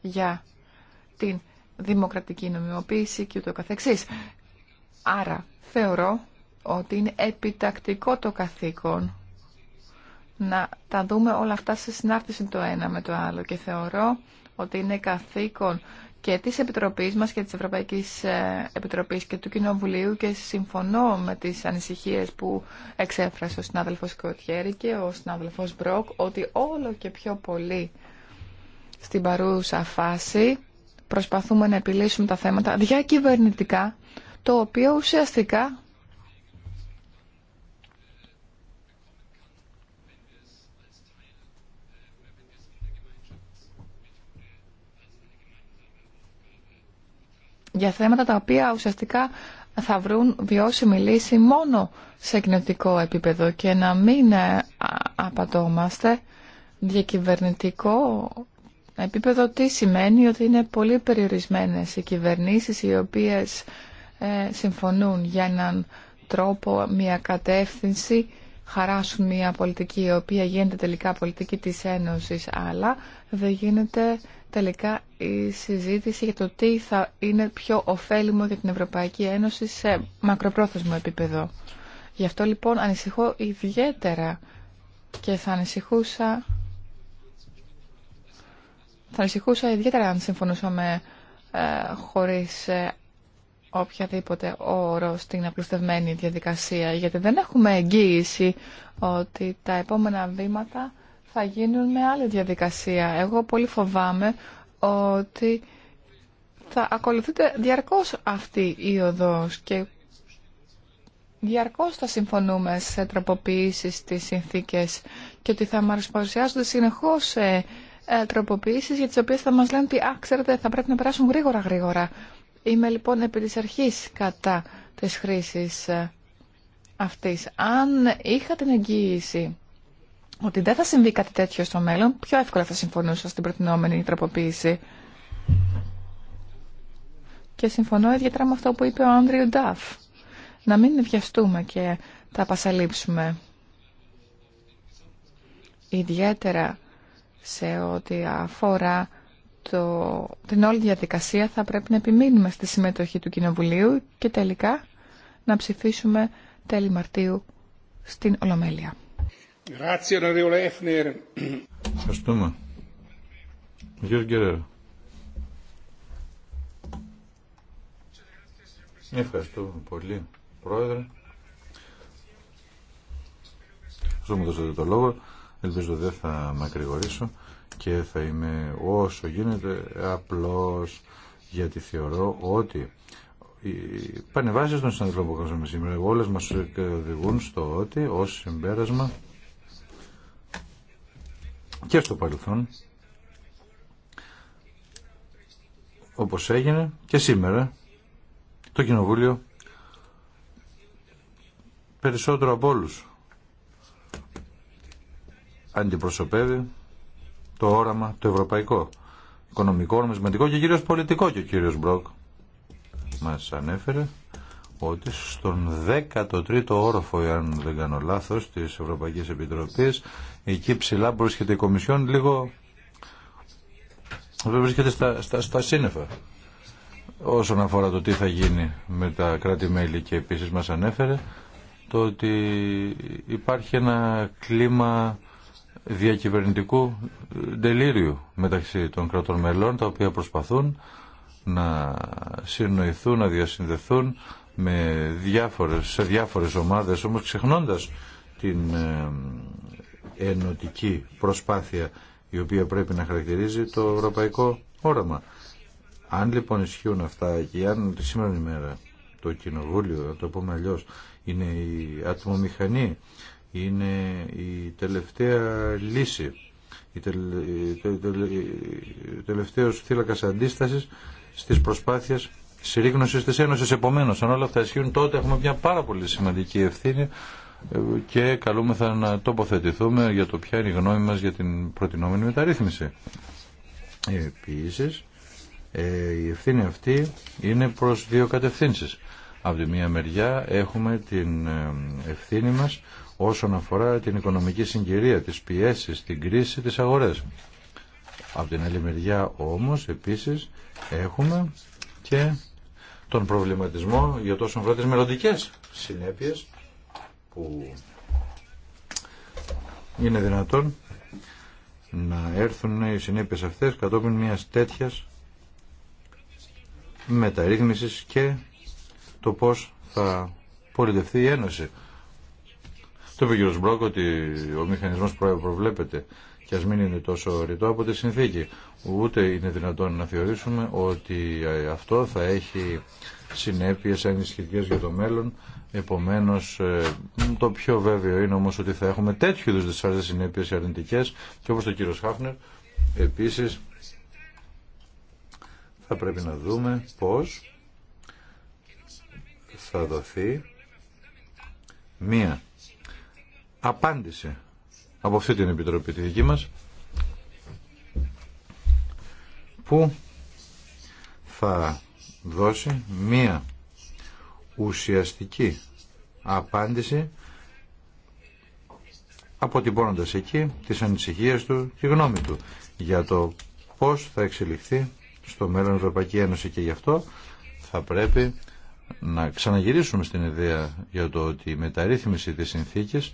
για την δημοκρατική νομιμοποίηση και ούτω καθεξής. Άρα θεωρώ ότι είναι επιτακτικό το καθήκον να τα δούμε όλα αυτά σε συνάρτηση το ένα με το άλλο και θεωρώ ότι είναι καθήκον και της Επιτροπής μας και της Ευρωπαϊκής ε, Επιτροπής και του Κοινοβουλίου και συμφωνώ με τις ανησυχίες που εξέφρασε ο συνάδελφος Κοτιέρη και ο συνάδελφος Μπροκ ότι όλο και πιο πολύ στην παρούσα φάση προσπαθούμε να επιλύσουμε τα θέματα διακυβερνητικά το οποίο ουσιαστικά για θέματα τα οποία ουσιαστικά θα βρουν βιώσιμη λύση μόνο σε κοινωτικό επίπεδο και να μην ε, απατώμαστε διακυβερνητικό επίπεδο τι σημαίνει ότι είναι πολύ περιορισμένες οι κυβερνήσεις οι οποίες ε, συμφωνούν για έναν τρόπο, μια κατεύθυνση χαράσουν μια πολιτική η οποία γίνεται τελικά πολιτική της Ένωσης αλλά δεν γίνεται τελικά η συζήτηση για το τι θα είναι πιο ωφέλιμο για την Ευρωπαϊκή Ένωση σε μακροπρόθεσμο επίπεδο. Γι' αυτό λοιπόν ανησυχώ ιδιαίτερα και θα ανησυχούσα, θα ανησυχούσα ιδιαίτερα αν συμφωνούσαμε ε, χωρίς ε, οποιαδήποτε όρο στην απλουστευμένη διαδικασία, γιατί δεν έχουμε εγγύηση ότι τα επόμενα βήματα θα γίνουν με άλλη διαδικασία. Εγώ πολύ φοβάμαι ότι θα ακολουθείται διαρκώς αυτή η οδός και διαρκώς θα συμφωνούμε σε τροποποιήσεις στις συνθήκες και ότι θα μας παρουσιάζονται συνεχώς ε, τροποποιήσεις για τις οποίες θα μας λένε ότι θα πρέπει να περάσουν γρήγορα-γρήγορα». Είμαι λοιπόν επί της αρχής κατά της χρήσης ε, αυτής. Αν είχα την εγγύηση ότι δεν θα συμβεί κάτι τέτοιο στο μέλλον, πιο εύκολα θα συμφωνούσα στην προτινόμενη τροποποίηση. Και συμφωνώ ιδιαίτερα με αυτό που είπε ο Άνδριου Νταφ. Να μην βιαστούμε και τα απασαλείψουμε. Ιδιαίτερα σε ό,τι αφορά το, την όλη διαδικασία θα πρέπει να επιμείνουμε στη συμμετοχή του Κοινοβουλίου και τελικά να ψηφίσουμε τέλη Μαρτίου στην Ολομέλεια. Ευχαριστούμε. Γιώργο Ευχαριστούμε πολύ, Πρόεδρε. Ευχαριστούμε το λόγο. Ελπίζω δεν θα ακρηγορήσω και θα είμαι όσο γίνεται απλός γιατί θεωρώ ότι οι πανεβάσεις των συναντήλων που έχουμε σήμερα όλες μας οδηγούν στο ότι ως συμπέρασμα και στο παρελθόν όπως έγινε και σήμερα το Κοινοβούλιο περισσότερο από όλους αντιπροσωπεύει το όραμα το ευρωπαϊκό. Οικονομικό, νομισματικό και κυρίως πολιτικό και ο κύριος Μπροκ μας ανέφερε ότι στον 13ο όροφο, αν δεν κάνω λάθος, της Ευρωπαϊκής Επιτροπής, εκεί ψηλά βρίσκεται η Κομισιόν λίγο βρίσκεται στα, στα, στα σύννεφα όσον αφορά το τι θα γίνει με τα κράτη-μέλη και επίσης μας ανέφερε το ότι υπάρχει ένα κλίμα διακυβερνητικού τελείριου μεταξύ των κρατών μελών τα οποία προσπαθούν να συνοηθούν, να διασυνδεθούν με διάφορες, σε διάφορες ομάδες όμως ξεχνώντας την ε, ενωτική προσπάθεια η οποία πρέπει να χαρακτηρίζει το ευρωπαϊκό όραμα. Αν λοιπόν ισχύουν αυτά και αν τη σήμερα ημέρα το κοινοβούλιο, να το πούμε αλλιώ, είναι η ατμομηχανή είναι η τελευταία λύση, η τελευταίος θύλακας αντίστασης στις προσπάθειες συρρήγνωσης της Ένωσης. Επομένως, αν όλα αυτά ισχύουν, τότε έχουμε μια πάρα πολύ σημαντική ευθύνη ε, και καλούμεθα να τοποθετηθούμε για το ποια είναι η γνώμη μας για την προτινόμενη μεταρρύθμιση. Επίσης, ε, η ευθύνη αυτή είναι προς δύο κατευθύνσεις. Από τη μία μεριά έχουμε την ε, ευθύνη μας όσον αφορά την οικονομική συγκυρία, τις πιέσεις, την κρίση, τις αγορές. Από την άλλη μεριά όμως επίσης έχουμε και τον προβληματισμό για τόσο αφορά τις μελλοντικές συνέπειες που είναι δυνατόν να έρθουν οι συνέπειες αυτές κατόπιν μιας τέτοιας μεταρρύθμισης και το πώς θα πολιτευτεί η Ένωση. Το είπε ο κ. Μπρόκ ότι ο μηχανισμός προβλέπεται και α μην είναι τόσο ρητό από τη συνθήκη. Ούτε είναι δυνατόν να θεωρήσουμε ότι ε, αυτό θα έχει συνέπειε ανησυχητικές για το μέλλον. επομένω, ε, το πιο βέβαιο είναι όμως ότι θα έχουμε τέτοιου είδους δυσάρεστε συνέπειε αρνητικές και όπως το κύριο Χάφνερ, Επίση θα πρέπει να δούμε πώ θα δοθεί μία απάντησε από αυτή την Επιτροπή τη δική μας που θα δώσει μία ουσιαστική απάντηση αποτυπώνοντας εκεί τις ανησυχίες του, τη γνώμη του για το πώς θα εξελιχθεί στο μέλλον η Ευρωπαϊκή Ένωση και γι' αυτό θα πρέπει να ξαναγυρίσουμε στην ιδέα για το ότι η μεταρρύθμιση της συνθήκης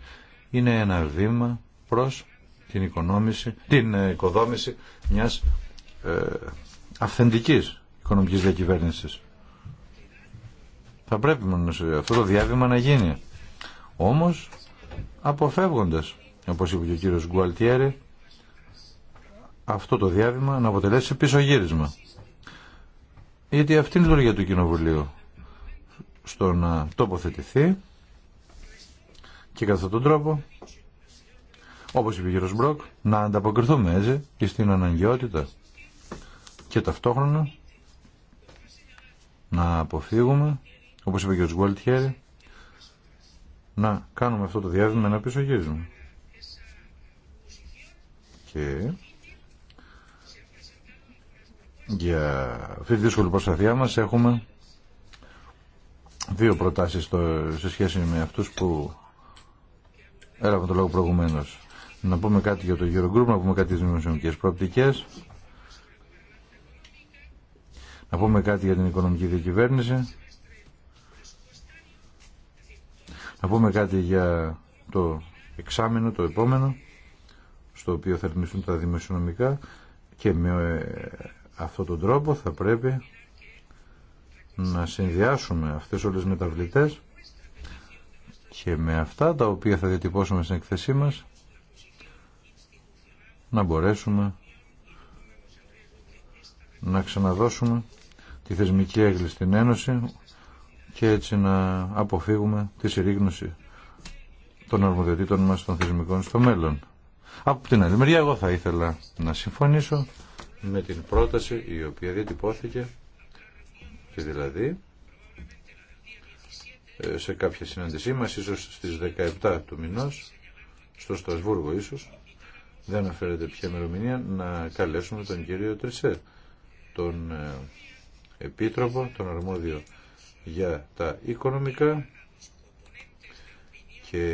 είναι ένα βήμα προς την, οικονόμηση, την ε, οικοδόμηση μιας ε, αυθεντικής οικονομικής διακυβέρνησης. Θα πρέπει αυτό το διάβημα να γίνει. Όμως, αποφεύγοντας, όπως είπε και ο κύριος Γκουαλτιέρη, αυτό το διάβημα να αποτελέσει πίσω γύρισμα. Γιατί αυτή είναι η λογία του Κοινοβουλίου. Στο να τοποθετηθεί και κατά αυτόν τον τρόπο, όπως είπε ο κύριος Μπροκ, να ανταποκριθούμε έτσι και στην αναγκαιότητα και ταυτόχρονα να αποφύγουμε, όπως είπε ο κύριος Γουαλτιέρη, να κάνουμε αυτό το διάβημα να πισωγίζουμε. Και για αυτή τη δύσκολη προσπαθία μας έχουμε δύο προτάσεις στο, σε σχέση με αυτούς που έλαβα το λόγο προηγουμένω. Να πούμε κάτι για το Eurogroup, να πούμε κάτι για τι δημοσιονομικέ προοπτικέ. Να πούμε κάτι για την οικονομική διακυβέρνηση. Να πούμε κάτι για το εξάμεινο, το επόμενο, στο οποίο θα ρυθμιστούν τα δημοσιονομικά και με ε, αυτόν τον τρόπο θα πρέπει να συνδυάσουμε αυτές όλες τις μεταβλητές και με αυτά τα οποία θα διατυπώσουμε στην εκθεσή μας να μπορέσουμε να ξαναδώσουμε τη θεσμική έγκλη στην Ένωση και έτσι να αποφύγουμε τη συρρήγνωση των αρμοδιοτήτων μας των θεσμικών στο μέλλον. Από την άλλη μεριά εγώ θα ήθελα να συμφωνήσω με την πρόταση η οποία διατυπώθηκε και δηλαδή σε κάποια συνάντησή μας, ίσως στις 17 του μηνός, στο Στρασβούργο ίσως, δεν αναφέρεται ποια ημερομηνία, να καλέσουμε τον κύριο Τρισέ, τον ε, Επίτροπο, τον Αρμόδιο για τα οικονομικά και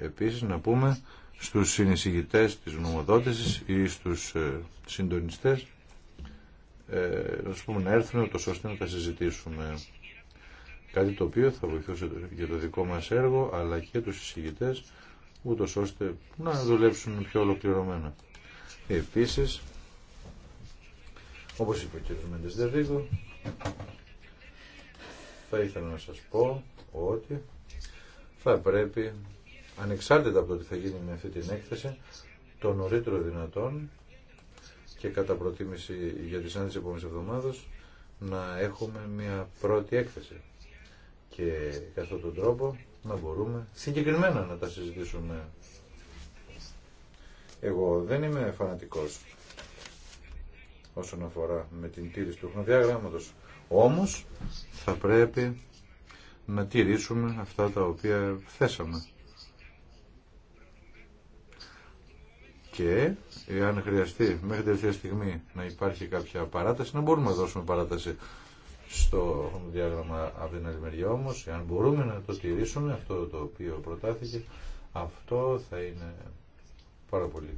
επίσης να πούμε στους συνεισηγητές της νομοδότησης ή στους ε, συντονιστές ε, να πούμε να έρθουν ούτως ώστε να τα συζητήσουμε. Κάτι το οποίο θα βοηθούσε για το δικό μας έργο αλλά και τους εισηγητές ούτω ώστε να δουλέψουν πιο ολοκληρωμένα. Επίσης, όπως είπε ο κ. Μέντες θα ήθελα να σας πω ότι θα πρέπει, ανεξάρτητα από το τι θα γίνει με αυτή την έκθεση, το νωρίτερο δυνατόν και κατά προτίμηση για τις άντρε επόμενης να έχουμε μια πρώτη έκθεση και κατά αυτόν τον τρόπο να μπορούμε συγκεκριμένα να τα συζητήσουμε. Εγώ δεν είμαι φανατικός όσον αφορά με την τήρηση του χρονοδιάγραμματος. Όμως θα πρέπει να τηρήσουμε αυτά τα οποία θέσαμε. Και εάν χρειαστεί μέχρι τελευταία στιγμή να υπάρχει κάποια παράταση, να μπορούμε να δώσουμε παράταση στο διάγραμμα από την άλλη μεριά όμως, αν μπορούμε να το τηρήσουμε, αυτό το οποίο προτάθηκε, αυτό θα είναι πάρα πολύ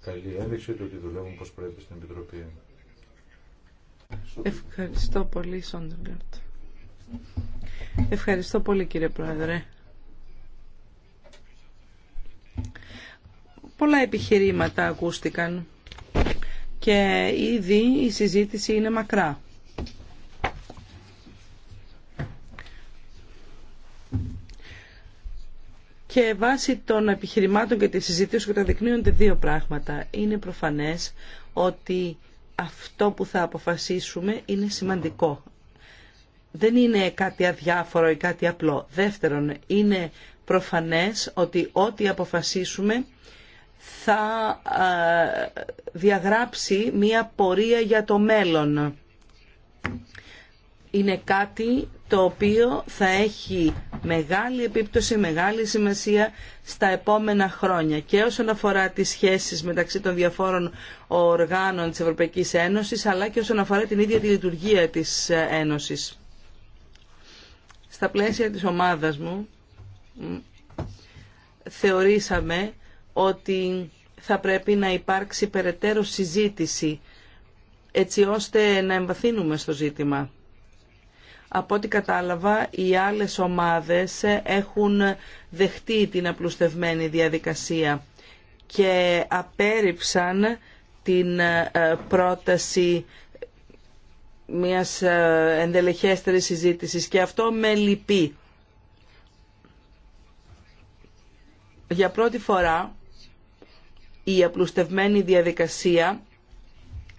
καλή ένδειξη του ότι δουλεύουμε όπω πρέπει στην Επιτροπή. Ευχαριστώ πολύ, Σόντεγκαρτ. Ευχαριστώ πολύ, κύριε Πρόεδρε. Πολλά επιχειρήματα ακούστηκαν και ήδη η συζήτηση είναι μακρά. Και βάσει των επιχειρημάτων και της συζήτησης καταδεικνύονται δύο πράγματα. Είναι προφανές ότι αυτό που θα αποφασίσουμε είναι σημαντικό. Δεν είναι κάτι αδιάφορο ή κάτι απλό. Δεύτερον, είναι προφανές ότι ό,τι αποφασίσουμε θα διαγράψει μία πορεία για το μέλλον. Είναι κάτι το οποίο θα έχει μεγάλη επίπτωση, μεγάλη σημασία στα επόμενα χρόνια. Και όσον αφορά τις σχέσεις μεταξύ των διαφόρων οργάνων της Ευρωπαϊκής Ένωσης, αλλά και όσον αφορά την ίδια τη λειτουργία της Ένωσης. Στα πλαίσια της ομάδας μου, θεωρήσαμε ότι θα πρέπει να υπάρξει περαιτέρω συζήτηση έτσι ώστε να εμβαθύνουμε στο ζήτημα. Από ό,τι κατάλαβα, οι άλλες ομάδες έχουν δεχτεί την απλουστευμένη διαδικασία και απέρριψαν την ε, πρόταση μιας ε, εντελεχέστερης συζήτησης και αυτό με λυπεί. Για πρώτη φορά η απλουστευμένη διαδικασία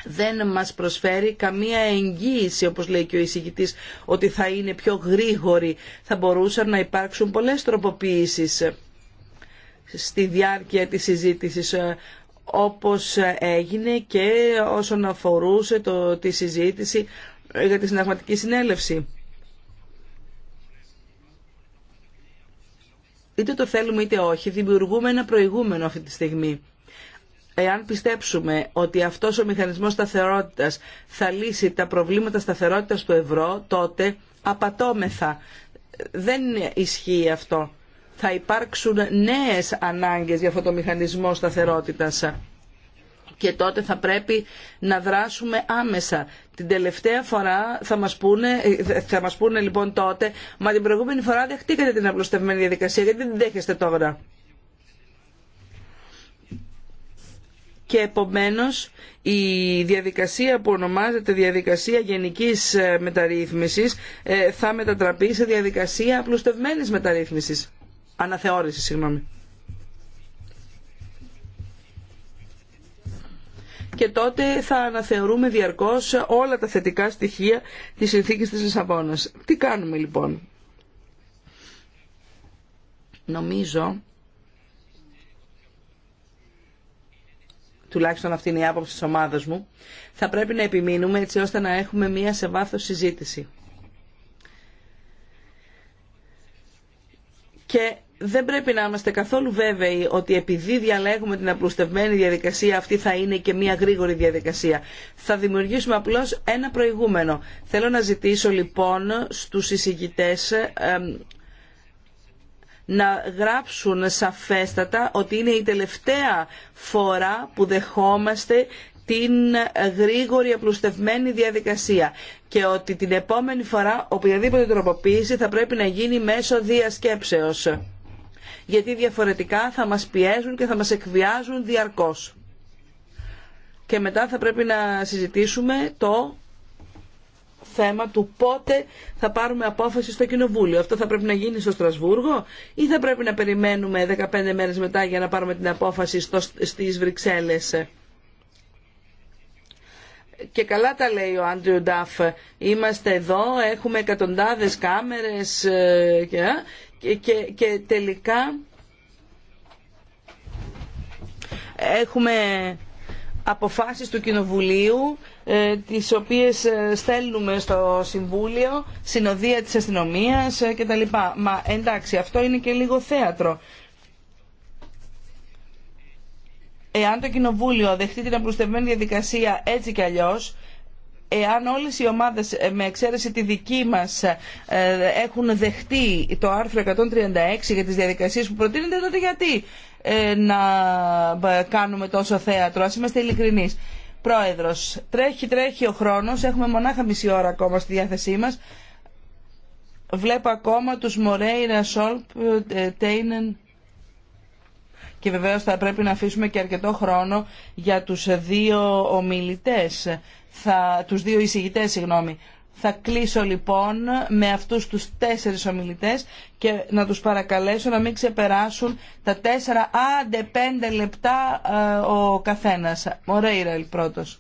δεν μας προσφέρει καμία εγγύηση, όπως λέει και ο εισηγητής, ότι θα είναι πιο γρήγορη. Θα μπορούσαν να υπάρξουν πολλές τροποποιήσεις στη διάρκεια της συζήτησης ε, όπως έγινε και όσον αφορούσε το, τη συζήτηση ε, για τη συνταγματική συνέλευση. Είτε το θέλουμε είτε όχι, δημιουργούμε ένα προηγούμενο αυτή τη στιγμή εάν πιστέψουμε ότι αυτός ο μηχανισμός σταθερότητας θα λύσει τα προβλήματα σταθερότητας του ευρώ, τότε απατώμεθα. Δεν ισχύει αυτό. Θα υπάρξουν νέες ανάγκες για αυτό το μηχανισμό σταθερότητας και τότε θα πρέπει να δράσουμε άμεσα. Την τελευταία φορά θα μας πούνε, θα μας πούνε λοιπόν τότε, μα την προηγούμενη φορά δεχτήκατε την απλωστευμένη διαδικασία, γιατί δεν δέχεστε τώρα. και επομένως η διαδικασία που ονομάζεται διαδικασία γενικής ε, μεταρρύθμισης ε, θα μετατραπεί σε διαδικασία απλουστευμένης μεταρρύθμισης. Αναθεώρηση, συγγνώμη. και τότε θα αναθεωρούμε διαρκώς όλα τα θετικά στοιχεία της συνθήκης της Λισαβόνας. Τι κάνουμε λοιπόν. Νομίζω τουλάχιστον αυτή είναι η άποψη τη ομάδα μου, θα πρέπει να επιμείνουμε έτσι ώστε να έχουμε μία σε βάθο συζήτηση. Και δεν πρέπει να είμαστε καθόλου βέβαιοι ότι επειδή διαλέγουμε την απλουστευμένη διαδικασία αυτή θα είναι και μια γρήγορη διαδικασία. Θα δημιουργήσουμε απλώς ένα προηγούμενο. Θέλω να ζητήσω λοιπόν στους συζητητέ να γράψουν σαφέστατα ότι είναι η τελευταία φορά που δεχόμαστε την γρήγορη απλουστευμένη διαδικασία και ότι την επόμενη φορά οποιαδήποτε τροποποίηση θα πρέπει να γίνει μέσω διασκέψεως γιατί διαφορετικά θα μας πιέζουν και θα μας εκβιάζουν διαρκώς. Και μετά θα πρέπει να συζητήσουμε το θέμα του πότε θα πάρουμε απόφαση στο Κοινοβούλιο. Αυτό θα πρέπει να γίνει στο Στρασβούργο ή θα πρέπει να περιμένουμε 15 μέρες μετά για να πάρουμε την απόφαση στο, στις Βρυξέλλες. Και καλά τα λέει ο Άντριου Ντάφ. Είμαστε εδώ, έχουμε εκατοντάδες κάμερες ε, και, και, και τελικά έχουμε αποφάσεις του Κοινοβουλίου ε, τις οποίες ε, στέλνουμε στο Συμβούλιο, συνοδεία της αστυνομίας ε, κτλ. Μα εντάξει, αυτό είναι και λίγο θέατρο. Εάν το Κοινοβούλιο δεχτεί την απλουστευμένη διαδικασία έτσι κι αλλιώς, εάν όλες οι ομάδες με εξαίρεση τη δική μας έχουν δεχτεί το άρθρο 136 για τις διαδικασίες που προτείνεται τότε γιατί να κάνουμε τόσο θέατρο ας είμαστε ειλικρινείς Πρόεδρος, τρέχει τρέχει ο χρόνος, έχουμε μονάχα μισή ώρα ακόμα στη διάθεσή μας. Βλέπω ακόμα τους Μορέιρα, Σόλπ, ε, Τέινεν και βεβαίω θα πρέπει να αφήσουμε και αρκετό χρόνο για του δύο ομιλητές, θα, τους δύο εισηγητές, συγγνώμη. Θα κλείσω λοιπόν με αυτούς τους τέσσερις ομιλητές και να τους παρακαλέσω να μην ξεπεράσουν τα τέσσερα, άντε πέντε λεπτά ε, ο καθένας. Ωραία Ιραήλ πρώτος.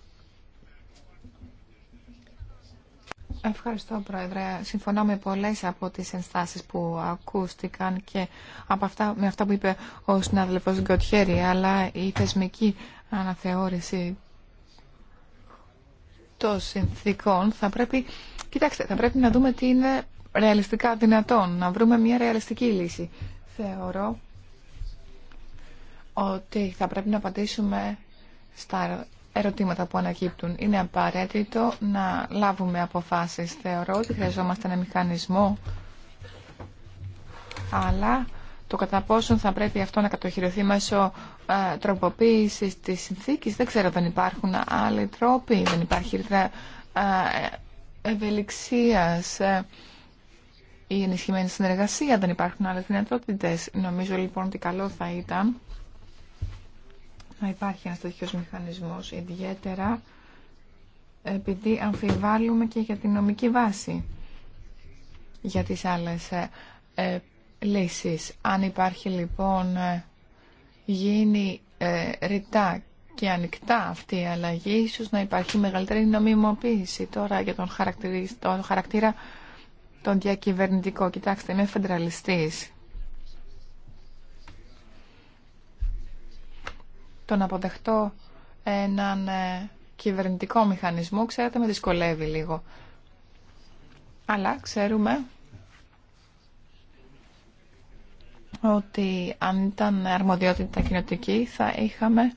Ευχαριστώ, Πρόεδρε. Συμφωνώ με πολλές από τις ενστάσεις που ακούστηκαν και από αυτά, με αυτά που είπε ο συνάδελφος Γκοτχέρη, αλλά η θεσμική αναθεώρηση των συνθήκων θα πρέπει, κοιτάξτε, θα πρέπει να δούμε τι είναι ρεαλιστικά δυνατόν, να βρούμε μια ρεαλιστική λύση. Θεωρώ ότι θα πρέπει να απαντήσουμε στα ερωτήματα που ανακύπτουν. Είναι απαραίτητο να λάβουμε αποφάσεις. Θεωρώ ότι χρειαζόμαστε ένα μηχανισμό, αλλά το κατά πόσον θα πρέπει αυτό να κατοχυρωθεί μέσω ε, τροποποίηση τη συνθήκη, δεν ξέρω, δεν υπάρχουν άλλοι τρόποι, δεν υπάρχει ρήτρα ε, ευελιξία ή ε, ενισχυμένη συνεργασία, δεν υπάρχουν άλλε δυνατότητε. Νομίζω λοιπόν ότι καλό θα ήταν να υπάρχει ένα τέτοιο μηχανισμό, ιδιαίτερα επειδή αμφιβάλλουμε και για την νομική βάση για τις άλλες ε, λύσεις. Αν υπάρχει λοιπόν ε, γίνει ε, ρητά και ανοιχτά αυτή η αλλαγή, ίσως να υπάρχει μεγαλύτερη νομιμοποίηση τώρα για τον, τον χαρακτήρα τον διακυβερνητικό. Κοιτάξτε, είμαι φεντραλιστής. Το να αποδεχτώ έναν ε, κυβερνητικό μηχανισμό, ξέρετε, με δυσκολεύει λίγο. Αλλά ξέρουμε ότι αν ήταν αρμοδιότητα κοινωτική θα είχαμε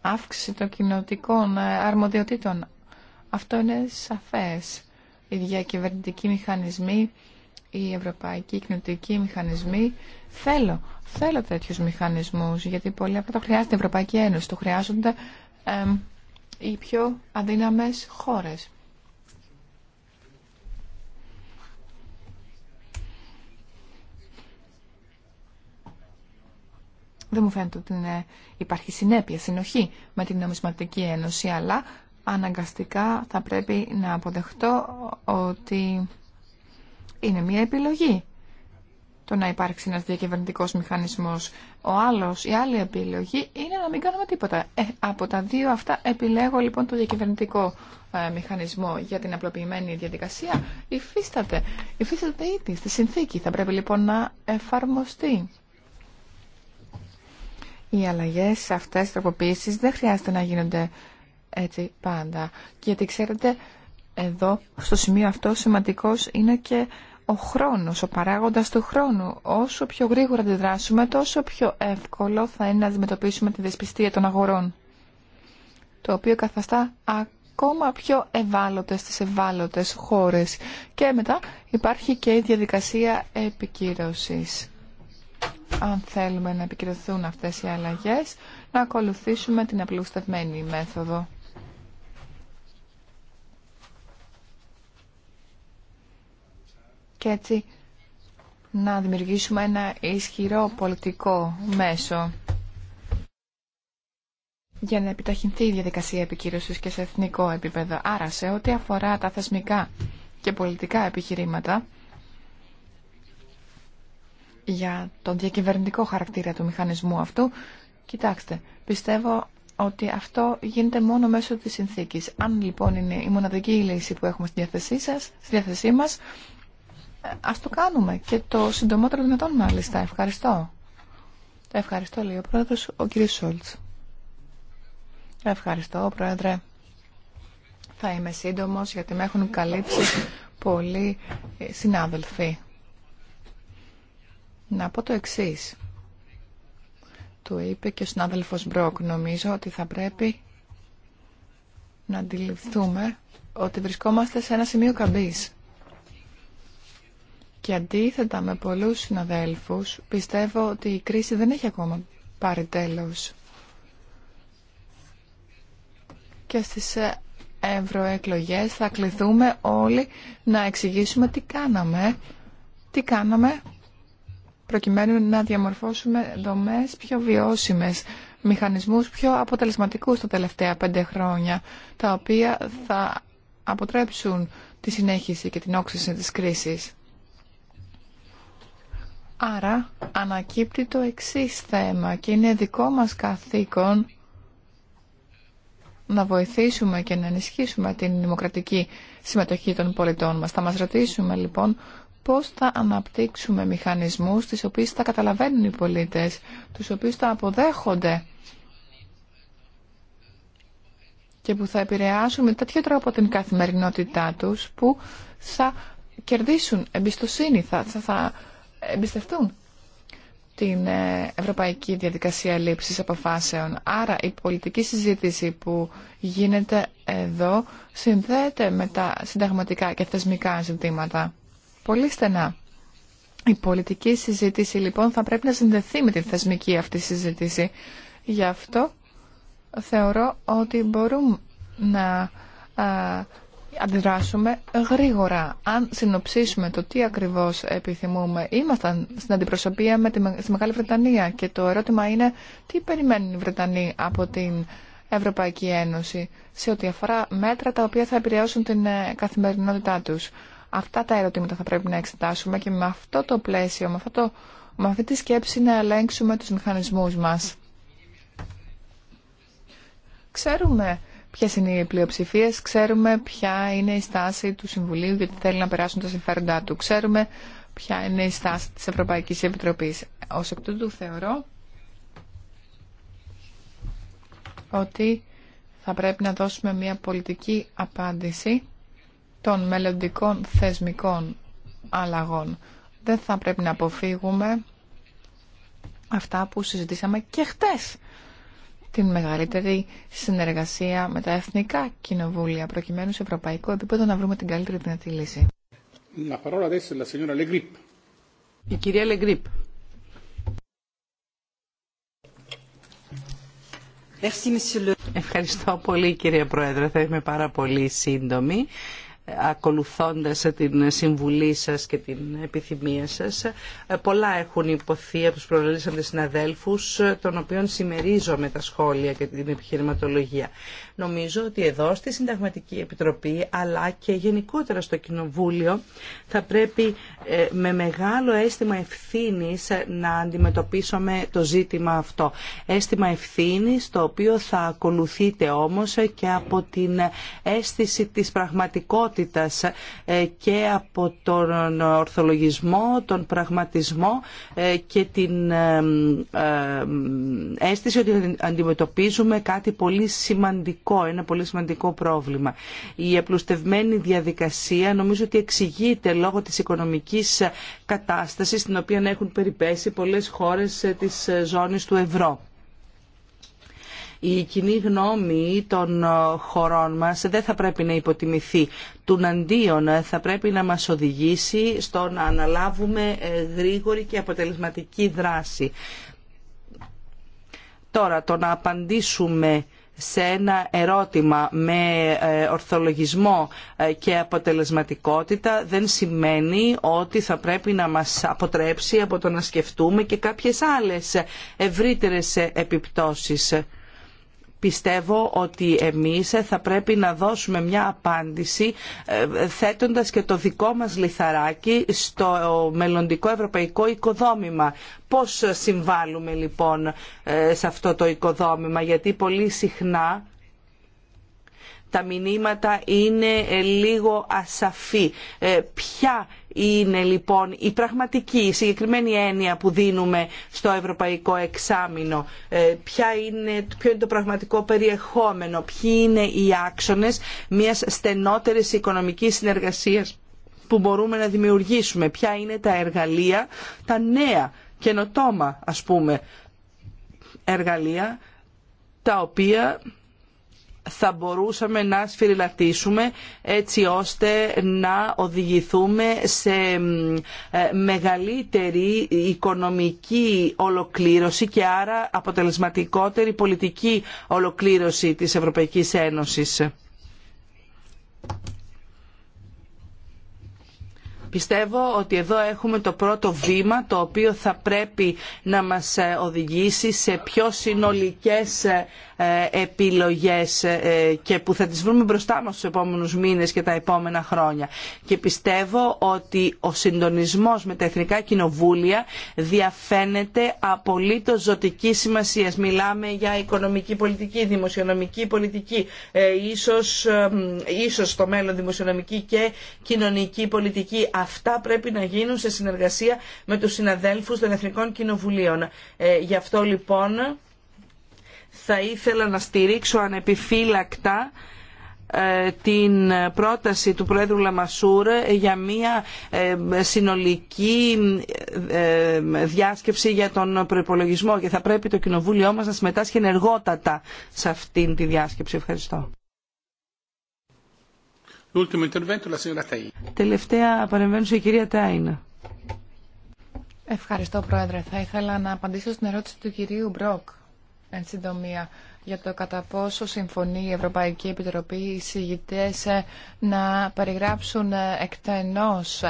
αύξηση των κοινωτικών ε, αρμοδιοτήτων. Αυτό είναι σαφές. Οι διακυβερνητικοί μηχανισμοί, οι ευρωπαϊκοί κοινωτικοι μηχανισμοί. Θέλω, θέλω τέτοιους μηχανισμούς, γιατί πολλοι από τα χρειάζεται η Ευρωπαϊκή Ένωση, το χρειάζονται οι πιο αδύναμες χώρες. Δεν μου φαίνεται ότι υπάρχει συνέπεια, συνοχή με την νομισματική ένωση, αλλά αναγκαστικά θα πρέπει να αποδεχτώ ότι είναι μια επιλογή το να υπάρξει ένας διακυβερνητικός μηχανισμός. Ο άλλος, η άλλη επιλογή είναι να μην κάνουμε τίποτα. Ε, από τα δύο αυτά επιλέγω λοιπόν το διακυβερνητικό ε, μηχανισμό για την απλοποιημένη διαδικασία. Υφίσταται, υφίσταται ήδη στη συνθήκη. Θα πρέπει λοιπόν να εφαρμοστεί. Οι αλλαγές αυτές, οι τροποποίησεις δεν χρειάζεται να γίνονται έτσι πάντα. Γιατί ξέρετε, εδώ στο σημείο αυτό σημαντικός είναι και ο χρόνος, ο παράγοντας του χρόνου. Όσο πιο γρήγορα αντιδράσουμε, τόσο πιο εύκολο θα είναι να αντιμετωπίσουμε τη δυσπιστία των αγορών. Το οποίο καθαστά ακόμα πιο ευάλωτε στις ευάλωτες χώρες. Και μετά υπάρχει και η διαδικασία επικύρωσης αν θέλουμε να επικυρωθούν αυτές οι αλλαγές, να ακολουθήσουμε την απλουστευμένη μέθοδο. Και έτσι να δημιουργήσουμε ένα ισχυρό πολιτικό μέσο για να επιταχυνθεί η διαδικασία επικύρωσης και σε εθνικό επίπεδο. Άρα, σε ό,τι αφορά τα θεσμικά και πολιτικά επιχειρήματα, για τον διακυβερνητικό χαρακτήρα του μηχανισμού αυτού, κοιτάξτε, πιστεύω ότι αυτό γίνεται μόνο μέσω της συνθήκης. Αν λοιπόν είναι η μοναδική λύση που έχουμε στη διάθεσή, σας, στη διάθεσή μας, ας το κάνουμε και το συντομότερο δυνατόν μάλιστα. Ευχαριστώ. Ευχαριστώ, λέει ο πρόεδρος, ο κ. Σόλτς. Ευχαριστώ, πρόεδρε. Θα είμαι σύντομος γιατί με έχουν καλύψει πολλοί συνάδελφοι. Να πω το εξή. Το είπε και ο συνάδελφος Μπρόκ. Νομίζω ότι θα πρέπει να αντιληφθούμε ότι βρισκόμαστε σε ένα σημείο καμπής. Και αντίθετα με πολλούς συναδέλφους, πιστεύω ότι η κρίση δεν έχει ακόμα πάρει τέλος. Και στις ε, ευρωεκλογέ θα κληθούμε όλοι να εξηγήσουμε τι κάναμε, τι κάναμε προκειμένου να διαμορφώσουμε δομές πιο βιώσιμες, μηχανισμούς πιο αποτελεσματικούς τα τελευταία πέντε χρόνια, τα οποία θα αποτρέψουν τη συνέχιση και την όξυση της κρίσης. Άρα ανακύπτει το εξή θέμα και είναι δικό μας καθήκον να βοηθήσουμε και να ενισχύσουμε την δημοκρατική συμμετοχή των πολιτών μας. Θα μας ρωτήσουμε λοιπόν πώς θα αναπτύξουμε μηχανισμούς τις οποίες θα καταλαβαίνουν οι πολίτες, τους οποίους θα αποδέχονται και που θα επηρεάσουν με τέτοιο τρόπο την καθημερινότητά τους που θα κερδίσουν εμπιστοσύνη, θα, θα, θα εμπιστευτούν την ε, ευρωπαϊκή διαδικασία λήψης αποφάσεων. Άρα η πολιτική συζήτηση που γίνεται εδώ συνδέεται με τα συνταγματικά και θεσμικά ζητήματα πολύ στενά. Η πολιτική συζήτηση λοιπόν θα πρέπει να συνδεθεί με τη θεσμική αυτή συζήτηση. Γι' αυτό θεωρώ ότι μπορούμε να αντιδράσουμε γρήγορα. Αν συνοψίσουμε το τι ακριβώς επιθυμούμε, ήμασταν στην αντιπροσωπεία με τη, στη Μεγάλη Βρετανία και το ερώτημα είναι τι περιμένουν οι Βρετανοί από την Ευρωπαϊκή Ένωση σε ό,τι αφορά μέτρα τα οποία θα επηρεάσουν την ε, καθημερινότητά τους. Αυτά τα ερωτήματα θα πρέπει να εξετάσουμε και με αυτό το πλαίσιο, με, αυτό αυτή τη σκέψη να ελέγξουμε τους μηχανισμούς μας. Ξέρουμε ποιε είναι οι πλειοψηφίε, ξέρουμε ποια είναι η στάση του Συμβουλίου γιατί θέλει να περάσουν τα συμφέροντά του. Ξέρουμε ποια είναι η στάση της Ευρωπαϊκής Επιτροπής. Ως εκ τούτου θεωρώ ότι θα πρέπει να δώσουμε μια πολιτική απάντηση των μελλοντικών θεσμικών αλλαγών. Δεν θα πρέπει να αποφύγουμε αυτά που συζητήσαμε και χτες. Την μεγαλύτερη συνεργασία με τα εθνικά κοινοβούλια, προκειμένου σε ευρωπαϊκό επίπεδο να βρούμε την καλύτερη δυνατή λύση. Η κυρία Ευχαριστώ πολύ κύριε Πρόεδρε. Θα είμαι πάρα πολύ σύντομη ακολουθώντας την συμβουλή σας και την επιθυμία σας. Ε, πολλά έχουν υποθεί από τους προλαλήσαντες συναδέλφους, ε, των οποίων συμμερίζομαι τα σχόλια και την επιχειρηματολογία. Νομίζω ότι εδώ στη Συνταγματική Επιτροπή αλλά και γενικότερα στο Κοινοβούλιο θα πρέπει ε, με μεγάλο αίσθημα ευθύνης ε, να αντιμετωπίσουμε το ζήτημα αυτό. Αίσθημα ευθύνης το οποίο θα ακολουθείται όμως ε, και από την αίσθηση της πραγματικότητας και από τον ορθολογισμό, τον πραγματισμό και την αίσθηση ότι αντιμετωπίζουμε κάτι πολύ σημαντικό σημαντικό, ένα πολύ σημαντικό πρόβλημα. Η απλουστευμένη διαδικασία νομίζω ότι εξηγείται λόγω της οικονομικής κατάστασης στην οποία έχουν περιπέσει πολλές χώρες ε, της ε, ζώνης του ευρώ η κοινή γνώμη των ε, χωρών μας δεν θα πρέπει να υποτιμηθεί. Τουναντίον θα πρέπει να μας οδηγήσει στο να αναλάβουμε γρήγορη και αποτελεσματική δράση. Τώρα, το να απαντήσουμε σε ένα ερώτημα με ε, ορθολογισμό ε, και αποτελεσματικότητα δεν σημαίνει ότι θα πρέπει να μας αποτρέψει από το να σκεφτούμε και κάποιες άλλες ευρύτερες επιπτώσεις πιστεύω ότι εμείς θα πρέπει να δώσουμε μια απάντηση ε, θέτοντας και το δικό μας λιθαράκι στο μελλοντικό ευρωπαϊκό οικοδόμημα. Πώς συμβάλλουμε λοιπόν ε, σε αυτό το οικοδόμημα, γιατί πολύ συχνά τα μηνύματα είναι ε, λίγο ασαφή. Ε, ποια είναι λοιπόν η πραγματική, η συγκεκριμένη έννοια που δίνουμε στο ευρωπαϊκό εξάμεινο, ε, ποια είναι, ποιο είναι το πραγματικό περιεχόμενο, ποιοι είναι οι άξονες μιας στενότερης οικονομικής συνεργασίας που μπορούμε να δημιουργήσουμε, ποια είναι τα εργαλεία, τα νέα καινοτόμα ας πούμε εργαλεία τα οποία θα μπορούσαμε να σφυριλατήσουμε έτσι ώστε να οδηγηθούμε σε ε, μεγαλύτερη οικονομική ολοκλήρωση και άρα αποτελεσματικότερη πολιτική ολοκλήρωση της Ευρωπαϊκής Ένωσης. Πιστεύω ότι εδώ έχουμε το πρώτο βήμα το οποίο θα πρέπει να μας ε, οδηγήσει σε πιο συνολικές ε, ε, επιλογές και που θα τις βρούμε μπροστά μας στους επόμενους μήνες και τα επόμενα χρόνια. Και πιστεύω ότι ο συντονισμός με τα εθνικά κοινοβούλια διαφαίνεται απολύτως ζωτική σημασία. Μιλάμε για οικονομική πολιτική, δημοσιονομική πολιτική, ίσως, ίσως στο μέλλον δημοσιονομική και κοινωνική πολιτική αυτά πρέπει να γίνουν σε συνεργασία με τους συναδέλφους των Εθνικών Κοινοβουλίων. Ε, γι' αυτό λοιπόν θα ήθελα να στηρίξω ανεπιφύλακτα ε, την πρόταση του Πρόεδρου Λαμασούρ για μια ε, συνολική διάσκεψη για τον προπολογισμό και θα πρέπει το Κοινοβούλιο μας να συμμετάσχει ενεργότατα σε αυτήν τη διάσκεψη. Ευχαριστώ. Τελευταία παρεμβαίνουσε η κυρία Τάινα. Ευχαριστώ, Πρόεδρε. Θα ήθελα να απαντήσω στην ερώτηση του κυρίου Μπροκ, εν συντομία, για το κατά πόσο συμφωνεί η Ευρωπαϊκή Επιτροπή οι συγητές να περιγράψουν εκτενώς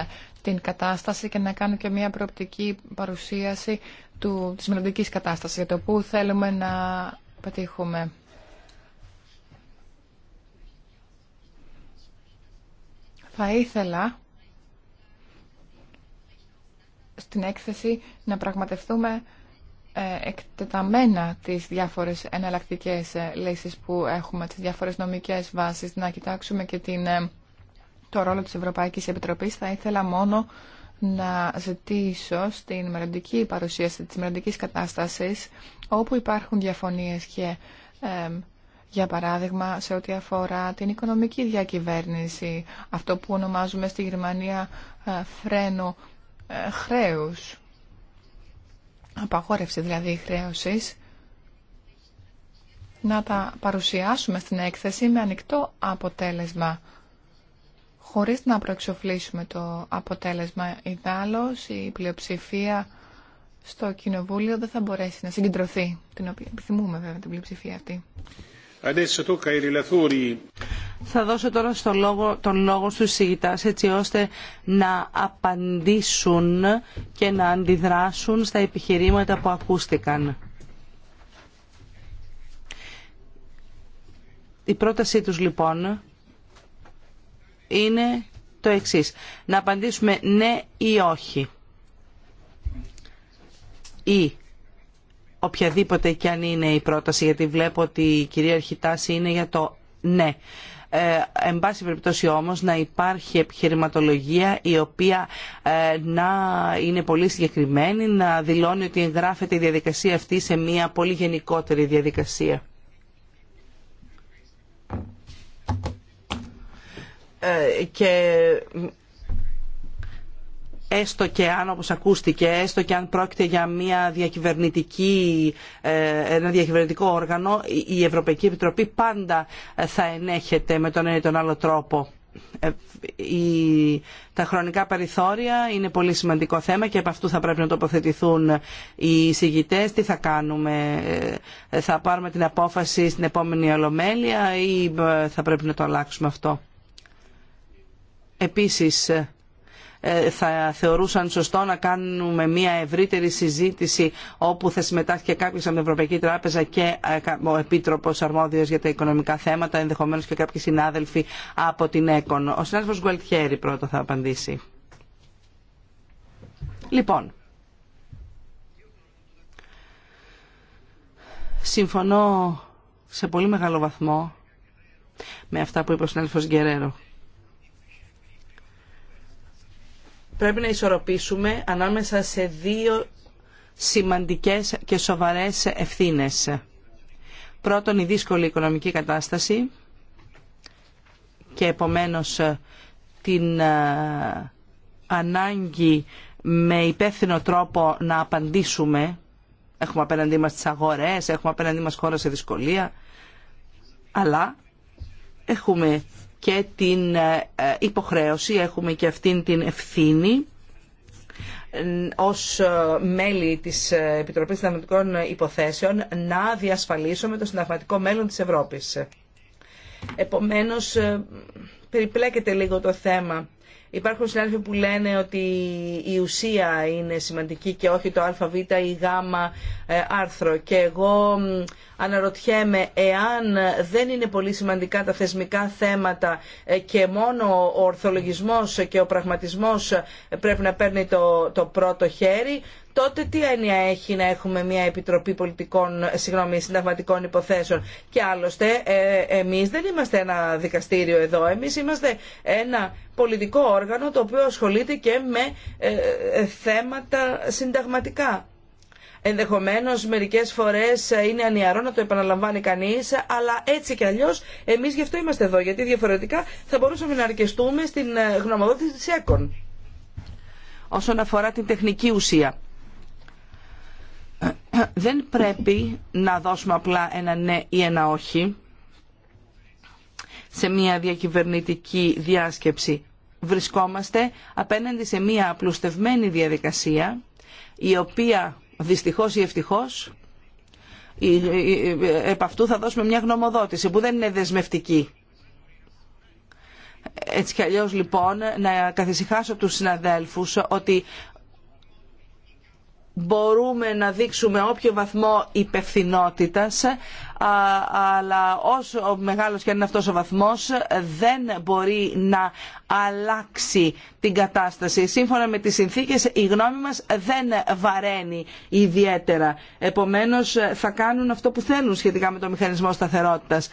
την κατάσταση και να κάνουν και μια προοπτική παρουσίαση του, της μελλοντικής κατάστασης για το πού θέλουμε να πετύχουμε. Θα ήθελα στην έκθεση να πραγματευτούμε ε, εκτεταμένα τις διάφορες εναλλακτικές ε, λύσεις που έχουμε, τις διάφορες νομικές βάσεις, να κοιτάξουμε και την, ε, το ρόλο της Ευρωπαϊκής Επιτροπής. Θα ήθελα μόνο να ζητήσω στην μελλοντική παρουσίαση της μελλοντική κατάστασης, όπου υπάρχουν διαφωνίες και για παράδειγμα σε ό,τι αφορά την οικονομική διακυβέρνηση, αυτό που ονομάζουμε στη Γερμανία ε, φρένο ε, χρέους, απαγόρευση δηλαδή χρέωσης, να τα παρουσιάσουμε στην έκθεση με ανοιχτό αποτέλεσμα, χωρίς να προεξοφλήσουμε το αποτέλεσμα. Ιδάλλως η πλειοψηφία στο Κοινοβούλιο δεν θα μπορέσει να συγκεντρωθεί, την οποία επιθυμούμε βέβαια την πλειοψηφία αυτή. Θα δώσω τώρα στο λόγο, τον λόγο στους συγητάς έτσι ώστε να απαντήσουν και να αντιδράσουν στα επιχειρήματα που ακούστηκαν. Η πρότασή τους λοιπόν είναι το εξής. Να απαντήσουμε ναι ή όχι. Ή οποιαδήποτε και αν είναι η πρόταση, γιατί βλέπω ότι η κυρίαρχη τάση είναι για το ναι. Ε, εν πάση περιπτώσει όμως να υπάρχει επιχειρηματολογία η οποία ε, να είναι πολύ συγκεκριμένη, να δηλώνει ότι εγγράφεται η διαδικασία αυτή σε μια πολύ γενικότερη διαδικασία. Ε, και έστω και αν όπως ακούστηκε, έστω και αν πρόκειται για μια διακυβερνητική, ε, ένα διακυβερνητικό όργανο, η Ευρωπαϊκή Επιτροπή πάντα θα ενέχεται με τον ένα ή τον άλλο τρόπο. Ε, τα χρονικά περιθώρια είναι πολύ σημαντικό θέμα και από αυτού θα πρέπει να τοποθετηθούν οι συγητές. Τι θα κάνουμε, ε, θα πάρουμε την απόφαση στην επόμενη ολομέλεια ή θα πρέπει να το αλλάξουμε αυτό. Επίσης, ε, θα θεωρούσαν σωστό να κάνουμε μια ευρύτερη συζήτηση όπου θα συμμετάσχει και κάποιο από την Ευρωπαϊκή Τράπεζα και ε, ο Επίτροπο Αρμόδιο για τα Οικονομικά Θέματα, ενδεχομένω και κάποιοι συνάδελφοι από την ΕΚΟΝ. Ο συνάδελφο Γκουαλτιέρη πρώτα θα απαντήσει. Λοιπόν, συμφωνώ σε πολύ μεγάλο βαθμό με αυτά που είπε ο συνάδελφος Γκερέρο. πρέπει να ισορροπήσουμε ανάμεσα σε δύο σημαντικές και σοβαρές ευθύνες. Πρώτον, η δύσκολη οικονομική κατάσταση και επομένως ε, την ε, ανάγκη με υπεύθυνο τρόπο να απαντήσουμε. Έχουμε απέναντί μας τις αγορές, έχουμε απέναντί μας χώρα σε δυσκολία, αλλά έχουμε και την ε, ε, υποχρέωση, έχουμε και αυτήν την ευθύνη ως ε, μέλη της Επιτροπής Συνταγματικών Υποθέσεων να διασφαλίσουμε το συνταγματικό μέλλον της Ευρώπης. Επομένως, περιπλέκεται λίγο το θέμα Υπάρχουν συνάδελφοι που λένε ότι η ουσία είναι σημαντική και όχι το αβ ή γ ε, άρθρο. Και εγώ αναρωτιέμαι εάν δεν είναι πολύ σημαντικά τα θεσμικά θέματα ε, και μόνο ο ορθολογισμός και ο πραγματισμός ε, πρέπει να παίρνει το, το πρώτο χέρι, τότε τι έννοια έχει να έχουμε μια επιτροπή πολιτικών, συγγνώμη, συνταγματικών υποθέσεων. Και άλλωστε, ε, εμείς δεν είμαστε ένα δικαστήριο εδώ, εμείς είμαστε ένα πολιτικό όργανο το οποίο ασχολείται και με ε, ε, θέματα συνταγματικά. Ενδεχομένως μερικές φορές είναι ανιαρό να το επαναλαμβάνει κανείς, αλλά έτσι κι αλλιώς εμείς γι' αυτό είμαστε εδώ, γιατί διαφορετικά θα μπορούσαμε να αρκεστούμε στην ε, γνωμοδότηση της ΕΚΟΝ όσον αφορά την τεχνική ουσία δεν πρέπει να δώσουμε απλά ένα ναι ή ένα όχι σε μια διακυβερνητική διάσκεψη. Βρισκόμαστε απέναντι σε μια απλουστευμένη διαδικασία η οποία δυστυχώς ή ευτυχώς επ' αυτού θα δώσουμε μια γνωμοδότηση που δεν είναι δεσμευτική. Έτσι κι αλλιώς λοιπόν να καθησυχάσω τους συναδέλφους ότι μπορούμε να δείξουμε όποιο βαθμό υπευθυνότητα, αλλά όσο μεγάλος και αν είναι αυτός ο βαθμός δεν μπορεί να αλλάξει την κατάσταση. Σύμφωνα με τις συνθήκες η γνώμη μας δεν βαραίνει ιδιαίτερα. Επομένως θα κάνουν αυτό που θέλουν σχετικά με το μηχανισμό σταθερότητας.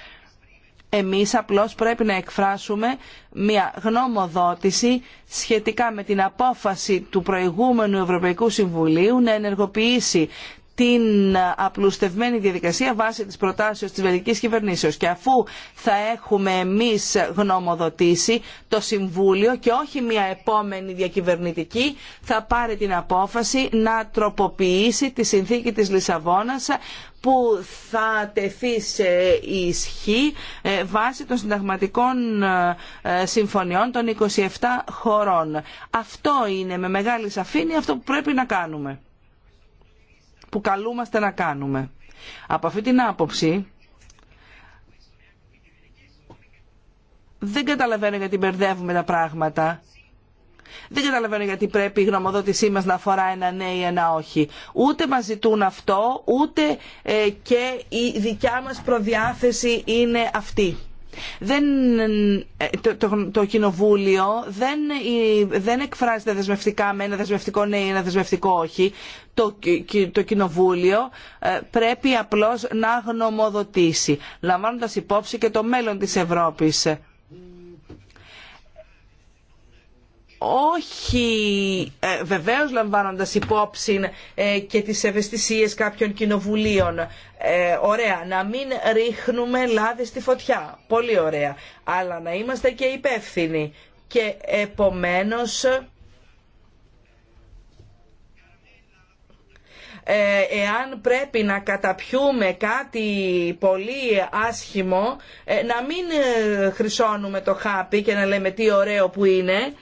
Εμείς απλώς πρέπει να εκφράσουμε μια γνωμοδότηση σχετικά με την απόφαση του προηγούμενου Ευρωπαϊκού Συμβουλίου να ενεργοποιήσει την απλουστευμένη διαδικασία βάσει της προτάσεως της βελγικής κυβερνήσεως και αφού θα έχουμε εμείς γνωμοδοτήσει το Συμβούλιο και όχι μια επόμενη διακυβερνητική θα πάρει την απόφαση να τροποποιήσει τη συνθήκη της Λισαβόνας που θα τεθεί σε ισχύ ε, βάσει των συνταγματικών ε, συμφωνιών των 27 χωρών. Αυτό είναι με μεγάλη σαφήνεια αυτό που πρέπει να κάνουμε που καλούμαστε να κάνουμε. Από αυτή την άποψη δεν καταλαβαίνω γιατί μπερδεύουμε τα πράγματα. Δεν καταλαβαίνω γιατί πρέπει η γνωμοδότησή μας να αφορά ένα ναι ή ένα όχι. Ούτε μας ζητούν αυτό, ούτε ε, και η δικιά μας προδιάθεση είναι αυτή. Δεν, ε, το, κοινοβούλιο δεν, ε, δεν εκφράζεται δεσμευτικά με ένα δεσμευτικό ναι ή ένα δεσμευτικό όχι. Το, ε, το κοινοβούλιο πρέπει απλώς να γνωμοδοτήσει, λαμβάνοντας υπόψη και το μέλλον της Ευρώπης όχι ε, βεβαίως λαμβάνοντας υπόψη ε, και τις ευαισθησίες κάποιων κοινοβουλίων. Ε, ωραία, να μην ρίχνουμε λάδι στη φωτιά. Πολύ ωραία. Αλλά να είμαστε και υπεύθυνοι. Και επομένως... Ε, εάν πρέπει να καταπιούμε κάτι πολύ άσχημο, να μην χρυσώνουμε το χάπι και να λέμε τι ωραίο που είναι,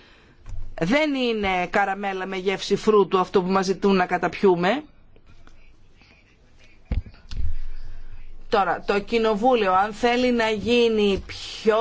δεν είναι καραμέλα με γεύση φρούτου αυτό που μας ζητούν να καταπιούμε Τώρα, το κοινοβούλιο, αν θέλει να γίνει πιο,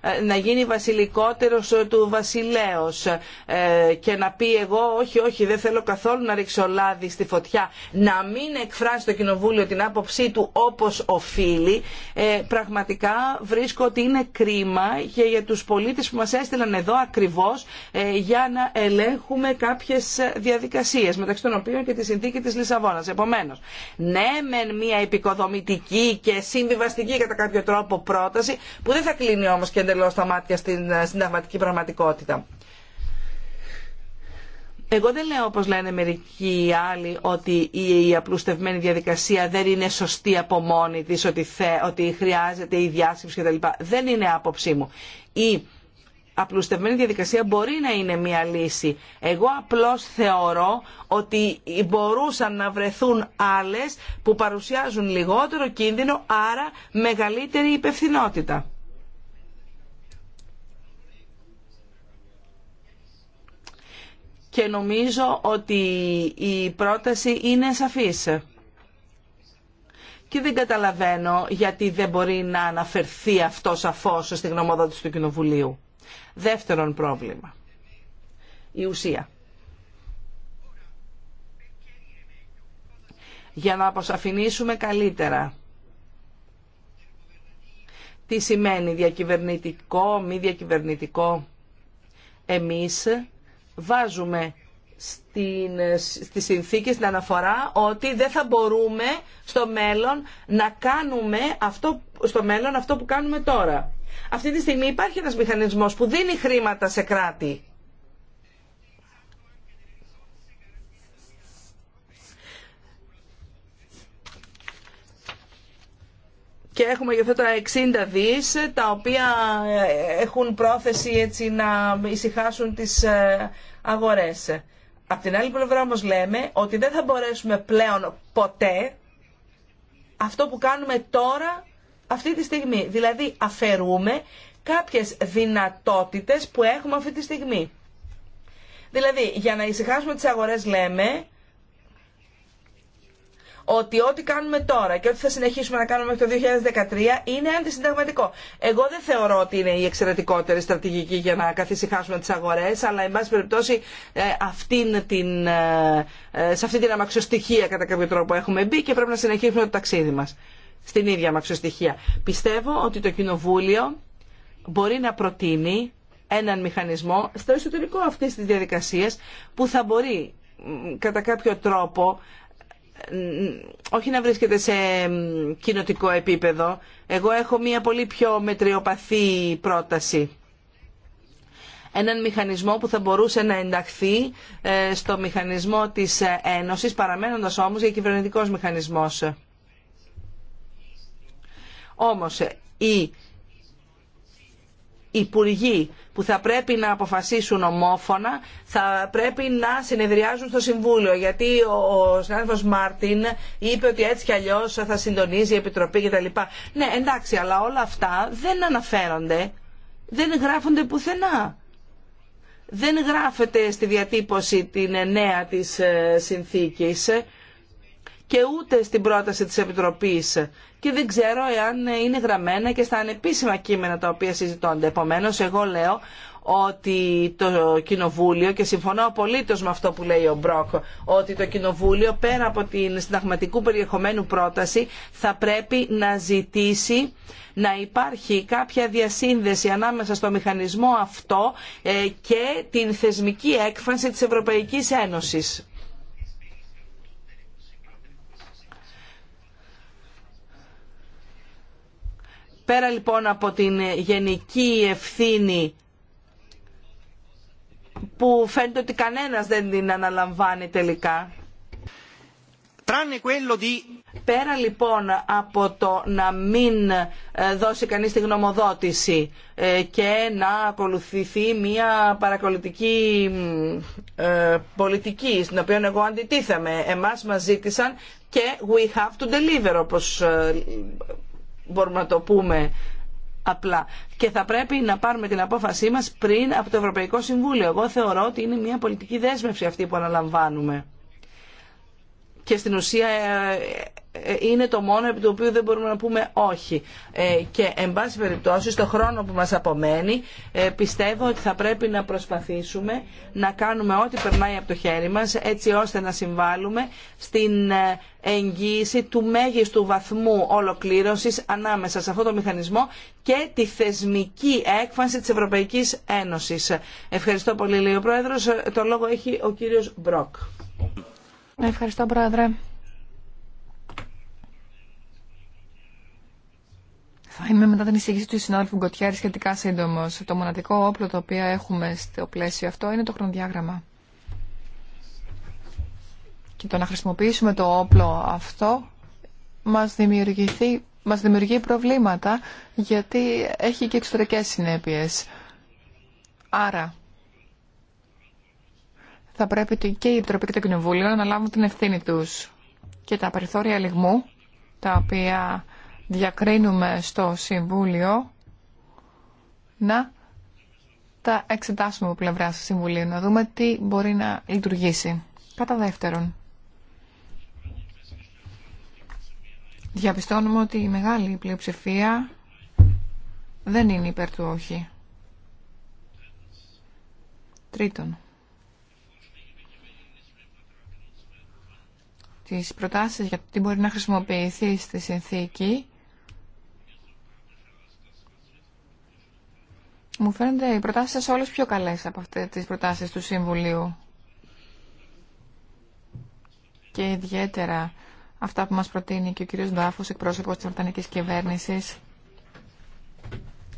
ε, να γίνει βασιλικότερος του βασιλέως ε, και να πει εγώ όχι, όχι, δεν θέλω καθόλου να ρίξω λάδι στη φωτιά, να μην εκφράσει το κοινοβούλιο την άποψή του όπως οφείλει, ε, πραγματικά βρίσκω ότι είναι κρίμα και για τους πολίτες που μας έστειλαν εδώ ακριβώς για να ελέγχουμε κάποιες διαδικασίες, μεταξύ των οποίων και τη συνθήκη της Λισαβόνας. Επομένως, ναι, μεν μια επικοδομητική λογική και συμβιβαστική κατά κάποιο τρόπο πρόταση που δεν θα κλείνει όμως και εντελώς τα μάτια στην ε, συνταγματική πραγματικότητα. Εγώ δεν λέω όπως λένε μερικοί άλλοι ότι η απλουστευμένη διαδικασία δεν είναι σωστή από μόνη της, ότι, θε, ότι χρειάζεται η διάσκεψη κτλ. Δεν είναι άποψή μου. Η απλουστευμένη διαδικασία μπορεί να είναι μια λύση. Εγώ απλώς θεωρώ ότι μπορούσαν να βρεθούν άλλες που παρουσιάζουν λιγότερο κίνδυνο, άρα μεγαλύτερη υπευθυνότητα. Και νομίζω ότι η πρόταση είναι σαφής. Και δεν καταλαβαίνω γιατί δεν μπορεί να αναφερθεί αυτό σαφώς στη γνωμοδότηση του Κοινοβουλίου. Δεύτερον πρόβλημα, η ουσία. Για να αποσαφηνίσουμε καλύτερα τι σημαίνει διακυβερνητικό, μη διακυβερνητικό, εμείς βάζουμε στην, στις συνθήκες την αναφορά ότι δεν θα μπορούμε στο μέλλον να κάνουμε αυτό, στο μέλλον αυτό που κάνουμε τώρα. Αυτή τη στιγμή υπάρχει ένας μηχανισμός που δίνει χρήματα σε κράτη. και έχουμε τα 60 δις τα οποία ε, έχουν πρόθεση έτσι να ησυχάσουν τις ε, αγορές. Απ' την άλλη πλευρά όμως λέμε ότι δεν θα μπορέσουμε πλέον ποτέ αυτό που κάνουμε τώρα αυτή τη στιγμή. Δηλαδή αφαιρούμε κάποιες δυνατότητες που έχουμε αυτή τη στιγμή. Δηλαδή, για να ησυχάσουμε τις αγορές λέμε ότι ό,τι κάνουμε τώρα και ό,τι θα συνεχίσουμε να κάνουμε μέχρι το 2013 είναι αντισυνταγματικό. Εγώ δεν θεωρώ ότι είναι η εξαιρετικότερη στρατηγική για να καθησυχάσουμε τις αγορές, αλλά εν πάση περιπτώσει ε, αυτήν την, ε, ε, σε αυτή την αμαξιοστοιχεία κατά κάποιο τρόπο έχουμε μπει και πρέπει να συνεχίσουμε το ταξίδι μας στην ίδια μαξοστοιχεία. Πιστεύω ότι το Κοινοβούλιο μπορεί να προτείνει έναν μηχανισμό στο εσωτερικό αυτής της διαδικασίας που θα μπορεί κατά κάποιο τρόπο όχι να βρίσκεται σε κοινοτικό επίπεδο. Εγώ έχω μία πολύ πιο μετριοπαθή πρόταση. Έναν μηχανισμό που θα μπορούσε να ενταχθεί ε, στο μηχανισμό της ε, Ένωσης, παραμένοντας όμως για κυβερνητικός μηχανισμός. Όμως οι υπουργοί που θα πρέπει να αποφασίσουν ομόφωνα θα πρέπει να συνεδριάζουν στο Συμβούλιο. Γιατί ο, ο συνάδελφος Μάρτιν είπε ότι έτσι κι αλλιώς θα συντονίζει η Επιτροπή κτλ. Ναι, εντάξει, αλλά όλα αυτά δεν αναφέρονται, δεν γράφονται πουθενά. Δεν γράφεται στη διατύπωση την νέα της ε, συνθήκης και ούτε στην πρόταση της Επιτροπής και δεν ξέρω εάν είναι γραμμένα και στα ανεπίσημα κείμενα τα οποία συζητώνται. Επομένως, εγώ λέω ότι το Κοινοβούλιο, και συμφωνώ απολύτως με αυτό που λέει ο Μπρόκ, ότι το Κοινοβούλιο πέρα από την συνταγματικού περιεχομένου πρόταση θα πρέπει να ζητήσει να υπάρχει κάποια διασύνδεση ανάμεσα στο μηχανισμό αυτό ε, και την θεσμική έκφραση της Ευρωπαϊκής Ένωσης. Πέρα λοιπόν από την γενική ευθύνη που φαίνεται ότι κανένας δεν την αναλαμβάνει τελικά. Πέρα λοιπόν από το να μην ε, δώσει κανείς τη γνωμοδότηση ε, και να ακολουθηθεί μια παρακολουτική ε, πολιτική στην οποία εγώ αντιτίθεμαι. Εμάς μας ζήτησαν και we have to deliver όπως μπορούμε να το πούμε απλά. Και θα πρέπει να πάρουμε την απόφασή μας πριν από το Ευρωπαϊκό Συμβούλιο. Εγώ θεωρώ ότι είναι μια πολιτική δέσμευση αυτή που αναλαμβάνουμε και στην ουσία ε, ε, ε, είναι το μόνο επί το οποίο δεν μπορούμε να πούμε όχι. Και, εν πάση περιπτώσει, στο χρόνο που μας απομένει, πιστεύω ότι θα πρέπει να προσπαθήσουμε να κάνουμε ό,τι περνάει από το χέρι μας, έτσι ώστε να συμβάλλουμε στην εγγύηση του μέγιστου βαθμού ολοκλήρωσης ανάμεσα σε αυτό το μηχανισμό και τη θεσμική έκφανση της Ευρωπαϊκής Ένωσης. Ευχαριστώ πολύ, λέει ο Πρόεδρος. Το λόγο έχει ο κύριος Μπροκ. Ευχαριστώ, Πρόεδρε. Θα είμαι μετά την εισηγήση του συνάδελφου Γκοτιάρη σχετικά σύντομο. Το μοναδικό όπλο το οποίο έχουμε στο πλαίσιο αυτό είναι το χρονοδιάγραμμα. Και το να χρησιμοποιήσουμε το όπλο αυτό μας, μας δημιουργεί προβλήματα γιατί έχει και εξωτερικές συνέπειες. Άρα θα πρέπει και η Επιτροπή και το Κοινοβούλιο να λάβουν την ευθύνη τους. Και τα περιθώρια λιγμού, τα οποία διακρίνουμε στο Συμβούλιο, να τα εξετάσουμε από πλευρά του Συμβουλίου, να δούμε τι μπορεί να λειτουργήσει. Κατά δεύτερον, διαπιστώνουμε ότι η μεγάλη πλειοψηφία δεν είναι υπέρ του όχι. Τρίτον, τις προτάσεις για το τι μπορεί να χρησιμοποιηθεί στη συνθήκη μου φαίνονται οι προτάσεις σας όλες πιο καλές από αυτές τις προτάσεις του Συμβουλίου και ιδιαίτερα αυτά που μας προτείνει και ο κύριος Ντάφος, εκπρόσωπος της Βρετανικής Κυβέρνησης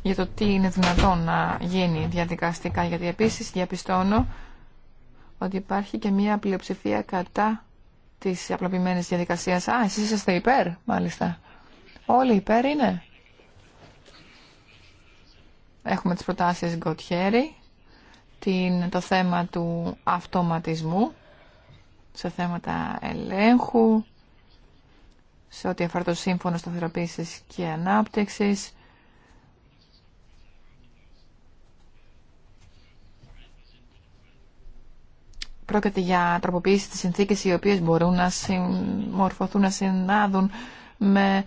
για το τι είναι δυνατόν να γίνει διαδικαστικά γιατί επίσης διαπιστώνω ότι υπάρχει και μια πλειοψηφία κατά της απλοποιημένης διαδικασίας. Α, εσείς είστε υπέρ, μάλιστα. Όλοι υπέρ είναι. Έχουμε τις προτάσεις Γκοτχέρη, την, το θέμα του αυτοματισμού, σε θέματα ελέγχου, σε ό,τι αφορά το σύμφωνο σταθεροποίησης και ανάπτυξης, Πρόκειται για τροποποίηση της συνθήκης οι οποίες μπορούν να συμμορφωθούν, να συνάδουν με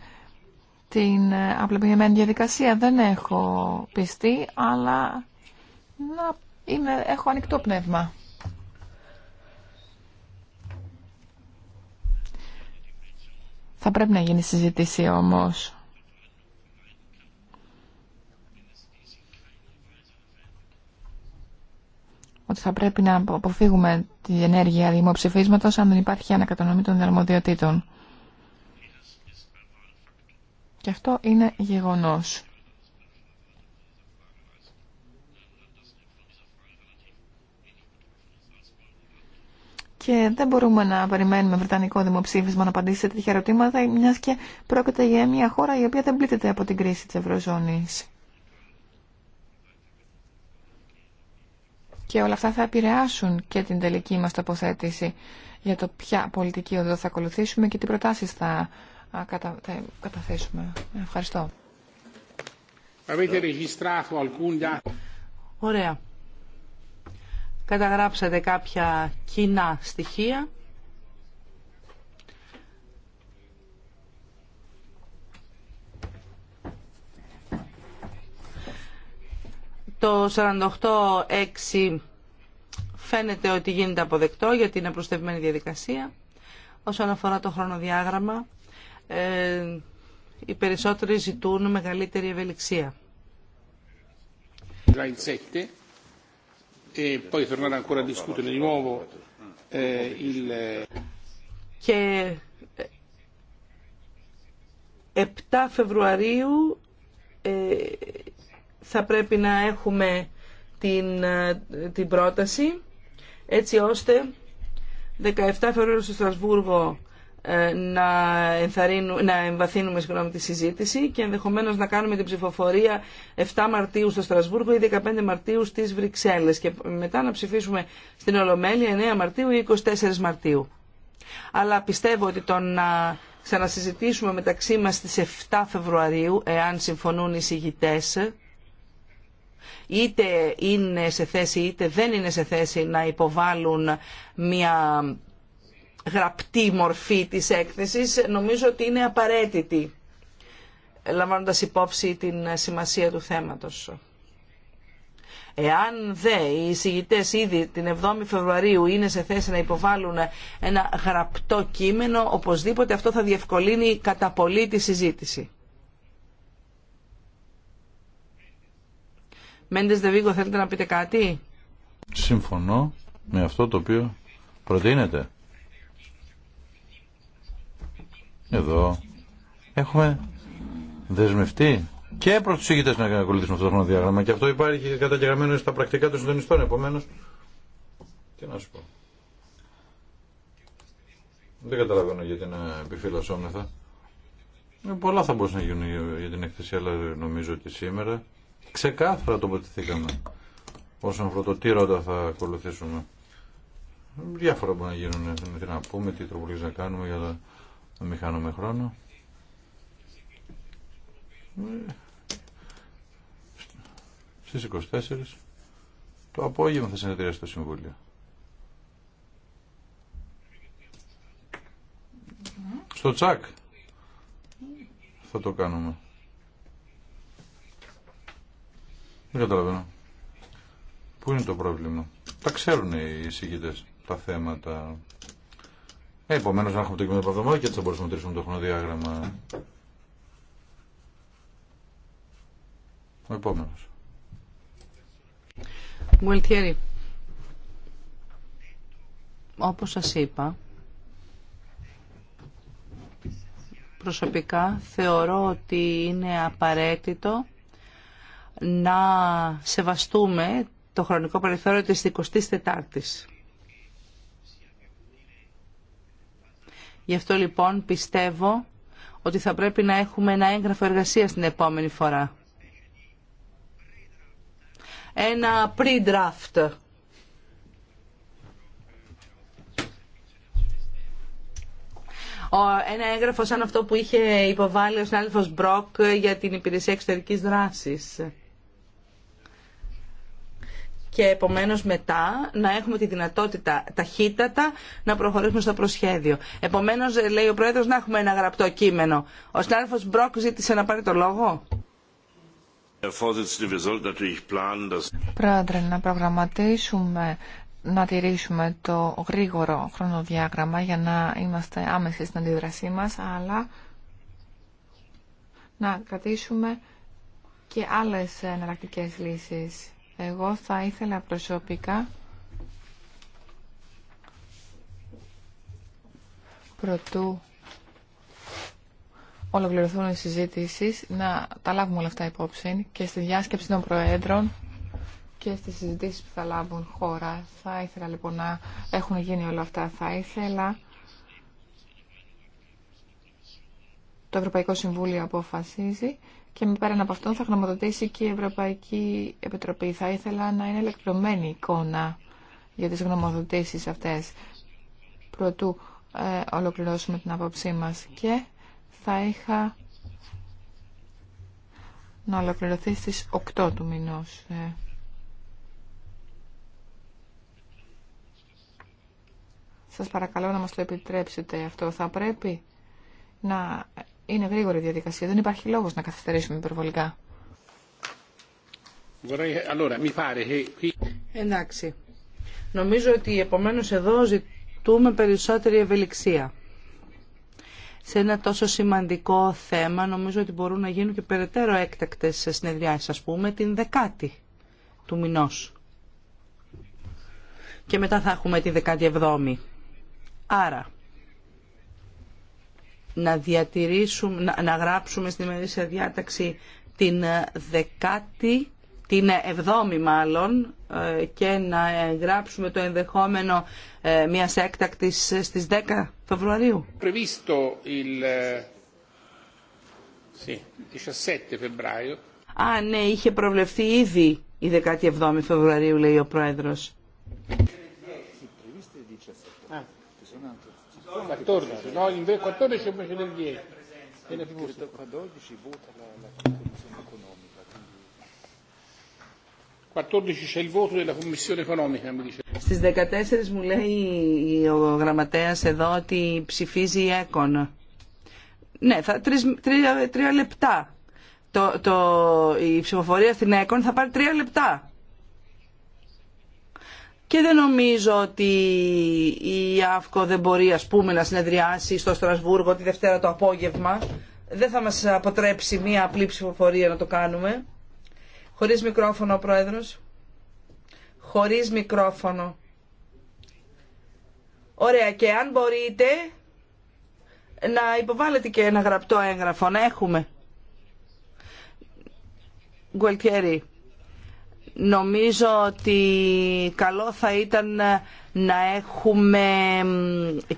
την ε, απλοποιημένη διαδικασία. Δεν έχω πιστεί, αλλά να είμαι, έχω ανοιχτό πνεύμα. Θα πρέπει να γίνει συζήτηση όμως. ότι θα πρέπει να αποφύγουμε την ενέργεια δημοψηφίσματος αν δεν υπάρχει ανακατονομή των αρμοδιοτήτων. Και αυτό είναι γεγονός. Και δεν μπορούμε να περιμένουμε βρετανικό δημοψήφισμα να απαντήσει σε τέτοια ερωτήματα, μια και πρόκειται για μια χώρα η οποία δεν πλήττεται από την κρίση τη Ευρωζώνης. και όλα αυτά θα επηρεάσουν και την τελική μας τοποθέτηση για το ποια πολιτική οδό θα ακολουθήσουμε και τι προτάσεις θα, κατα... θα καταθέσουμε. Ευχαριστώ. Ωραία. Καταγράψατε κάποια κοινά στοιχεία. Το 48-6 φαίνεται ότι γίνεται αποδεκτό γιατί είναι προστευμένη διαδικασία. Όσον αφορά το χρονοδιάγραμμα, ε, οι περισσότεροι ζητούν μεγαλύτερη ευελιξία. Και 7 Φεβρουαρίου ε, θα πρέπει να έχουμε την, ε, την πρόταση έτσι ώστε 17 Φεβρουαρίου στο Στρασβούργο ε, να, να εμβαθύνουμε συγγνώμη, τη συζήτηση και ενδεχομένως να κάνουμε την ψηφοφορία 7 Μαρτίου στο Στρασβούργο ή 15 Μαρτίου στις Βρυξέλλες και μετά να ψηφίσουμε στην Ολομέλεια 9 Μαρτίου ή 24 Μαρτίου. Αλλά πιστεύω ότι το να ξανασυζητήσουμε μεταξύ μας στις 7 Φεβρουαρίου, εάν συμφωνούν οι συγητές, είτε είναι σε θέση είτε δεν είναι σε θέση να υποβάλουν μια γραπτή μορφή της έκθεσης νομίζω ότι είναι απαραίτητη λαμβάνοντας υπόψη την σημασία του θέματος. Εάν δε οι εισηγητέ ήδη την 7η Φεβρουαρίου είναι σε θέση να υποβάλουν ένα γραπτό κείμενο, οπωσδήποτε αυτό θα διευκολύνει κατά πολύ τη συζήτηση. Μέντες Δεβίγκο, θέλετε να πείτε κάτι. Συμφωνώ με αυτό το οποίο προτείνεται. Εδώ έχουμε δεσμευτεί και προ του ηγητέ να ακολουθήσουν αυτό το διαγράμμα. Και αυτό υπάρχει καταγεγραμμένο στα πρακτικά των συντονιστών. Επομένω, τι να σου πω. Δεν καταλαβαίνω γιατί να επιφυλασσόμεθα. Ε, πολλά θα μπορούσαν να γίνουν για την εκθεσία, αλλά νομίζω ότι σήμερα ξεκάθαρα τοποθετηθήκαμε όσον αφορά το τι ρότα θα ακολουθήσουμε. Διάφορα μπορεί να γίνουν, τι να πούμε, τι τροπολογίες να κάνουμε για να μην χάνουμε χρόνο. Στις 24 το απόγευμα θα συνεδριάσει το Συμβούλιο. Στο τσακ θα το κάνουμε. Δεν καταλαβαίνω. Πού είναι το πρόβλημα. Τα ξέρουν οι εισηγητέ τα θέματα. Ε, Επομένω, να έχουμε το κείμενο προβδομάδα και έτσι θα μπορούσαμε να τηρήσουμε το χρονοδιάγραμμα. Ο επόμενο. Μουελτιέρη, όπως σας είπα, προσωπικά θεωρώ ότι είναι απαραίτητο να σεβαστούμε το χρονικό περιθώριο της 24ης. Γι' αυτό λοιπόν πιστεύω ότι θα πρέπει να έχουμε ένα έγγραφο εργασία την επόμενη φορά. Ένα pre-draft. Ένα έγγραφο σαν αυτό που είχε υποβάλει ο συνάδελφος Μπροκ για την υπηρεσία εξωτερικής δράσης και επομένω μετά να έχουμε τη δυνατότητα ταχύτατα να προχωρήσουμε στο προσχέδιο. Επομένω, λέει ο πρόεδρο να έχουμε ένα γραπτό κείμενο. Ο συνάδελφο Μπρόκ ζήτησε να πάρει το λόγο. Πρόεδρε, να προγραμματίσουμε να τηρήσουμε το γρήγορο χρονοδιάγραμμα για να είμαστε άμεσοι στην αντίδρασή μα αλλά να κρατήσουμε και άλλες εναλλακτικέ λύσεις. Εγώ θα ήθελα προσωπικά προτού ολοκληρωθούν οι συζήτησει να τα λάβουμε όλα αυτά υπόψη και στη διάσκεψη των Προέδρων και στις συζητήσει που θα λάβουν χώρα. Θα ήθελα λοιπόν να έχουν γίνει όλα αυτά. Θα ήθελα το Ευρωπαϊκό Συμβούλιο αποφασίζει και με πέραν από αυτό θα γνωμοδοτήσει και η Ευρωπαϊκή Επιτροπή. Θα ήθελα να είναι ελεκτρωμένη εικόνα για τις γνωμοδοτήσεις αυτές προτού ε, ολοκληρώσουμε την άποψή μας και θα είχα να ολοκληρωθεί στις 8 του μηνός. Ε. Σας παρακαλώ να μας το επιτρέψετε αυτό. Θα πρέπει να είναι γρήγορη η διαδικασία. Δεν υπάρχει λόγο να καθυστερήσουμε υπερβολικά. Εντάξει. Νομίζω ότι επομένως εδώ ζητούμε περισσότερη ευελιξία. Σε ένα τόσο σημαντικό θέμα νομίζω ότι μπορούν να γίνουν και περαιτέρω έκτακτες συνεδριάσεις, ας πούμε, την δεκάτη του μηνός. Και μετά θα έχουμε την δεκάτη εβδόμη. Άρα, να διατηρήσουμε, να, να γράψουμε στη μερίσια διάταξη την ε, δεκάτη, την ε, εβδόμη μάλλον ε, και να γράψουμε το ενδεχόμενο μιας έκτακτης στις 10 Φεβρουαρίου. Α, ναι, είχε προβλεφθεί ήδη η 17η Φεβρουαρίου, λέει ο Πρόεδρος. 14, 14 e Στις 14 μου λέει ο γραμματέας εδώ ότι ψηφίζει η ΕΚΟΝ. Ναι, θα, τρεις, τρία, λεπτά. Το, η ψηφοφορία στην ΕΚΟΝ θα πάρει τρία λεπτά και δεν νομίζω ότι η ΑΦΚΟ δεν μπορεί ας πούμε να συνεδριάσει στο Στρασβούργο τη Δευτέρα το απόγευμα. Δεν θα μας αποτρέψει μία απλή ψηφοφορία να το κάνουμε. Χωρίς μικρόφωνο ο Πρόεδρος. Χωρίς μικρόφωνο. Ωραία και αν μπορείτε να υποβάλλετε και ένα γραπτό έγγραφο. Να έχουμε. Γκουελτιέρη. Νομίζω ότι καλό θα ήταν να έχουμε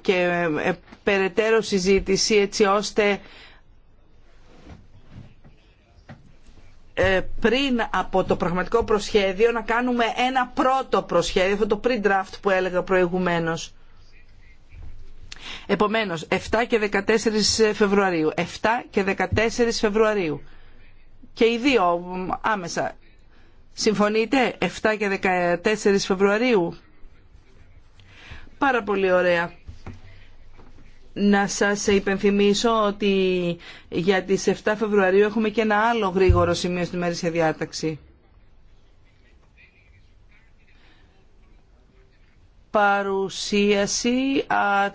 και ε, περαιτέρω συζήτηση έτσι ώστε ε, πριν από το πραγματικό προσχέδιο να κάνουμε ένα πρώτο προσχέδιο, αυτό το pre-draft που έλεγα προηγουμένως. Επομένως, 7 και 14 Φεβρουαρίου. 7 και 14 Φεβρουαρίου. Και οι δύο άμεσα Συμφωνείτε 7 και 14 Φεβρουαρίου. Πάρα πολύ ωραία. Να σας υπενθυμίσω ότι για τις 7 Φεβρουαρίου έχουμε και ένα άλλο γρήγορο σημείο στην ημερήσια διάταξη. Παρουσίαση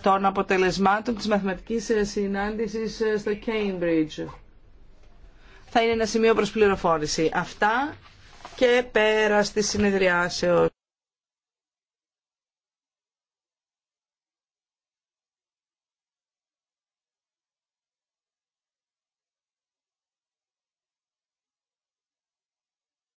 των αποτελεσμάτων της μαθηματικής συνάντησης ε, στο Cambridge. Θα είναι ένα σημείο προς πληροφόρηση. Αυτά και πέρα στη συνεδριάσεως.